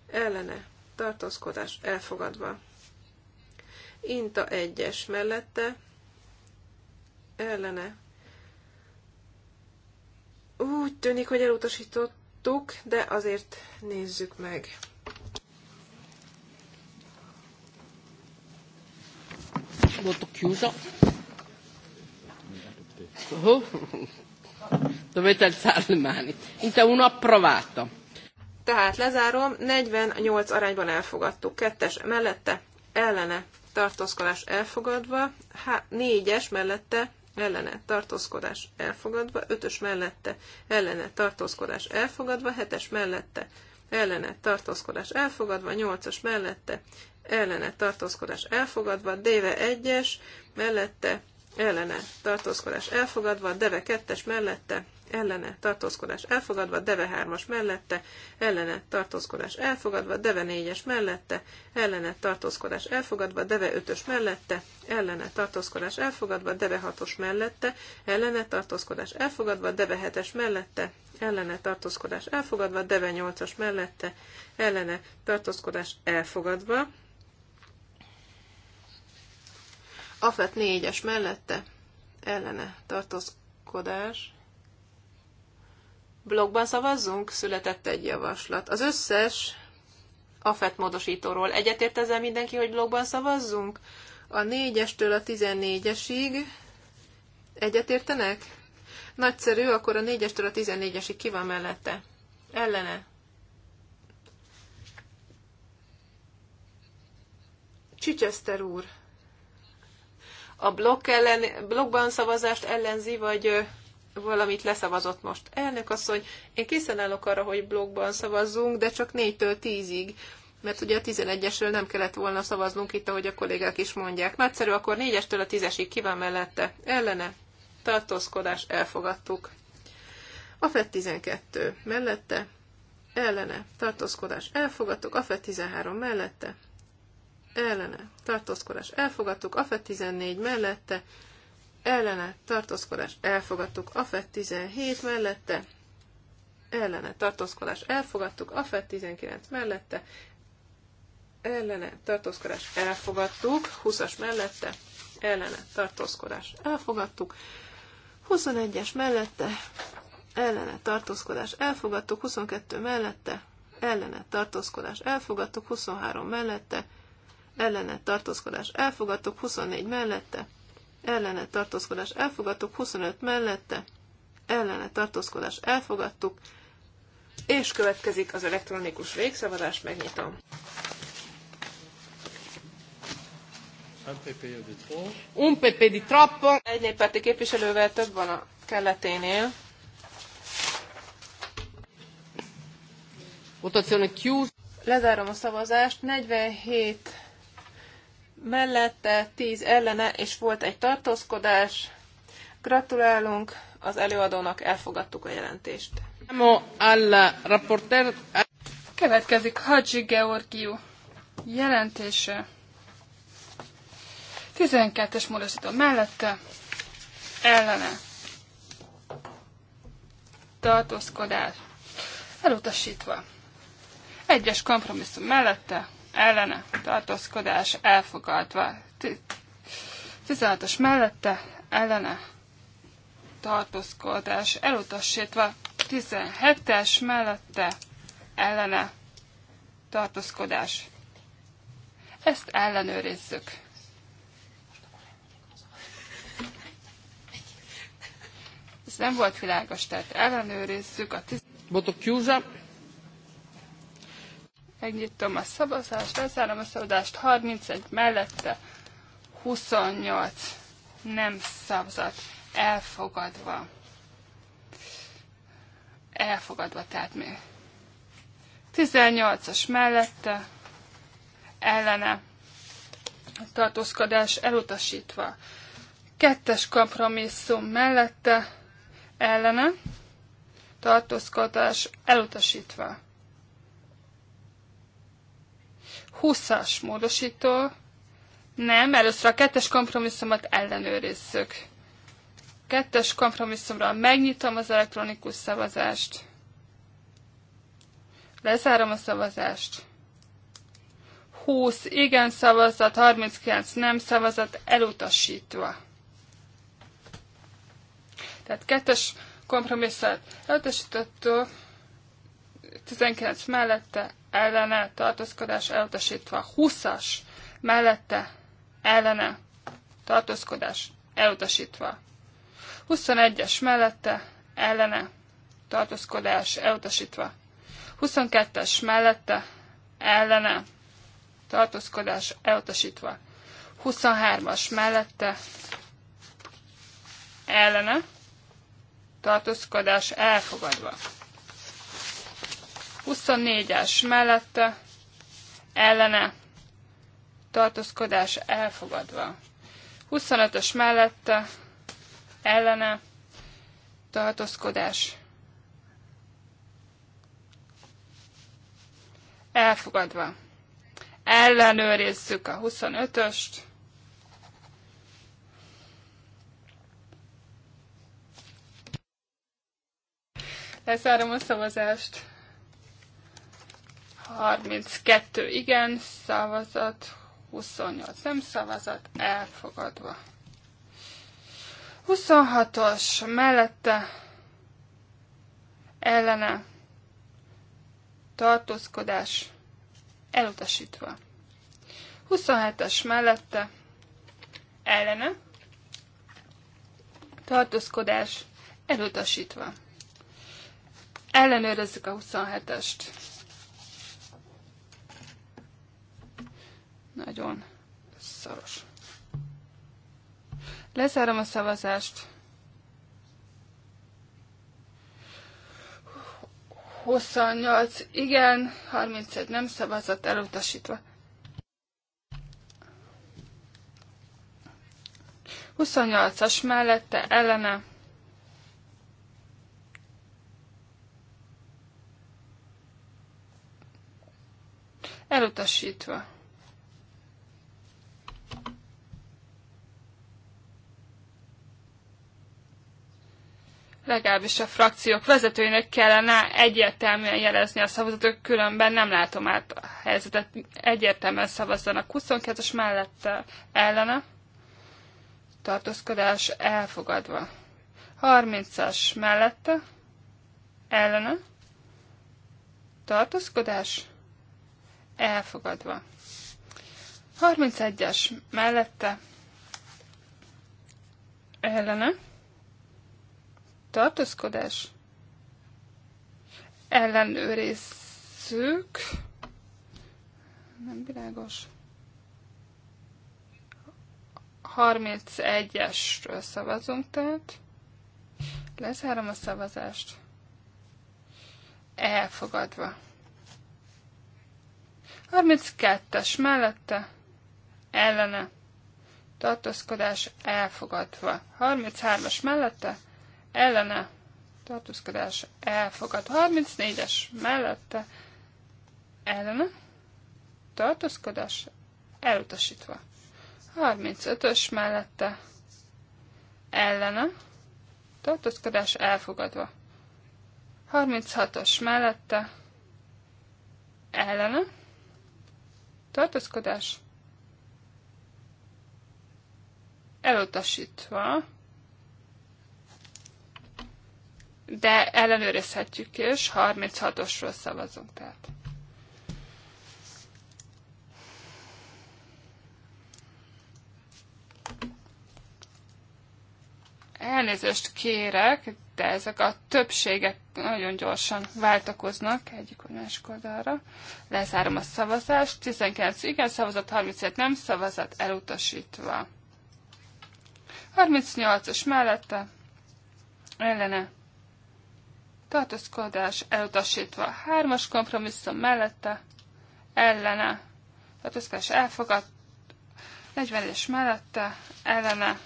Ellene. Tartózkodás. Elfogadva. Inta 1-es mellette. Ellene úgy tűnik, hogy elutasítottuk, de azért nézzük meg. Voto chiuso. Oh. Dovete alzare Inte uno approvato. Tehát lezárom, 48 arányban elfogadtuk. Kettes mellette, ellene, tartózkodás elfogadva. négyes mellette, ellene tartózkodás elfogadva, ötös mellette ellene tartózkodás elfogadva, hetes mellette ellene tartózkodás elfogadva, nyolcas mellette ellene tartózkodás elfogadva, déve egyes mellette ellene tartózkodás elfogadva, deve kettes mellette ellene tartózkodás elfogadva, deve 3-as mellette, ellene tartózkodás elfogadva, deve 4-es mellette, ellene tartózkodás elfogadva, deve 5-ös mellette, ellene tartózkodás elfogadva, deve 6-os mellette, ellene tartózkodás elfogadva, deve 7-es mellette, ellene tartózkodás elfogadva, deve 8-as mellette, ellene tartózkodás elfogadva, afet 4-es mellette, ellene tartózkodás Blogban szavazzunk? Született egy javaslat. Az összes AFET módosítóról egyetért ezzel mindenki, hogy blogban szavazzunk? A 4-estől a 14-esig egyetértenek? Nagyszerű, akkor a 4-estől a 14-esig ki van mellette? Ellene? Csicseszter úr. A blog ellen, blogban szavazást ellenzi, vagy valamit leszavazott most. Elnök asszony, én készen állok arra, hogy blogban szavazzunk, de csak 4-től 10-ig mert ugye a 11-esről nem kellett volna szavaznunk itt, ahogy a kollégák is mondják. Nagyszerű, akkor 4-estől a 10-esig kíván mellette? Ellene? Tartózkodás, elfogadtuk. A FED 12 mellette, ellene, tartózkodás, elfogadtuk. A FED 13 mellette, ellene, tartózkodás, elfogadtuk. A FED 14 mellette, ellene tartózkodás elfogadtuk, AFET 17 mellette, ellene tartózkodás elfogadtuk, AFET 19 mellette, ellene tartózkodás elfogadtuk, 20-as mellette, ellene tartózkodás elfogadtuk, 21-es mellette, ellene tartózkodás elfogadtuk, 22 mellette, ellene tartózkodás elfogadtuk, 23 mellette, ellene tartózkodás elfogadtuk, 24 mellette, ellene tartózkodás elfogadtuk, 25 mellette ellene tartózkodás elfogadtuk, és következik az elektronikus végszavazás, megnyitom. Un PP e di troppo. E Egy néppárti képviselővel több van a kelleténél. Votazione chiusa. Lezárom a szavazást. 47 mellette, 10 ellene, és volt egy tartózkodás. Gratulálunk az előadónak, elfogadtuk a jelentést. Következik Hadzsi Georgiú jelentése. 12-es módosító mellette, ellene, tartózkodás, elutasítva. Egyes kompromisszum mellette, ellene tartózkodás elfogadva. 16-os mellette ellene tartózkodás elutasítva. 17-es mellette ellene tartózkodás. Ezt ellenőrizzük. Ez nem volt világos, tehát ellenőrizzük a tiz... Botok chiusa. Megnyitom a szavazást, lezárom a szavazást, 31 mellette, 28 nem szavazat, elfogadva. Elfogadva, tehát még. 18-as mellette, ellene, tartózkodás elutasítva. Kettes kompromisszum mellette, ellene, tartózkodás elutasítva. 20-as módosító. Nem, először a kettes kompromisszumot ellenőrizzük. Kettes kompromisszumra megnyitom az elektronikus szavazást. Lezárom a szavazást. 20 igen szavazat, 39 nem szavazat elutasítva. Tehát kettes kompromisszumot elutasítottuk, 19 mellette ellene tartózkodás elutasítva, 20-as mellette ellene tartózkodás elutasítva, 21-es mellette ellene tartózkodás elutasítva, 22-es mellette ellene tartózkodás elutasítva, 23-as mellette ellene tartózkodás elfogadva. 24-es mellette ellene tartózkodás elfogadva. 25-ös mellette ellene tartózkodás elfogadva. Ellenőrizzük a 25-öst. Lezárom a szavazást. 32 igen szavazat, 28 nem szavazat, elfogadva. 26-os mellette ellene tartózkodás elutasítva. 27-es mellette ellene tartózkodás elutasítva. Ellenőrezzük a 27-est. Nagyon szoros. Lezárom a szavazást. 28 igen, 31 nem szavazat elutasítva. 28-as mellette ellene. Elutasítva. legalábbis a frakciók vezetőinek kellene egyértelműen jelezni a szavazatok, különben nem látom át a helyzetet, egyértelműen szavazzanak 22-es mellette ellene, tartózkodás elfogadva. 30-as mellette ellene, tartózkodás elfogadva. 31-es mellette ellene, tartózkodás ellenőrizzük. Nem világos. 31-esről szavazunk, tehát lezárom a szavazást. Elfogadva. 32-es mellette ellene tartózkodás elfogadva. 33-as mellette ellene tartózkodás elfogad. 34-es mellette ellene tartózkodás elutasítva. 35-ös mellette ellene tartózkodás elfogadva. 36-os mellette ellene tartózkodás elutasítva. de ellenőrizhetjük és 36-osról szavazunk tehát. Elnézést kérek, de ezek a többségek nagyon gyorsan váltakoznak egyik vagy másik oldalra. Lezárom a szavazást. 19 igen szavazat, 37 nem szavazat, elutasítva. 38 os mellette, ellene tartózkodás elutasítva. Hármas kompromisszum mellette, ellene, tartózkodás elfogad, 40 es mellette, ellene,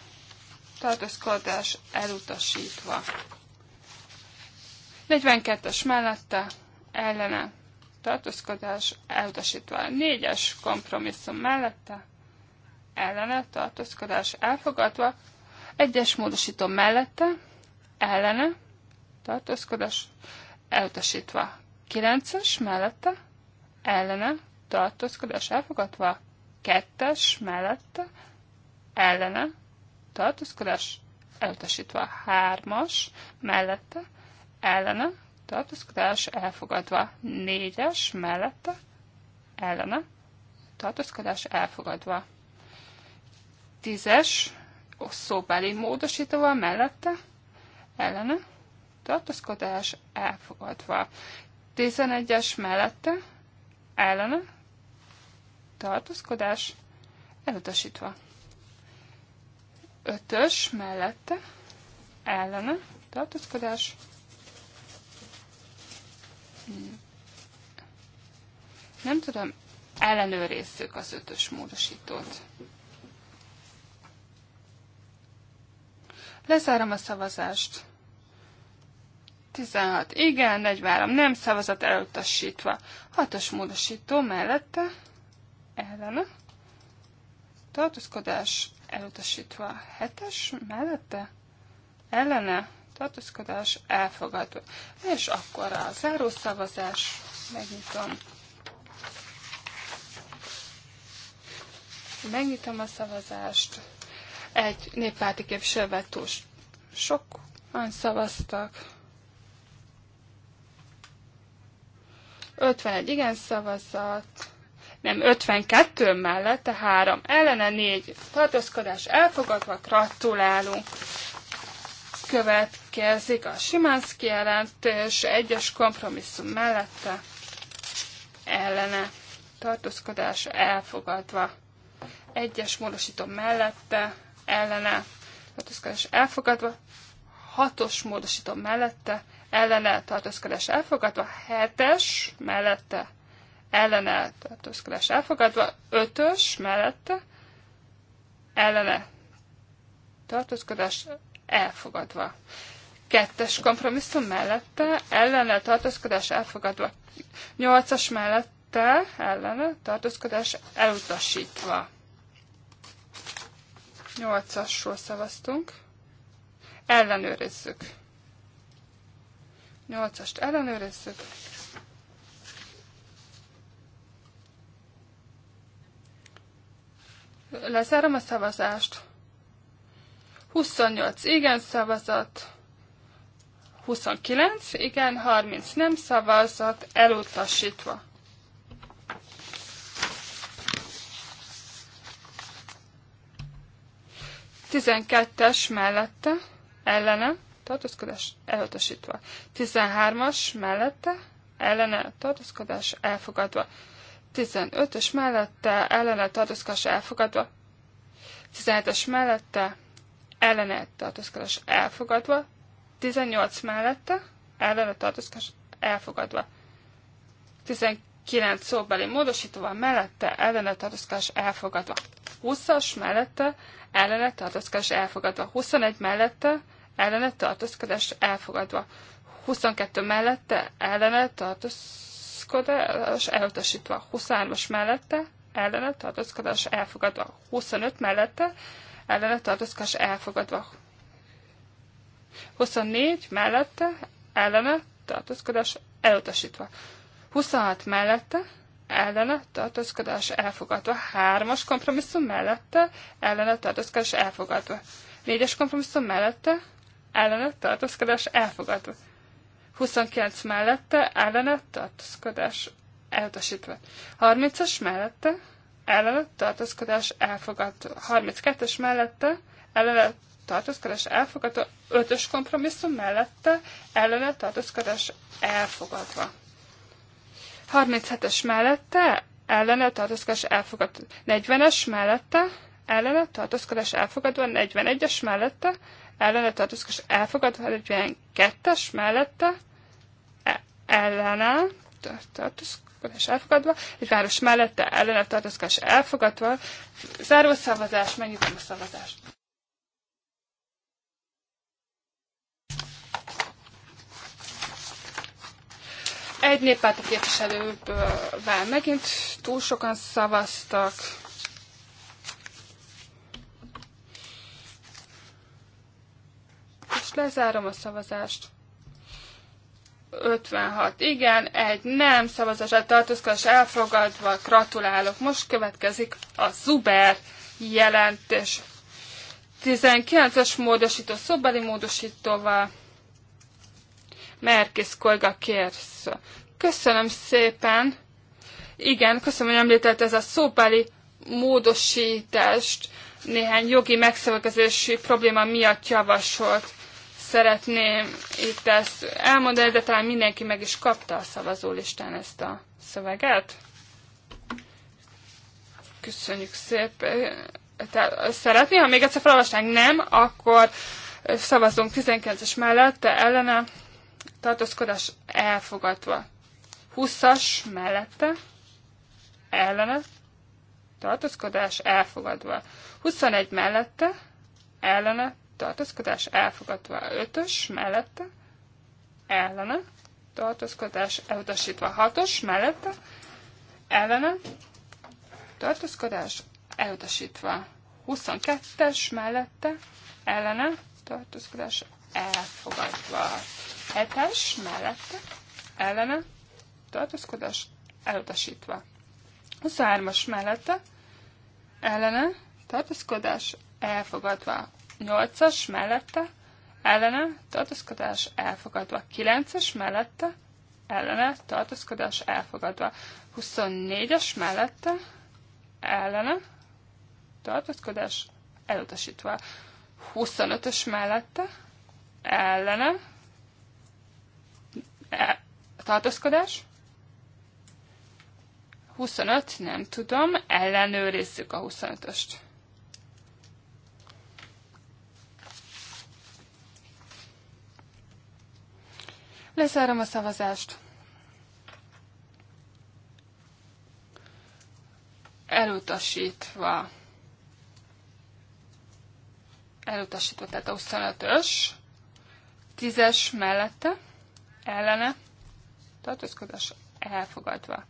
tartózkodás elutasítva. 42-es mellette, ellene, tartózkodás elutasítva. 4-es kompromisszum mellette, ellene, tartózkodás elfogadva. 1-es módosító mellette, ellene, tartózkodás elutasítva. 9-es mellette ellene tartózkodás elfogadva. 2-es mellette ellene tartózkodás elutasítva. 3-as mellette ellene tartózkodás elfogadva. 4-es mellette ellene tartózkodás elfogadva. 10-es szóbeli módosítóval mellette ellene tartózkodás elfogadva. 11-es mellette ellene tartózkodás elutasítva. 5-ös mellette ellene tartózkodás nem tudom, ellenőrizzük az ötös módosítót. Lezárom a szavazást. 16 igen, 43 nem szavazat elutasítva. 6-os módosító mellette ellene. Tartózkodás elutasítva. 7-es mellette ellene. Tartózkodás elfogadva. És akkor a zárószavazás. Megnyitom. Megnyitom a szavazást. Egy néppárti képviselővel túl sokan szavaztak. 51 igen szavazat, nem 52 mellette, 3 ellene, 4 tartózkodás elfogadva, gratulálunk. Következik a Simánszki jelentés, egyes kompromisszum mellette, ellene, tartózkodás elfogadva, egyes módosító mellette, ellene, tartózkodás elfogadva, hatos módosító mellette, ellene tartózkodás elfogadva, 7-es mellette ellene tartózkodás elfogadva, 5-ös mellette ellene tartózkodás elfogadva. Kettes kompromisszum mellette, ellene tartózkodás elfogadva. Nyolcas mellette, ellene tartózkodás elutasítva. Nyolcasról szavaztunk. Ellenőrizzük. Nyolcast ellenőrizzük. Lezárom a szavazást. 28 igen szavazat, 29 igen, 30 nem szavazat, elutasítva. Tizenkettes mellette, ellenem tartózkodás elutasítva. 13-as mellette ellene tartózkodás elfogadva. 15-ös mellette ellene tartózkodás elfogadva. 17-es mellette ellene tartózkodás elfogadva. 18 mellette ellene tartózkodás elfogadva. 19 szóbeli módosítóval mellette ellene tartózkodás elfogadva. 20-as mellette ellene tartózkodás elfogadva. 21 mellette ellene tartózkodás elfogadva. 22 mellette ellene tartózkodás elutasítva. 23-as mellette ellene tartózkodás elfogadva. 25 mellette ellene tartózkodás elfogadva. 24 mellette ellene tartózkodás elutasítva. 26 mellette ellene tartózkodás elfogadva. 3-as kompromisszum mellette ellene tartózkodás elfogadva. 4-es kompromisszum mellette ellene tartózkodás elfogadva. 29 mellette ellene tartózkodás elutasítva. 30-as mellette ellene tartózkodás elfogadva. 32-es mellette ellene tartózkodás elfogadva. 5-ös kompromisszum mellette ellene tartózkodás elfogadva. 37-es mellette ellene tartózkodás elfogadva. 40-es mellette ellene tartózkodás elfogadva. 41-es mellette ellene tartózkodás elfogadva, 42 kettes mellette e, ellene tartózkodás elfogadva, egy város mellette ellene tartózkodás elfogadva, záró szavazás, megnyitom a szavazást. Egy néppárti képviselőből megint túl sokan szavaztak. most lezárom a szavazást. 56. Igen, egy nem szavazását tartózkodás elfogadva. Gratulálok. Most következik a Zuber jelentés. 19-es módosító, szobeli módosítóval. Merkész kolga kérsz. Köszönöm szépen. Igen, köszönöm, hogy említett ez a szóbeli módosítást néhány jogi megszövegezési probléma miatt javasolt szeretném itt ezt elmondani, de talán mindenki meg is kapta a szavazólistán ezt a szöveget. Köszönjük szépen. Tehát szeretné, ha még egyszer felolvasnánk nem, akkor szavazunk 19-es mellette, ellene tartózkodás elfogadva. 20-as mellette, ellene tartózkodás elfogadva. 21 mellette, ellene tartózkodás elfogadva ötös mellette, ellene, tartózkodás elutasítva hatos mellette, ellene, tartózkodás elutasítva 22-es mellette, ellene, tartózkodás elfogadva hetes mellette, ellene, tartózkodás elutasítva 23-as mellette, ellene, tartózkodás elfogadva 8-as mellette, ellene, tartózkodás elfogadva. 9-es mellette, ellene, tartózkodás elfogadva. 24-es mellette, ellene, tartózkodás elutasítva. 25-ös mellette, ellene, e, tartózkodás, 25, nem tudom, ellenőrizzük a 25-öst. Lezárom a szavazást. Elutasítva. Elutasítva, tehát a 25-ös. 10-es mellette. Ellene. Tartózkodás elfogadva.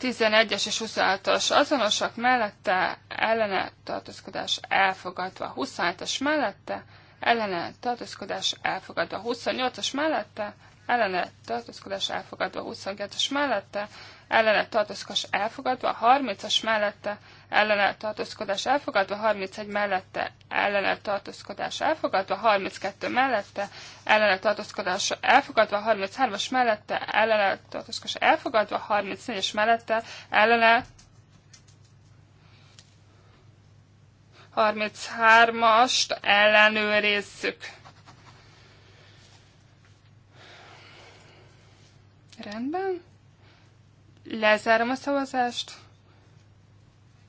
11-es és 26-os azonosak mellette, ellene tartózkodás elfogadva. 27-es mellette, ellene tartózkodás elfogadva 28-as mellette, ellene tartózkodás elfogadva 22 as mellette, ellene tartózkodás elfogadva 30-as mellette, ellene tartózkodás elfogadva 31 mellette, ellene tartózkodás elfogadva 32 mellette, ellene tartózkodás elfogadva 33-as mellette, ellene tartózkodás elfogadva 34-es mellette, ellene 33-ast ellenőrizzük. Rendben. Lezárom a szavazást.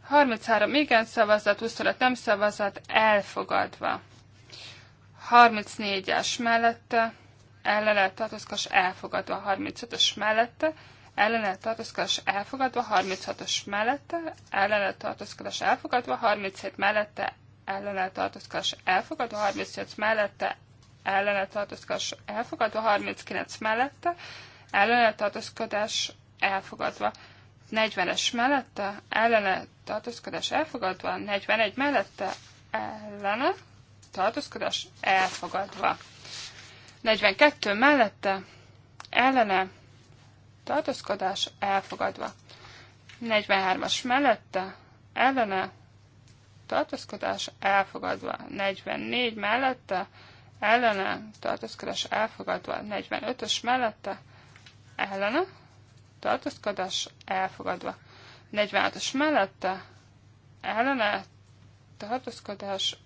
33 igen szavazat, 25 nem szavazat, elfogadva. 34-es mellette, ellenállt tartozkos, elfogadva, 35-ös mellette, ellene tartózkodás elfogadva, 36-os mellette, ellene tartózkodás elfogadva, 37 mellette, ellene tartózkodás elfogadva, 38 mellette, ellene tartózkodás elfogadva, 39 mellette, ellene tartózkodás elfogadva, 40-es mellette, ellene tartózkodás elfogadva, 41 mellette, ellene tartózkodás elfogadva, 42 mellette, ellene tartózkodás elfogadva. 43-as mellette, ellene, tartózkodás elfogadva. 44 mellette, ellene, tartózkodás elfogadva. 45-ös mellette, ellene, tartózkodás elfogadva. 46-os mellette, ellene, tartózkodás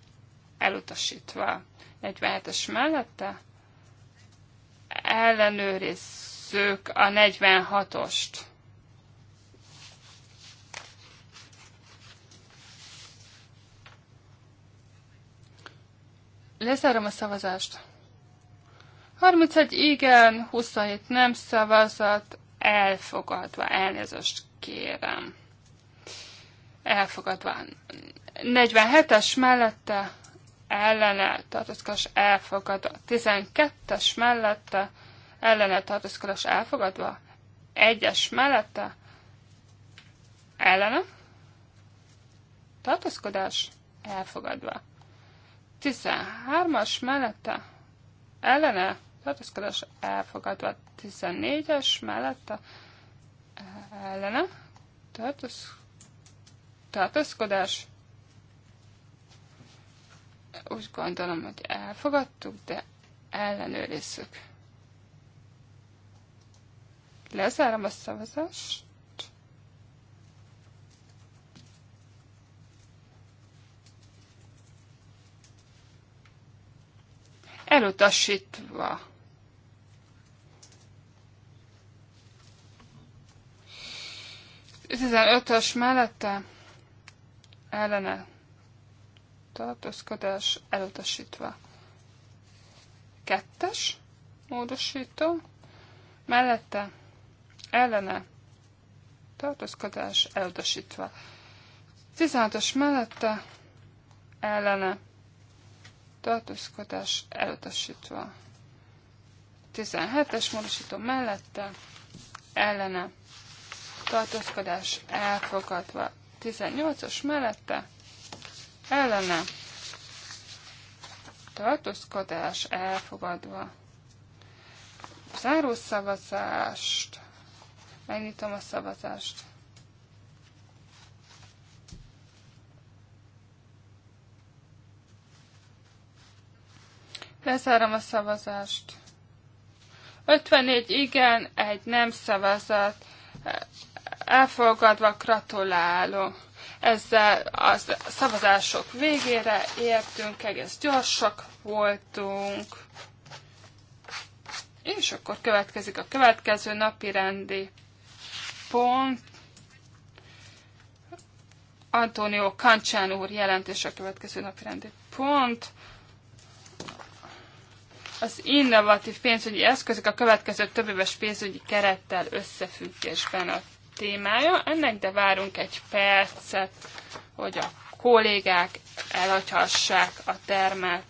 elutasítva. 47-es mellette, ellenőriz Nézzük a 46-ost. Lezárom a szavazást. 31 igen, 27 nem szavazat, elfogadva, elnézést kérem. Elfogadva. 47-es mellette ellene tartozkos elfogadva. 12-es mellette ellene tartózkodás elfogadva, egyes mellette, ellene, tartózkodás elfogadva. 13-as mellette, ellene, tartózkodás elfogadva. 14-es mellette, ellene, tartózkodás. Úgy gondolom, hogy elfogadtuk, de ellenőrizzük. Lezárom a szavazást. Elutasítva. Tizenötös mellette ellene tartózkodás elutasítva. Kettes módosító mellette ellene tartózkodás elutasítva. 16-os mellette ellene tartózkodás elutasítva. 17-es módosító mellette ellene tartózkodás elfogadva. 18-as mellette ellene tartózkodás elfogadva. Zárószavazást Megnyitom a szavazást. Lezárom a szavazást. 54 igen, egy nem szavazat. Elfogadva gratulálok. Ezzel a szavazások végére értünk, egész gyorsak voltunk. És akkor következik a következő napi rendi pont. Antonio Kancsán úr jelentés a következő napi rendi pont. Az innovatív pénzügyi eszközök a következő többéves pénzügyi kerettel összefüggésben a témája. Ennek de várunk egy percet, hogy a kollégák elhagyhassák a termet.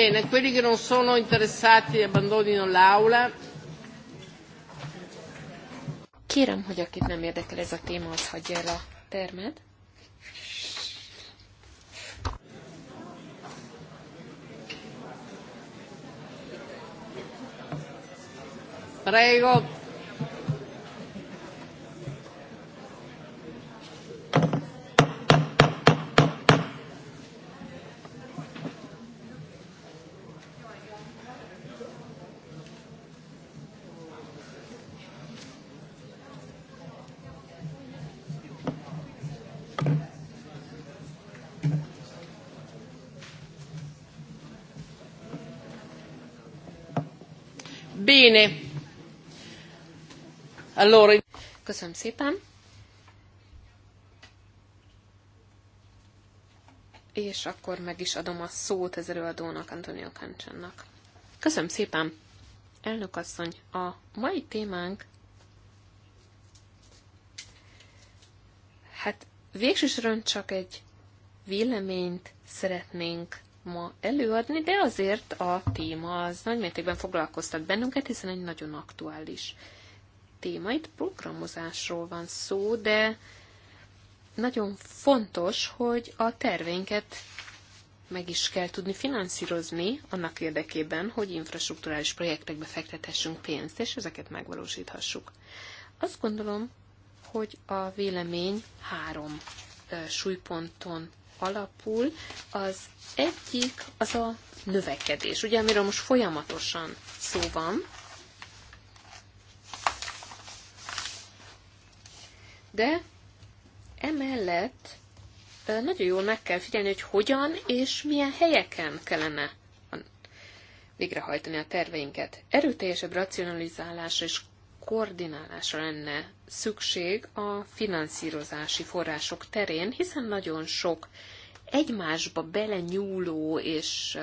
Bene, quelli che non sono interessati e abbandonino l'aula. Kérem, hogy akit nem érdekel ez a téma, az hagyja el a termet. Prego, Bene. Allora... Köszönöm szépen. És akkor meg is adom a szót az előadónak, Antonio Kancsennak. Köszönöm szépen, elnök asszony. A mai témánk hát végsősorban csak egy véleményt szeretnénk ma előadni, de azért a téma az nagymértékben foglalkoztat bennünket, hiszen egy nagyon aktuális téma. Itt programozásról van szó, de nagyon fontos, hogy a terveinket meg is kell tudni finanszírozni annak érdekében, hogy infrastruktúrális projektekbe fektethessünk pénzt, és ezeket megvalósíthassuk. Azt gondolom, hogy a vélemény három súlyponton alapul, az egyik az a növekedés, ugye, amiről most folyamatosan szó van, de emellett nagyon jól meg kell figyelni, hogy hogyan és milyen helyeken kellene végrehajtani a terveinket. Erőteljesebb racionalizálásra és koordinálásra lenne szükség a finanszírozási források terén, hiszen nagyon sok egymásba belenyúló és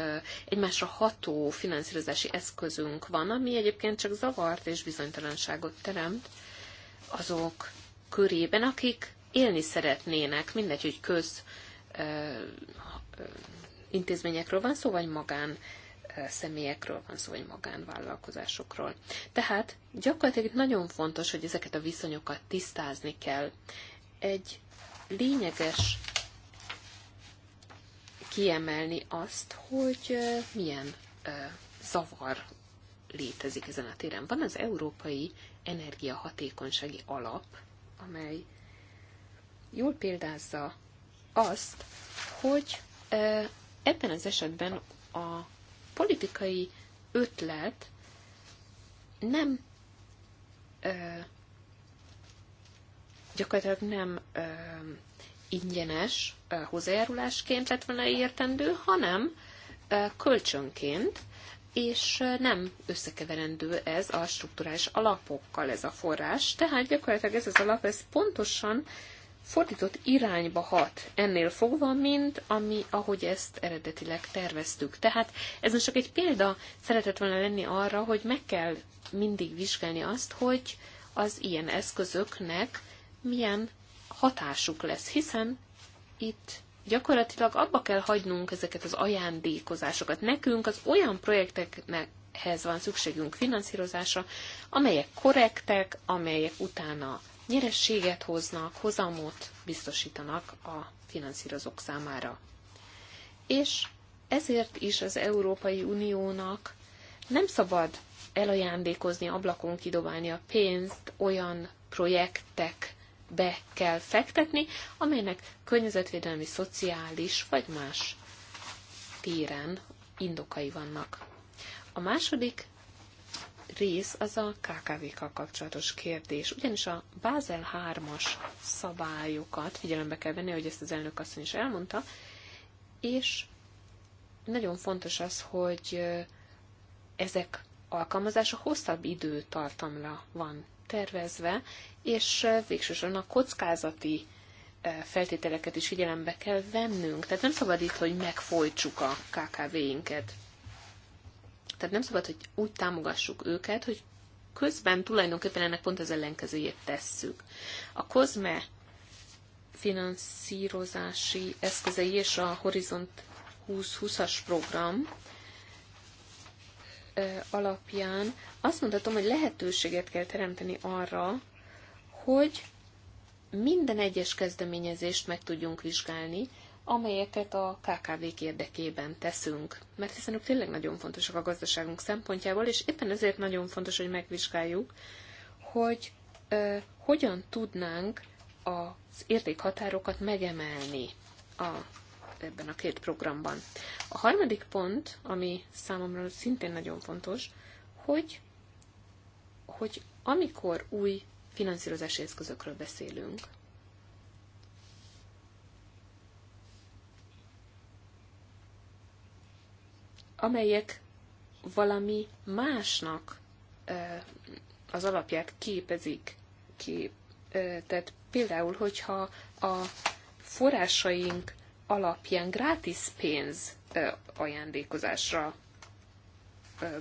egymásra ható finanszírozási eszközünk van, ami egyébként csak zavart és bizonytalanságot teremt azok körében, akik élni szeretnének, mindegy, hogy köz intézményekről van szó, vagy magán személyekről van szó, vagy magánvállalkozásokról. Tehát gyakorlatilag nagyon fontos, hogy ezeket a viszonyokat tisztázni kell. Egy lényeges kiemelni azt, hogy milyen zavar létezik ezen a téren. Van az Európai Energiahatékonysági Alap, amely jól példázza azt, hogy ebben az esetben a politikai ötlet nem ö, gyakorlatilag nem ö, ingyenes ö, hozzájárulásként lett volna értendő, hanem ö, kölcsönként, és nem összekeverendő ez a strukturális alapokkal ez a forrás. Tehát gyakorlatilag ez az alap, ez pontosan fordított irányba hat ennél fogva, mint ami, ahogy ezt eredetileg terveztük. Tehát ez csak egy példa szeretett volna lenni arra, hogy meg kell mindig vizsgálni azt, hogy az ilyen eszközöknek milyen hatásuk lesz, hiszen itt gyakorlatilag abba kell hagynunk ezeket az ajándékozásokat. Nekünk az olyan projekteknek ehhez van szükségünk finanszírozása, amelyek korrektek, amelyek utána nyerességet hoznak, hozamot biztosítanak a finanszírozók számára. És ezért is az Európai Uniónak nem szabad elajándékozni, ablakon kidobálni a pénzt olyan projektekbe kell fektetni, amelynek környezetvédelmi, szociális vagy más téren indokai vannak. A második rész az a KKV-kkal kapcsolatos kérdés. Ugyanis a Bázel 3-as szabályokat figyelembe kell venni, hogy ezt az elnök asszony is elmondta, és nagyon fontos az, hogy ezek alkalmazása hosszabb időtartamra van tervezve, és végsősorban a kockázati feltételeket is figyelembe kell vennünk. Tehát nem szabad itt, hogy megfojtsuk a KKV-inket tehát nem szabad, hogy úgy támogassuk őket, hogy közben tulajdonképpen ennek pont az ellenkezőjét tesszük. A COSME finanszírozási eszközei és a Horizont 2020-as program alapján azt mondhatom, hogy lehetőséget kell teremteni arra, hogy minden egyes kezdeményezést meg tudjunk vizsgálni, amelyeket a KKV-k érdekében teszünk, mert hiszen ők tényleg nagyon fontosak a gazdaságunk szempontjából, és éppen ezért nagyon fontos, hogy megvizsgáljuk, hogy ö, hogyan tudnánk az értékhatárokat megemelni a, ebben a két programban. A harmadik pont, ami számomra szintén nagyon fontos, hogy, hogy amikor új finanszírozási eszközökről beszélünk, amelyek valami másnak az alapját képezik. Kép. Tehát például, hogyha a forrásaink alapján gratis pénz ajándékozásra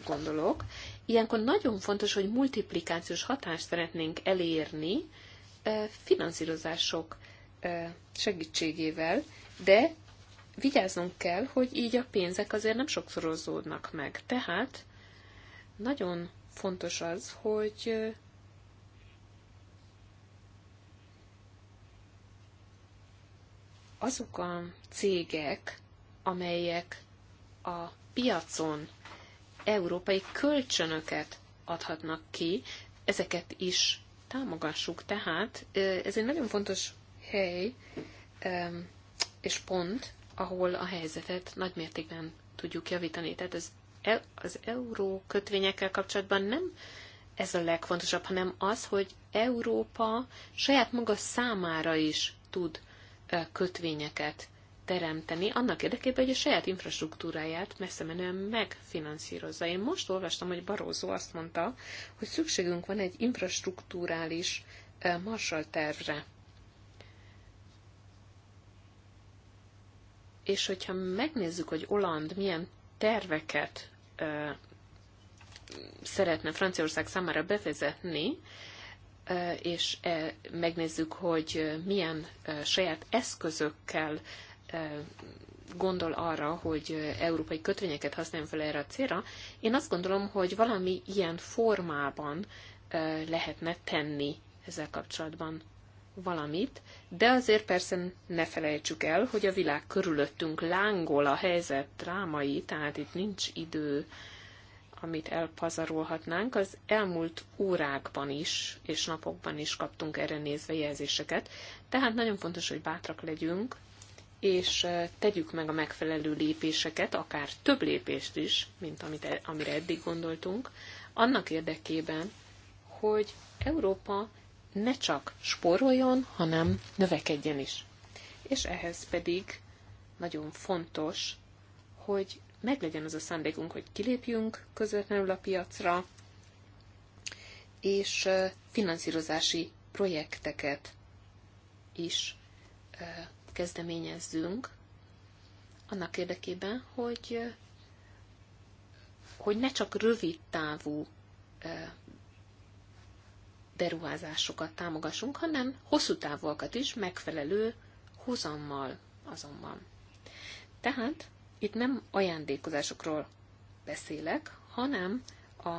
gondolok, ilyenkor nagyon fontos, hogy multiplikációs hatást szeretnénk elérni finanszírozások segítségével, de vigyáznunk kell, hogy így a pénzek azért nem sokszorozódnak meg. Tehát nagyon fontos az, hogy azok a cégek, amelyek a piacon európai kölcsönöket adhatnak ki, ezeket is támogassuk. Tehát ez egy nagyon fontos hely és pont, ahol a helyzetet nagymértékben tudjuk javítani. Tehát az, e- az euró kötvényekkel kapcsolatban nem ez a legfontosabb, hanem az, hogy Európa saját maga számára is tud kötvényeket teremteni, annak érdekében, hogy a saját infrastruktúráját messze menően megfinanszírozza. Én most olvastam, hogy Barózó azt mondta, hogy szükségünk van egy infrastruktúrális tervre. és hogyha megnézzük, hogy Oland milyen terveket ö, szeretne Franciaország számára bevezetni, ö, és e, megnézzük, hogy milyen ö, saját eszközökkel ö, gondol arra, hogy európai kötvényeket használjon fel erre a célra, én azt gondolom, hogy valami ilyen formában lehetne tenni ezzel kapcsolatban valamit, de azért persze ne felejtsük el, hogy a világ körülöttünk lángol a helyzet drámai, tehát itt nincs idő, amit elpazarolhatnánk. Az elmúlt órákban is és napokban is kaptunk erre nézve jelzéseket, tehát nagyon fontos, hogy bátrak legyünk, és tegyük meg a megfelelő lépéseket, akár több lépést is, mint amit, e, amire eddig gondoltunk, annak érdekében, hogy Európa ne csak spóroljon, hanem növekedjen is. És ehhez pedig nagyon fontos, hogy meglegyen az a szándékunk, hogy kilépjünk közvetlenül a piacra, és finanszírozási projekteket is kezdeményezzünk annak érdekében, hogy, hogy ne csak rövid távú beruházásokat támogassunk, hanem hosszú távokat is megfelelő hozammal azonban. Tehát itt nem ajándékozásokról beszélek, hanem a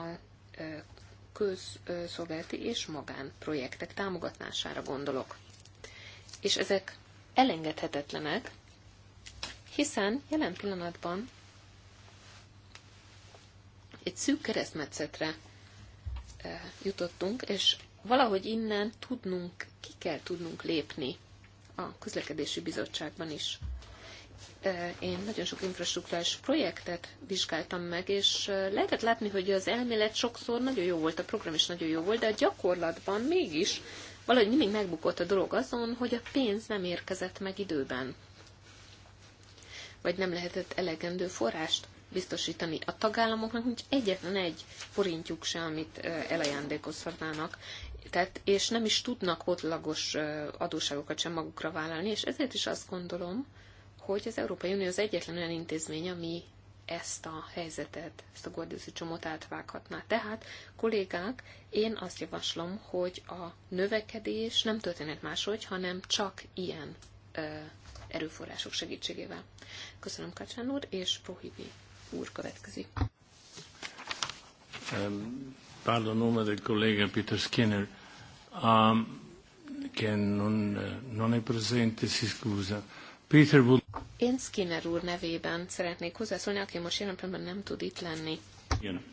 közszolgálati és magánprojektek támogatására gondolok. És ezek elengedhetetlenek, hiszen jelen pillanatban egy szűk keresztmetszetre Eh, jutottunk, és valahogy innen tudnunk, ki kell tudnunk lépni a közlekedési bizottságban is. Eh, én nagyon sok infrastruktúrás projektet vizsgáltam meg, és eh, lehetett látni, hogy az elmélet sokszor nagyon jó volt, a program is nagyon jó volt, de a gyakorlatban mégis valahogy mindig megbukott a dolog azon, hogy a pénz nem érkezett meg időben, vagy nem lehetett elegendő forrást biztosítani a tagállamoknak, nincs egyetlen egy forintjuk se, amit elajándékozhatnának, tehát, és nem is tudnak otlagos adóságokat sem magukra vállalni, és ezért is azt gondolom, hogy az Európai Unió az egyetlen olyan intézmény, ami ezt a helyzetet, ezt a gordiuszi csomót átvághatná. Tehát, kollégák, én azt javaslom, hogy a növekedés nem történhet máshogy, hanem csak ilyen ö, erőforrások segítségével. Köszönöm Kacsán úr, és Prohibi úr következik. Um, pardon, nome del collega Peter Skinner, um, che non, non è presente, si scusa. Peter would... Én Skinner úr nevében szeretnék hozzászólni, aki most jelen pillanatban nem tud itt lenni. Jön.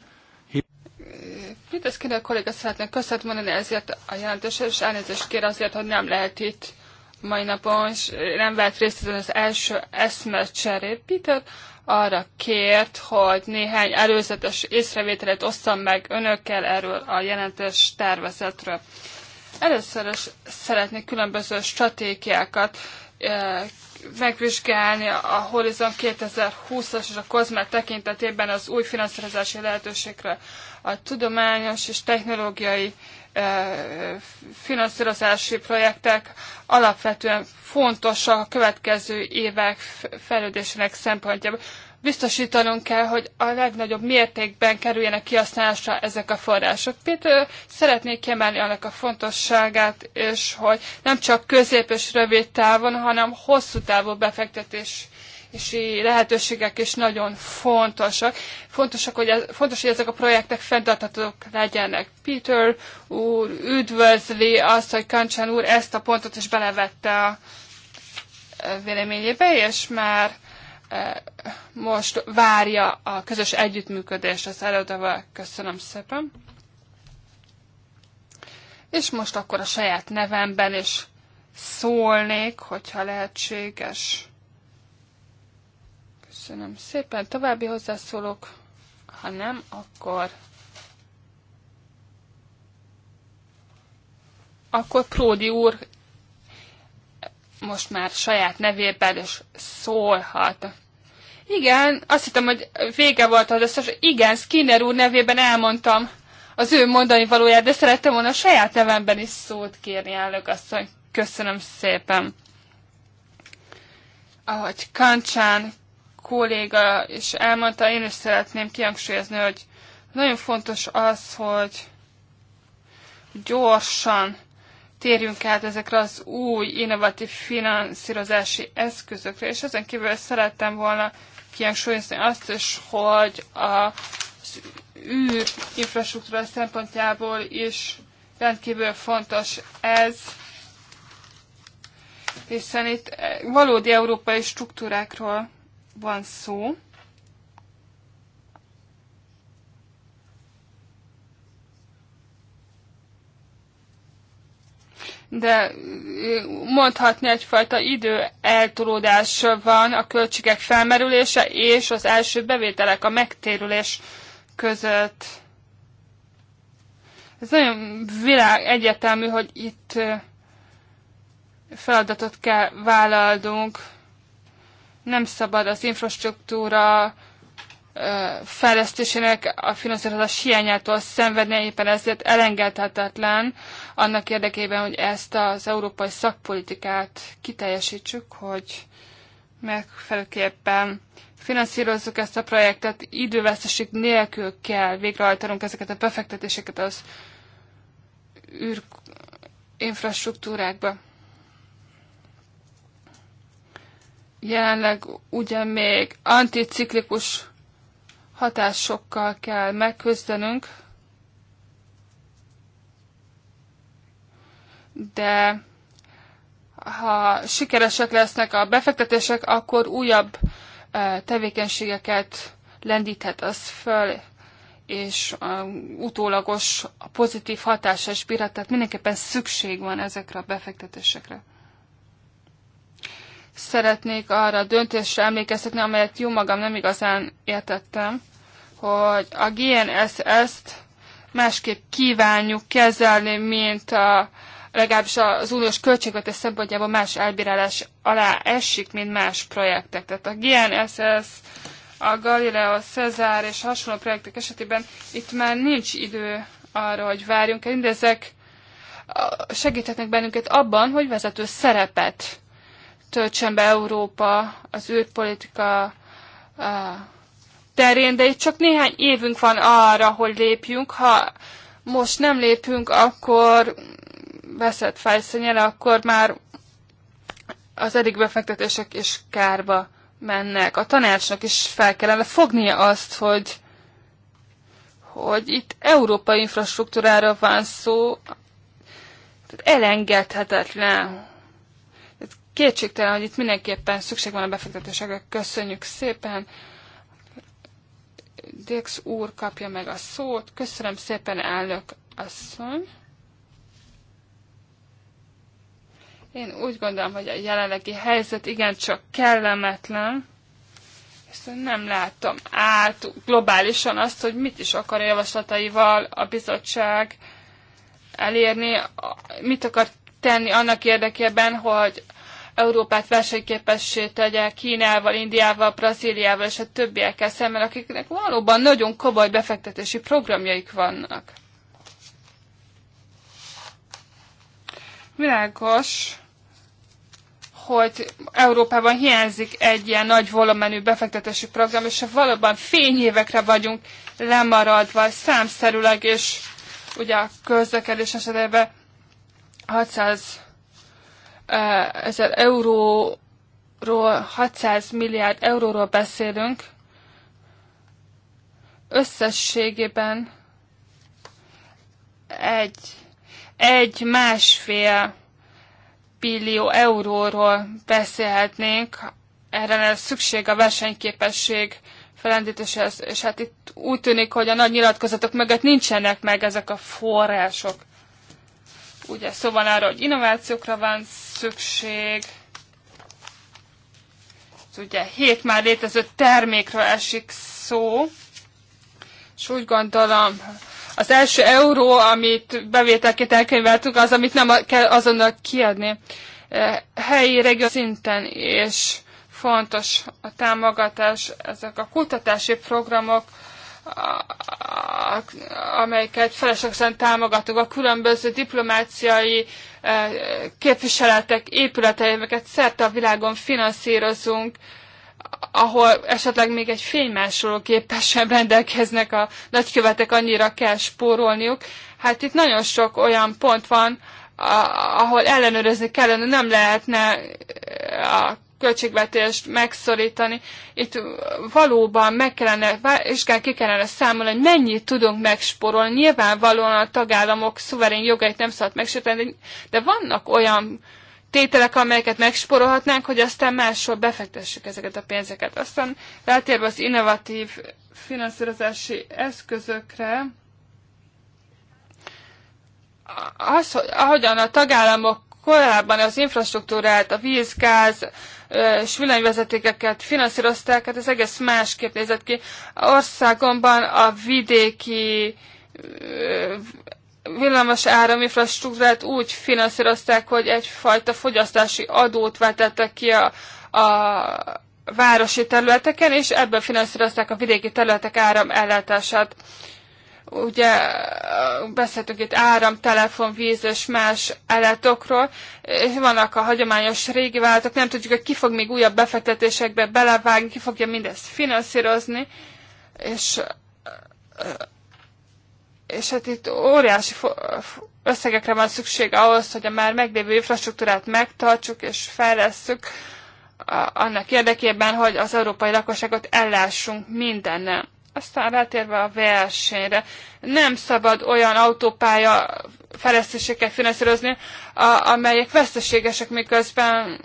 Peter Skinner kolléga szeretne köszönet mondani ezért a jelentésért, és elnézést kér azért, hogy nem lehet itt mai napon, és nem vett részt az első eszmecserét. Peter arra kért, hogy néhány előzetes észrevételet osszam meg önökkel erről a jelentős tervezetről. Először is szeretnék különböző stratégiákat eh, megvizsgálni a Horizon 2020-as és a COSME tekintetében az új finanszírozási lehetőségre a tudományos és technológiai finanszírozási projektek alapvetően fontosak a következő évek fejlődésének szempontjából. Biztosítanunk kell, hogy a legnagyobb mértékben kerüljenek kihasználásra ezek a források. Például szeretnék kiemelni annak a fontosságát, és hogy nem csak közép és rövid távon, hanem hosszú távú befektetés lehetőségek is nagyon fontosak. Fontosak, hogy ez, fontos, hogy ezek a projektek fenntarthatók legyenek. Peter úr üdvözli azt, hogy Kancsán úr ezt a pontot is belevette a e, véleményébe, és már e, most várja a közös együttműködést az előadóval. Köszönöm szépen. És most akkor a saját nevemben is szólnék, hogyha lehetséges. Köszönöm szépen. További hozzászólok, Ha nem, akkor... Akkor Pródi úr most már saját nevében is szólhat. Igen, azt hittem, hogy vége volt az összes. Igen, Skinner úr nevében elmondtam az ő mondani valóját, de szerettem volna a saját nevemben is szót kérni, elnök asszony. Köszönöm szépen. Ahogy Kancsán kolléga is elmondta, én is szeretném kihangsúlyozni, hogy nagyon fontos az, hogy gyorsan térjünk át ezekre az új innovatív finanszírozási eszközökre, és ezen kívül szerettem volna kihangsúlyozni azt is, hogy a űr infrastruktúra szempontjából is rendkívül fontos ez, hiszen itt valódi európai struktúrákról van szó, de mondhatni egyfajta idő eltolódás van a költségek felmerülése és az első bevételek, a megtérülés között. Ez nagyon világ egyetemű, hogy itt feladatot kell vállalnunk nem szabad az infrastruktúra fejlesztésének a finanszírozás hiányától szenvedni, éppen ezért elengedhetetlen annak érdekében, hogy ezt az európai szakpolitikát kiteljesítsük, hogy megfelelőképpen finanszírozzuk ezt a projektet, időveszteség nélkül kell végrehajtanunk ezeket a befektetéseket az űr infrastruktúrákba. jelenleg ugye még anticiklikus hatásokkal kell megküzdenünk, de ha sikeresek lesznek a befektetések, akkor újabb e, tevékenységeket lendíthet az föl, és e, utólagos pozitív hatása is bírhat, tehát mindenképpen szükség van ezekre a befektetésekre szeretnék arra a döntésre emlékeztetni, amelyet jó magam nem igazán értettem, hogy a GNSS-t másképp kívánjuk kezelni, mint a, legalábbis az uniós költségvetés szempontjából más elbírálás alá esik, mint más projektek. Tehát a GNSS, a Galileo, Cezár és hasonló projektek esetében itt már nincs idő arra, hogy várjunk el. Mindezek segíthetnek bennünket abban, hogy vezető szerepet töltsön be Európa az űrpolitika terén, de itt csak néhány évünk van arra, hogy lépjünk. Ha most nem lépünk, akkor veszett fejszennyel, akkor már az eddig befektetések is kárba mennek. A tanácsnak is fel kellene fognia azt, hogy, hogy itt európai infrastruktúrára van szó, elengedhetetlen, kétségtelen, hogy itt mindenképpen szükség van a befektetésekre. Köszönjük szépen! Dix úr kapja meg a szót. Köszönöm szépen, elnök asszony! Én úgy gondolom, hogy a jelenlegi helyzet igencsak kellemetlen, és nem látom át globálisan azt, hogy mit is akar a javaslataival a bizottság elérni, mit akar tenni annak érdekében, hogy Európát versenyképessé tegye Kínával, Indiával, Brazíliával és a többiekkel szemben, akiknek valóban nagyon komoly befektetési programjaik vannak. Világos, hogy Európában hiányzik egy ilyen nagy volumenű befektetési program, és valóban fényévekre vagyunk lemaradva számszerűleg, és ugye a közlekedés esetében 600 Eh, ezer euróról, 600 milliárd euróról beszélünk, összességében egy, egy másfél billió euróról beszélhetnénk, erre lesz szükség a versenyképesség felendítéséhez, és hát itt úgy tűnik, hogy a nagy nyilatkozatok mögött nincsenek meg ezek a források. Ugye szó van arra, hogy innovációkra van szükség. Ez ugye hét már létező termékről esik szó, és úgy gondolom, az első euró, amit bevételként elkönyveltük, az, amit nem kell azonnal kiadni helyi regió szinten, és fontos a támogatás, ezek a kutatási programok, amelyeket feleslegesen támogatunk, a különböző diplomáciai képviseletek épületeimeket szerte a világon finanszírozunk, ahol esetleg még egy fénymásoló sem rendelkeznek a nagykövetek, annyira kell spórolniuk. Hát itt nagyon sok olyan pont van, ahol ellenőrizni kellene, nem lehetne a költségvetést megszorítani. Itt valóban meg kellene, és kell, ki kellene számolni, hogy mennyit tudunk megsporolni. Nyilvánvalóan a tagállamok szuverén jogait nem szabad megsérteni, de vannak olyan tételek, amelyeket megsporolhatnánk, hogy aztán máshol befektessük ezeket a pénzeket. Aztán rátérve az innovatív finanszírozási eszközökre, az, ahogyan a tagállamok korábban az infrastruktúrát, a víz, gáz és villanyvezetékeket finanszírozták, hát ez egész másképp nézett ki. Országomban a vidéki villamos áraminfrastruktúrát úgy finanszírozták, hogy egyfajta fogyasztási adót vetettek ki a, a városi területeken, és ebből finanszírozták a vidéki területek áram ellátását ugye beszéltünk itt áram, telefon, víz és más állatokról, és vannak a hagyományos régi váltok, nem tudjuk, hogy ki fog még újabb befektetésekbe belevágni, ki fogja mindezt finanszírozni, és, és hát itt óriási összegekre van szükség ahhoz, hogy a már meglévő infrastruktúrát megtartsuk és fejlesszük, annak érdekében, hogy az európai lakosságot ellássunk mindennel. Aztán rátérve a versenyre, nem szabad olyan autópálya fejlesztéseket finanszírozni, a, amelyek veszteségesek, miközben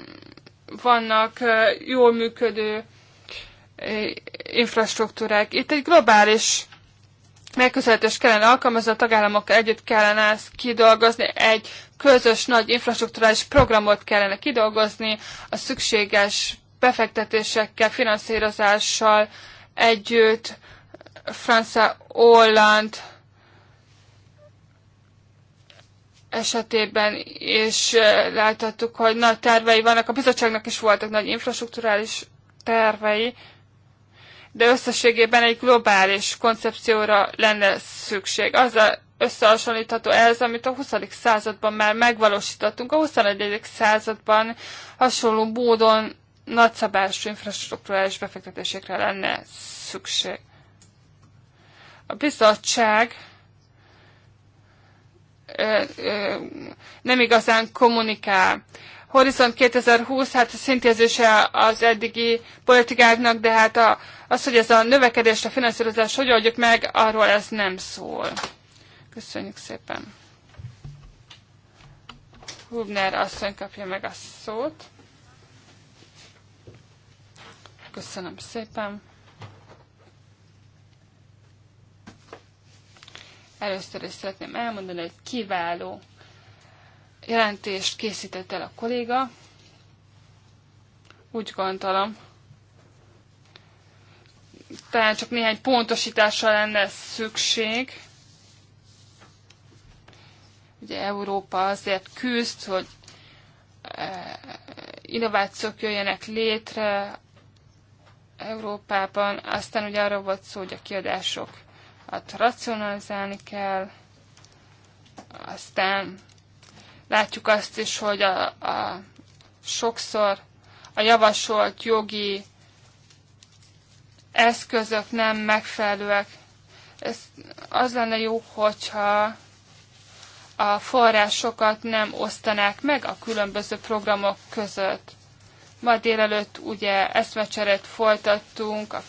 vannak jól működő infrastruktúrák. Itt egy globális megközelítés kellene alkalmazni, a tagállamokkal együtt kellene ezt kidolgozni, egy közös nagy infrastruktúrális programot kellene kidolgozni, a szükséges befektetésekkel, finanszírozással együtt, Francia Holland esetében is láthattuk, hogy nagy tervei vannak. A bizottságnak is voltak nagy infrastruktúrális tervei, de összességében egy globális koncepcióra lenne szükség. a összehasonlítható ez, amit a 20. században már megvalósítottunk, a 21. században hasonló módon nagyszabású infrastruktúrális befektetésekre lenne szükség a bizottság nem igazán kommunikál. Horizont 2020, hát a szintézése az eddigi politikáknak, de hát a, az, hogy ez a növekedés a finanszírozás hogy oldjuk meg, arról ez nem szól. Köszönjük szépen. Hubner asszony kapja meg a szót. Köszönöm szépen. Először is szeretném elmondani, hogy kiváló jelentést készített el a kolléga. Úgy gondolom. Talán csak néhány pontosításra lenne szükség. Ugye Európa azért küzd, hogy eh, innovációk jöjjenek létre Európában, aztán ugye arra volt szó, hogy a kiadások ott hát racionalizálni kell, aztán látjuk azt is, hogy a, a sokszor a javasolt jogi eszközök nem megfelelőek. Ez az lenne jó, hogyha a forrásokat nem osztanák meg a különböző programok között. Ma délelőtt ugye eszmecseret folytattunk a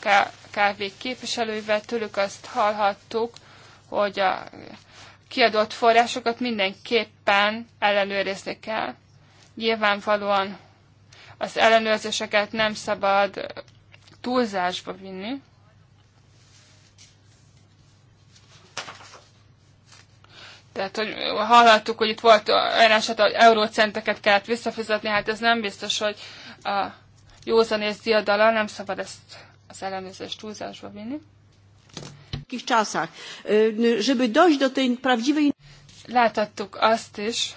KKV képviselőivel, tőlük azt hallhattuk, hogy a kiadott forrásokat mindenképpen ellenőrizni kell. Nyilvánvalóan az ellenőrzéseket nem szabad túlzásba vinni. Tehát, hogy hallhattuk, hogy itt volt olyan eset, hogy eurócenteket kellett visszafizetni, hát ez nem biztos, hogy a és diadala, nem szabad ezt az ellenőrzés túlzásba vinni. Kis császák, e, żeby dojść do tej prawdziwej... Láthattuk azt is,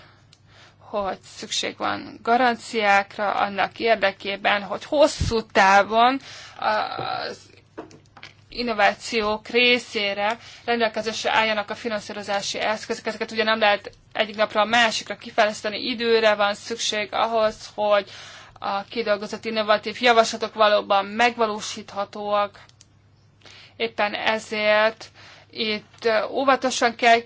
hogy szükség van garanciákra annak érdekében, hogy hosszú távon az innovációk részére rendelkezésre álljanak a finanszírozási eszközök. Ezeket ugye nem lehet egyik napra a másikra kifejleszteni, időre van szükség ahhoz, hogy a kidolgozott innovatív javaslatok valóban megvalósíthatóak. Éppen ezért itt óvatosan kell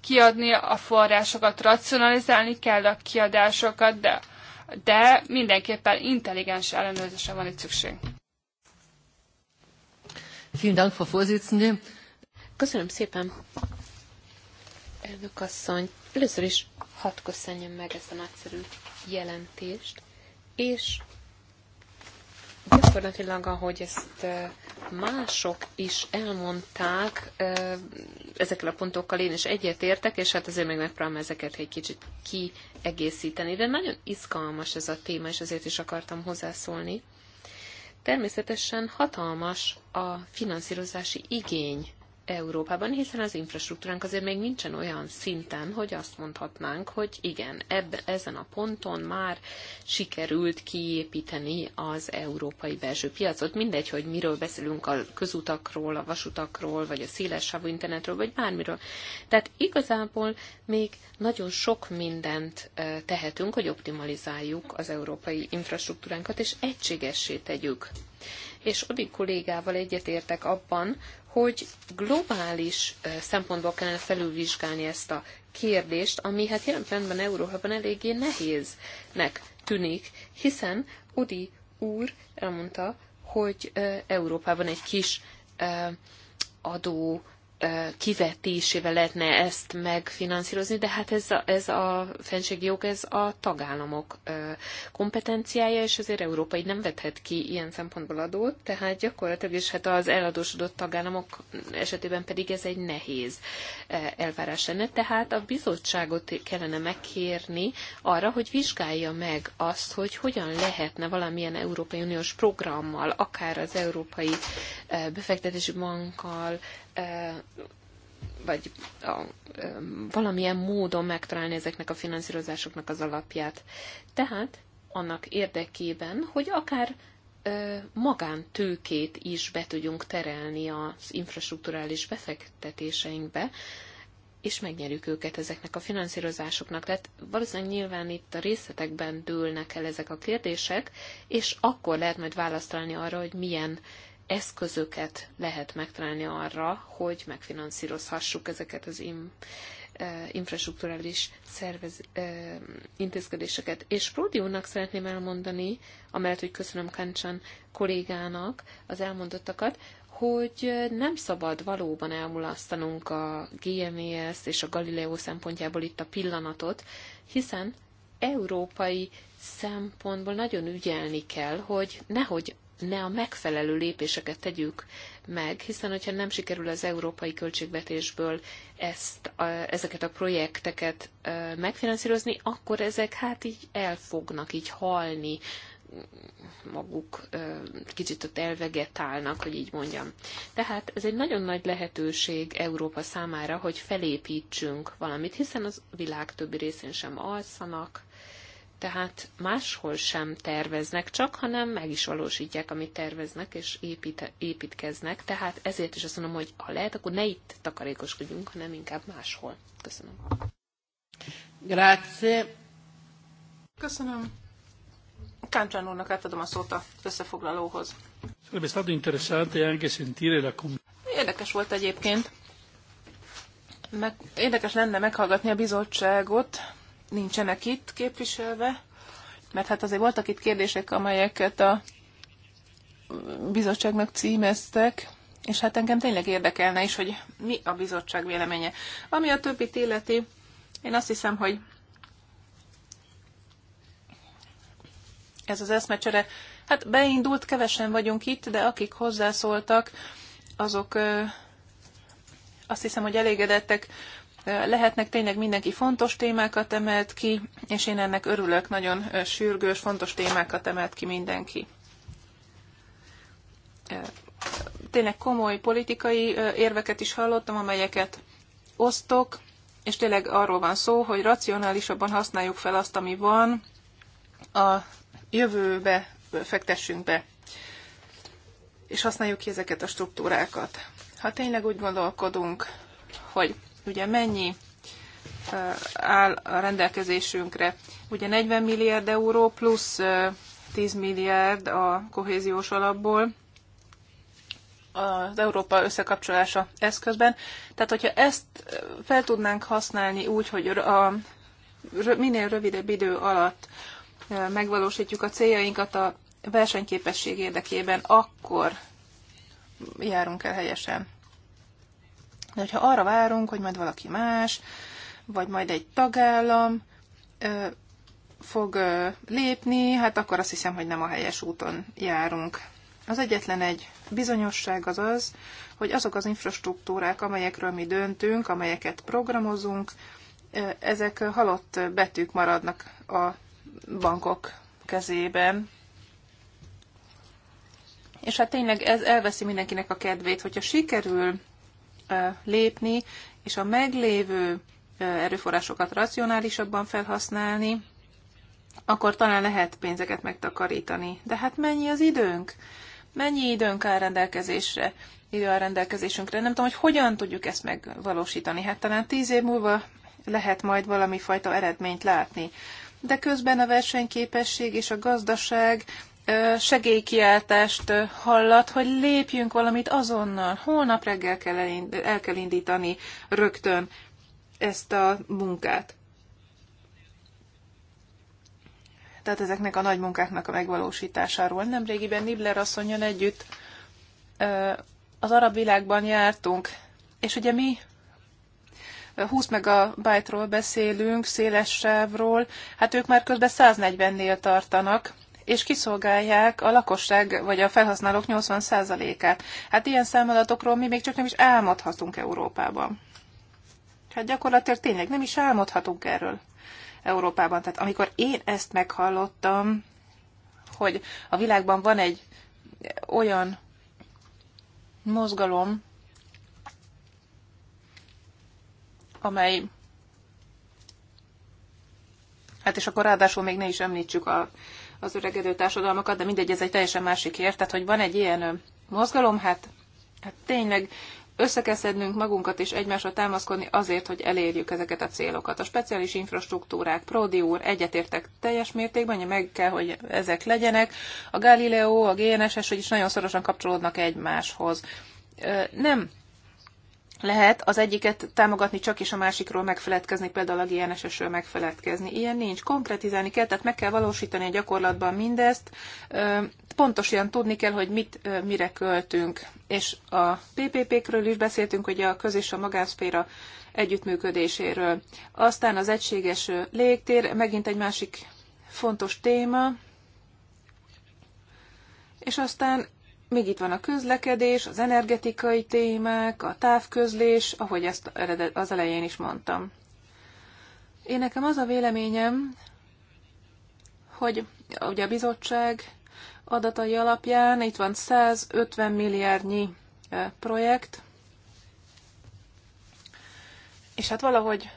kiadni a forrásokat, racionalizálni kell a kiadásokat, de, de mindenképpen intelligens ellenőrzésre van itt szükség. Vielen Dank, Frau Vorsitzende. Köszönöm szépen. Elnök asszony, először is hadd köszönjem meg ezt a nagyszerű jelentést, és gyakorlatilag, ahogy ezt mások is elmondták, ezekkel a pontokkal én is egyetértek, és hát azért még megpróbálom ezeket egy kicsit kiegészíteni. De nagyon izgalmas ez a téma, és azért is akartam hozzászólni. Természetesen hatalmas a finanszírozási igény Európában, hiszen az infrastruktúránk azért még nincsen olyan szinten, hogy azt mondhatnánk, hogy igen, ebben, ezen a ponton már sikerült kiépíteni az európai belső piacot. Mindegy, hogy miről beszélünk a közutakról, a vasutakról, vagy a széles sávú internetről, vagy bármiről. Tehát igazából még nagyon sok mindent tehetünk, hogy optimalizáljuk az európai infrastruktúránkat, és egységessé tegyük és Odi kollégával egyetértek abban, hogy globális szempontból kellene felülvizsgálni ezt a kérdést, ami hát jelen pillanatban Európában eléggé nehéznek tűnik, hiszen Udi úr elmondta, hogy Európában egy kis adó kivetésével lehetne ezt megfinanszírozni, de hát ez a, ez a fenségi jog, ez a tagállamok kompetenciája, és azért Európa így nem vethet ki ilyen szempontból adót, tehát gyakorlatilag is hát az eladósodott tagállamok esetében pedig ez egy nehéz elvárás lenne, tehát a bizottságot kellene megkérni arra, hogy vizsgálja meg azt, hogy hogyan lehetne valamilyen Európai Uniós programmal, akár az Európai Befektetési Bankkal, vagy a, valamilyen módon megtalálni ezeknek a finanszírozásoknak az alapját. Tehát annak érdekében, hogy akár magántőkét is be tudjunk terelni az infrastruktúrális befektetéseinkbe, és megnyerjük őket ezeknek a finanszírozásoknak. Tehát valószínűleg nyilván itt a részletekben dőlnek el ezek a kérdések, és akkor lehet majd választani arra, hogy milyen eszközöket lehet megtalálni arra, hogy megfinanszírozhassuk ezeket az im, eh, infrastruktúrális szervez, eh, intézkedéseket. És Pródiónak szeretném elmondani, amellett, hogy köszönöm Kancsan kollégának az elmondottakat, hogy nem szabad valóban elmulasztanunk a GMES és a Galileo szempontjából itt a pillanatot, hiszen európai szempontból nagyon ügyelni kell, hogy nehogy ne a megfelelő lépéseket tegyük meg, hiszen hogyha nem sikerül az európai költségvetésből ezt, a, ezeket a projekteket megfinanszírozni, akkor ezek hát így elfognak, így halni, maguk kicsit ott elvegetálnak, hogy így mondjam. Tehát ez egy nagyon nagy lehetőség Európa számára, hogy felépítsünk valamit, hiszen az világ többi részén sem alszanak, tehát máshol sem terveznek csak, hanem meg is valósítják, amit terveznek, és épít, építkeznek. Tehát ezért is azt mondom, hogy ha lehet, akkor ne itt takarékoskodjunk, hanem inkább máshol. Köszönöm. Grazie. Köszönöm. Káncsán úrnak átadom a szót az összefoglalóhoz. interessante anche sentire la Érdekes volt egyébként. Meg, érdekes lenne meghallgatni a bizottságot, nincsenek itt képviselve, mert hát azért voltak itt kérdések, amelyeket a bizottságnak címeztek, és hát engem tényleg érdekelne is, hogy mi a bizottság véleménye. Ami a többi illeti, én azt hiszem, hogy ez az eszmecsere, hát beindult, kevesen vagyunk itt, de akik hozzászóltak, azok azt hiszem, hogy elégedettek lehetnek tényleg mindenki fontos témákat emelt ki, és én ennek örülök, nagyon sürgős, fontos témákat emelt ki mindenki. Tényleg komoly politikai érveket is hallottam, amelyeket osztok, és tényleg arról van szó, hogy racionálisabban használjuk fel azt, ami van, a jövőbe fektessünk be, és használjuk ki ezeket a struktúrákat. Ha tényleg úgy gondolkodunk, hogy ugye mennyi áll a rendelkezésünkre. Ugye 40 milliárd euró plusz 10 milliárd a kohéziós alapból az Európa összekapcsolása eszközben. Tehát, hogyha ezt fel tudnánk használni úgy, hogy a minél rövidebb idő alatt megvalósítjuk a céljainkat a versenyképesség érdekében, akkor járunk el helyesen. De hogyha arra várunk, hogy majd valaki más, vagy majd egy tagállam ö, fog ö, lépni, hát akkor azt hiszem, hogy nem a helyes úton járunk. Az egyetlen egy bizonyosság az az, hogy azok az infrastruktúrák, amelyekről mi döntünk, amelyeket programozunk, ezek halott betűk maradnak a bankok kezében. És hát tényleg ez elveszi mindenkinek a kedvét, hogyha sikerül lépni, és a meglévő erőforrásokat racionálisabban felhasználni, akkor talán lehet pénzeket megtakarítani. De hát mennyi az időnk? Mennyi időnk áll rendelkezésre? Idő áll rendelkezésünkre. Nem tudom, hogy hogyan tudjuk ezt megvalósítani. Hát talán tíz év múlva lehet majd valami fajta eredményt látni. De közben a versenyképesség és a gazdaság segélykiáltást hallat, hogy lépjünk valamit azonnal. Holnap reggel kell el kell indítani rögtön ezt a munkát. Tehát ezeknek a nagy munkáknak a megvalósításáról. Nemrégiben Nibler asszonyon együtt az arab világban jártunk, és ugye mi 20 megabajtról beszélünk, széles sávról, hát ők már közben 140-nél tartanak, és kiszolgálják a lakosság vagy a felhasználók 80%-át. Hát ilyen számadatokról mi még csak nem is álmodhatunk Európában. Hát gyakorlatilag tényleg nem is álmodhatunk erről Európában. Tehát amikor én ezt meghallottam, hogy a világban van egy olyan mozgalom, amely Hát és akkor ráadásul még ne is említsük a az öregedő társadalmakat, de mindegy, ez egy teljesen másik ér. Tehát, hogy van egy ilyen mozgalom, hát, hát tényleg összekeszednünk magunkat és egymásra támaszkodni azért, hogy elérjük ezeket a célokat. A speciális infrastruktúrák, Prodi úr, egyetértek teljes mértékben, hogy meg kell, hogy ezek legyenek. A Galileo, a GNSS, hogy is nagyon szorosan kapcsolódnak egymáshoz. Nem lehet az egyiket támogatni, csak is a másikról megfeledkezni, például a GNSS-ről megfeledkezni. Ilyen nincs. Konkretizálni kell, tehát meg kell valósítani a gyakorlatban mindezt. Pontosan tudni kell, hogy mit mire költünk. És a PPP-kről is beszéltünk, hogy a köz és a magánszféra együttműködéséről. Aztán az egységes légtér, megint egy másik fontos téma. És aztán még itt van a közlekedés, az energetikai témák, a távközlés, ahogy ezt az elején is mondtam. Én nekem az a véleményem, hogy ugye a bizottság adatai alapján itt van 150 milliárdnyi eh, projekt, és hát valahogy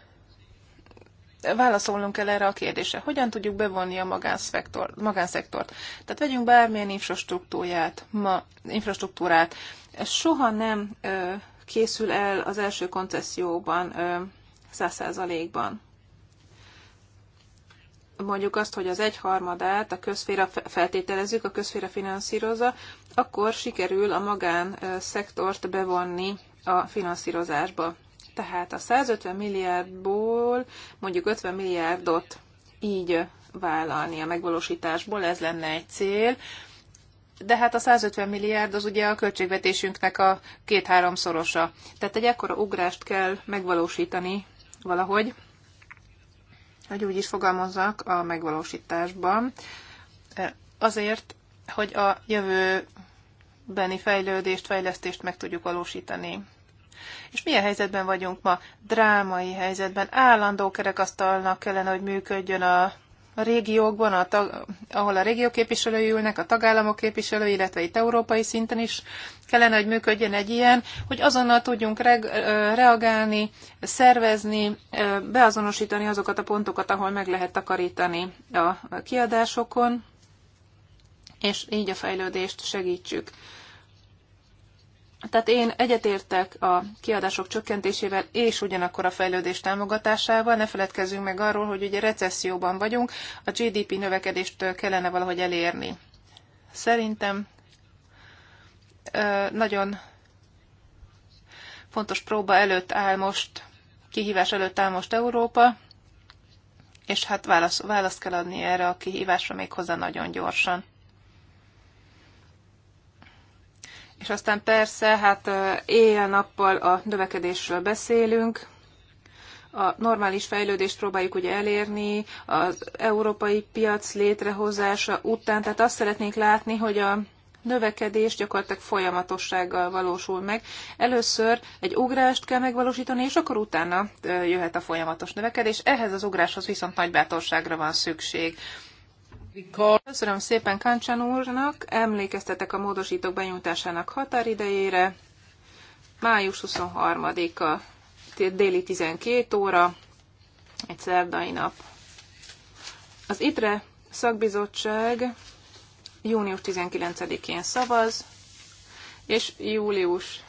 válaszolnunk kell erre a kérdésre. Hogyan tudjuk bevonni a magánszektort? Tehát vegyünk bármilyen infrastruktúrát, ma, infrastruktúrát. Ez soha nem ö, készül el az első koncesszióban száz százalékban. Mondjuk azt, hogy az egyharmadát a közféra feltételezzük, a közféra finanszírozza, akkor sikerül a magánszektort bevonni a finanszírozásba. Tehát a 150 milliárdból mondjuk 50 milliárdot így vállalni a megvalósításból, ez lenne egy cél. De hát a 150 milliárd az ugye a költségvetésünknek a két-háromszorosa. Tehát egy ekkora ugrást kell megvalósítani valahogy, hogy úgy is fogalmazzak a megvalósításban, azért, hogy a jövőbeni fejlődést, fejlesztést meg tudjuk valósítani. És milyen helyzetben vagyunk ma? Drámai helyzetben. Állandó kerekasztalnak kellene, hogy működjön a a régiókban, a tag, ahol a régió képviselői ülnek, a tagállamok képviselői, illetve itt európai szinten is kellene, hogy működjön egy ilyen, hogy azonnal tudjunk reg, reagálni, szervezni, beazonosítani azokat a pontokat, ahol meg lehet takarítani a kiadásokon, és így a fejlődést segítsük. Tehát én egyetértek a kiadások csökkentésével és ugyanakkor a fejlődés támogatásával. Ne feledkezzünk meg arról, hogy ugye recesszióban vagyunk, a GDP növekedést kellene valahogy elérni. Szerintem nagyon fontos próba előtt áll most, kihívás előtt áll most Európa, és hát válasz, választ kell adni erre a kihívásra méghozzá nagyon gyorsan. És aztán persze, hát éjjel-nappal a növekedésről beszélünk, a normális fejlődést próbáljuk ugye elérni, az európai piac létrehozása után, tehát azt szeretnénk látni, hogy a növekedés gyakorlatilag folyamatossággal valósul meg. Először egy ugrást kell megvalósítani, és akkor utána jöhet a folyamatos növekedés. Ehhez az ugráshoz viszont nagy bátorságra van szükség. Köszönöm szépen Kancsán úrnak, emlékeztetek a módosítók benyújtásának határidejére. Május 23-a, déli 12 óra, egy szerdai nap. Az ITRE szakbizottság június 19-én szavaz, és július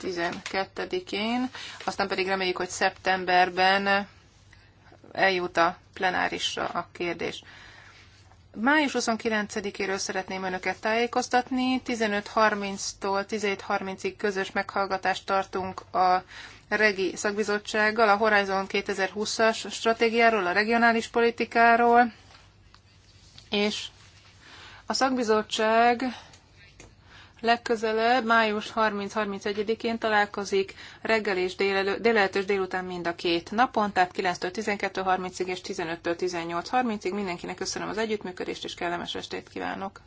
12-én, aztán pedig reméljük, hogy szeptemberben eljut a plenárisra a kérdés. Május 29-éről szeretném önöket tájékoztatni. 15.30-tól 17.30-ig közös meghallgatást tartunk a Regi szakbizottsággal a Horizon 2020-as stratégiáról, a regionális politikáról, és a szakbizottság legközelebb május 30-31-én találkozik reggel és délelő, délelőtt és délután mind a két napon, tehát 9-től 30 ig és 15-től 30 ig Mindenkinek köszönöm az együttműködést és kellemes estét kívánok!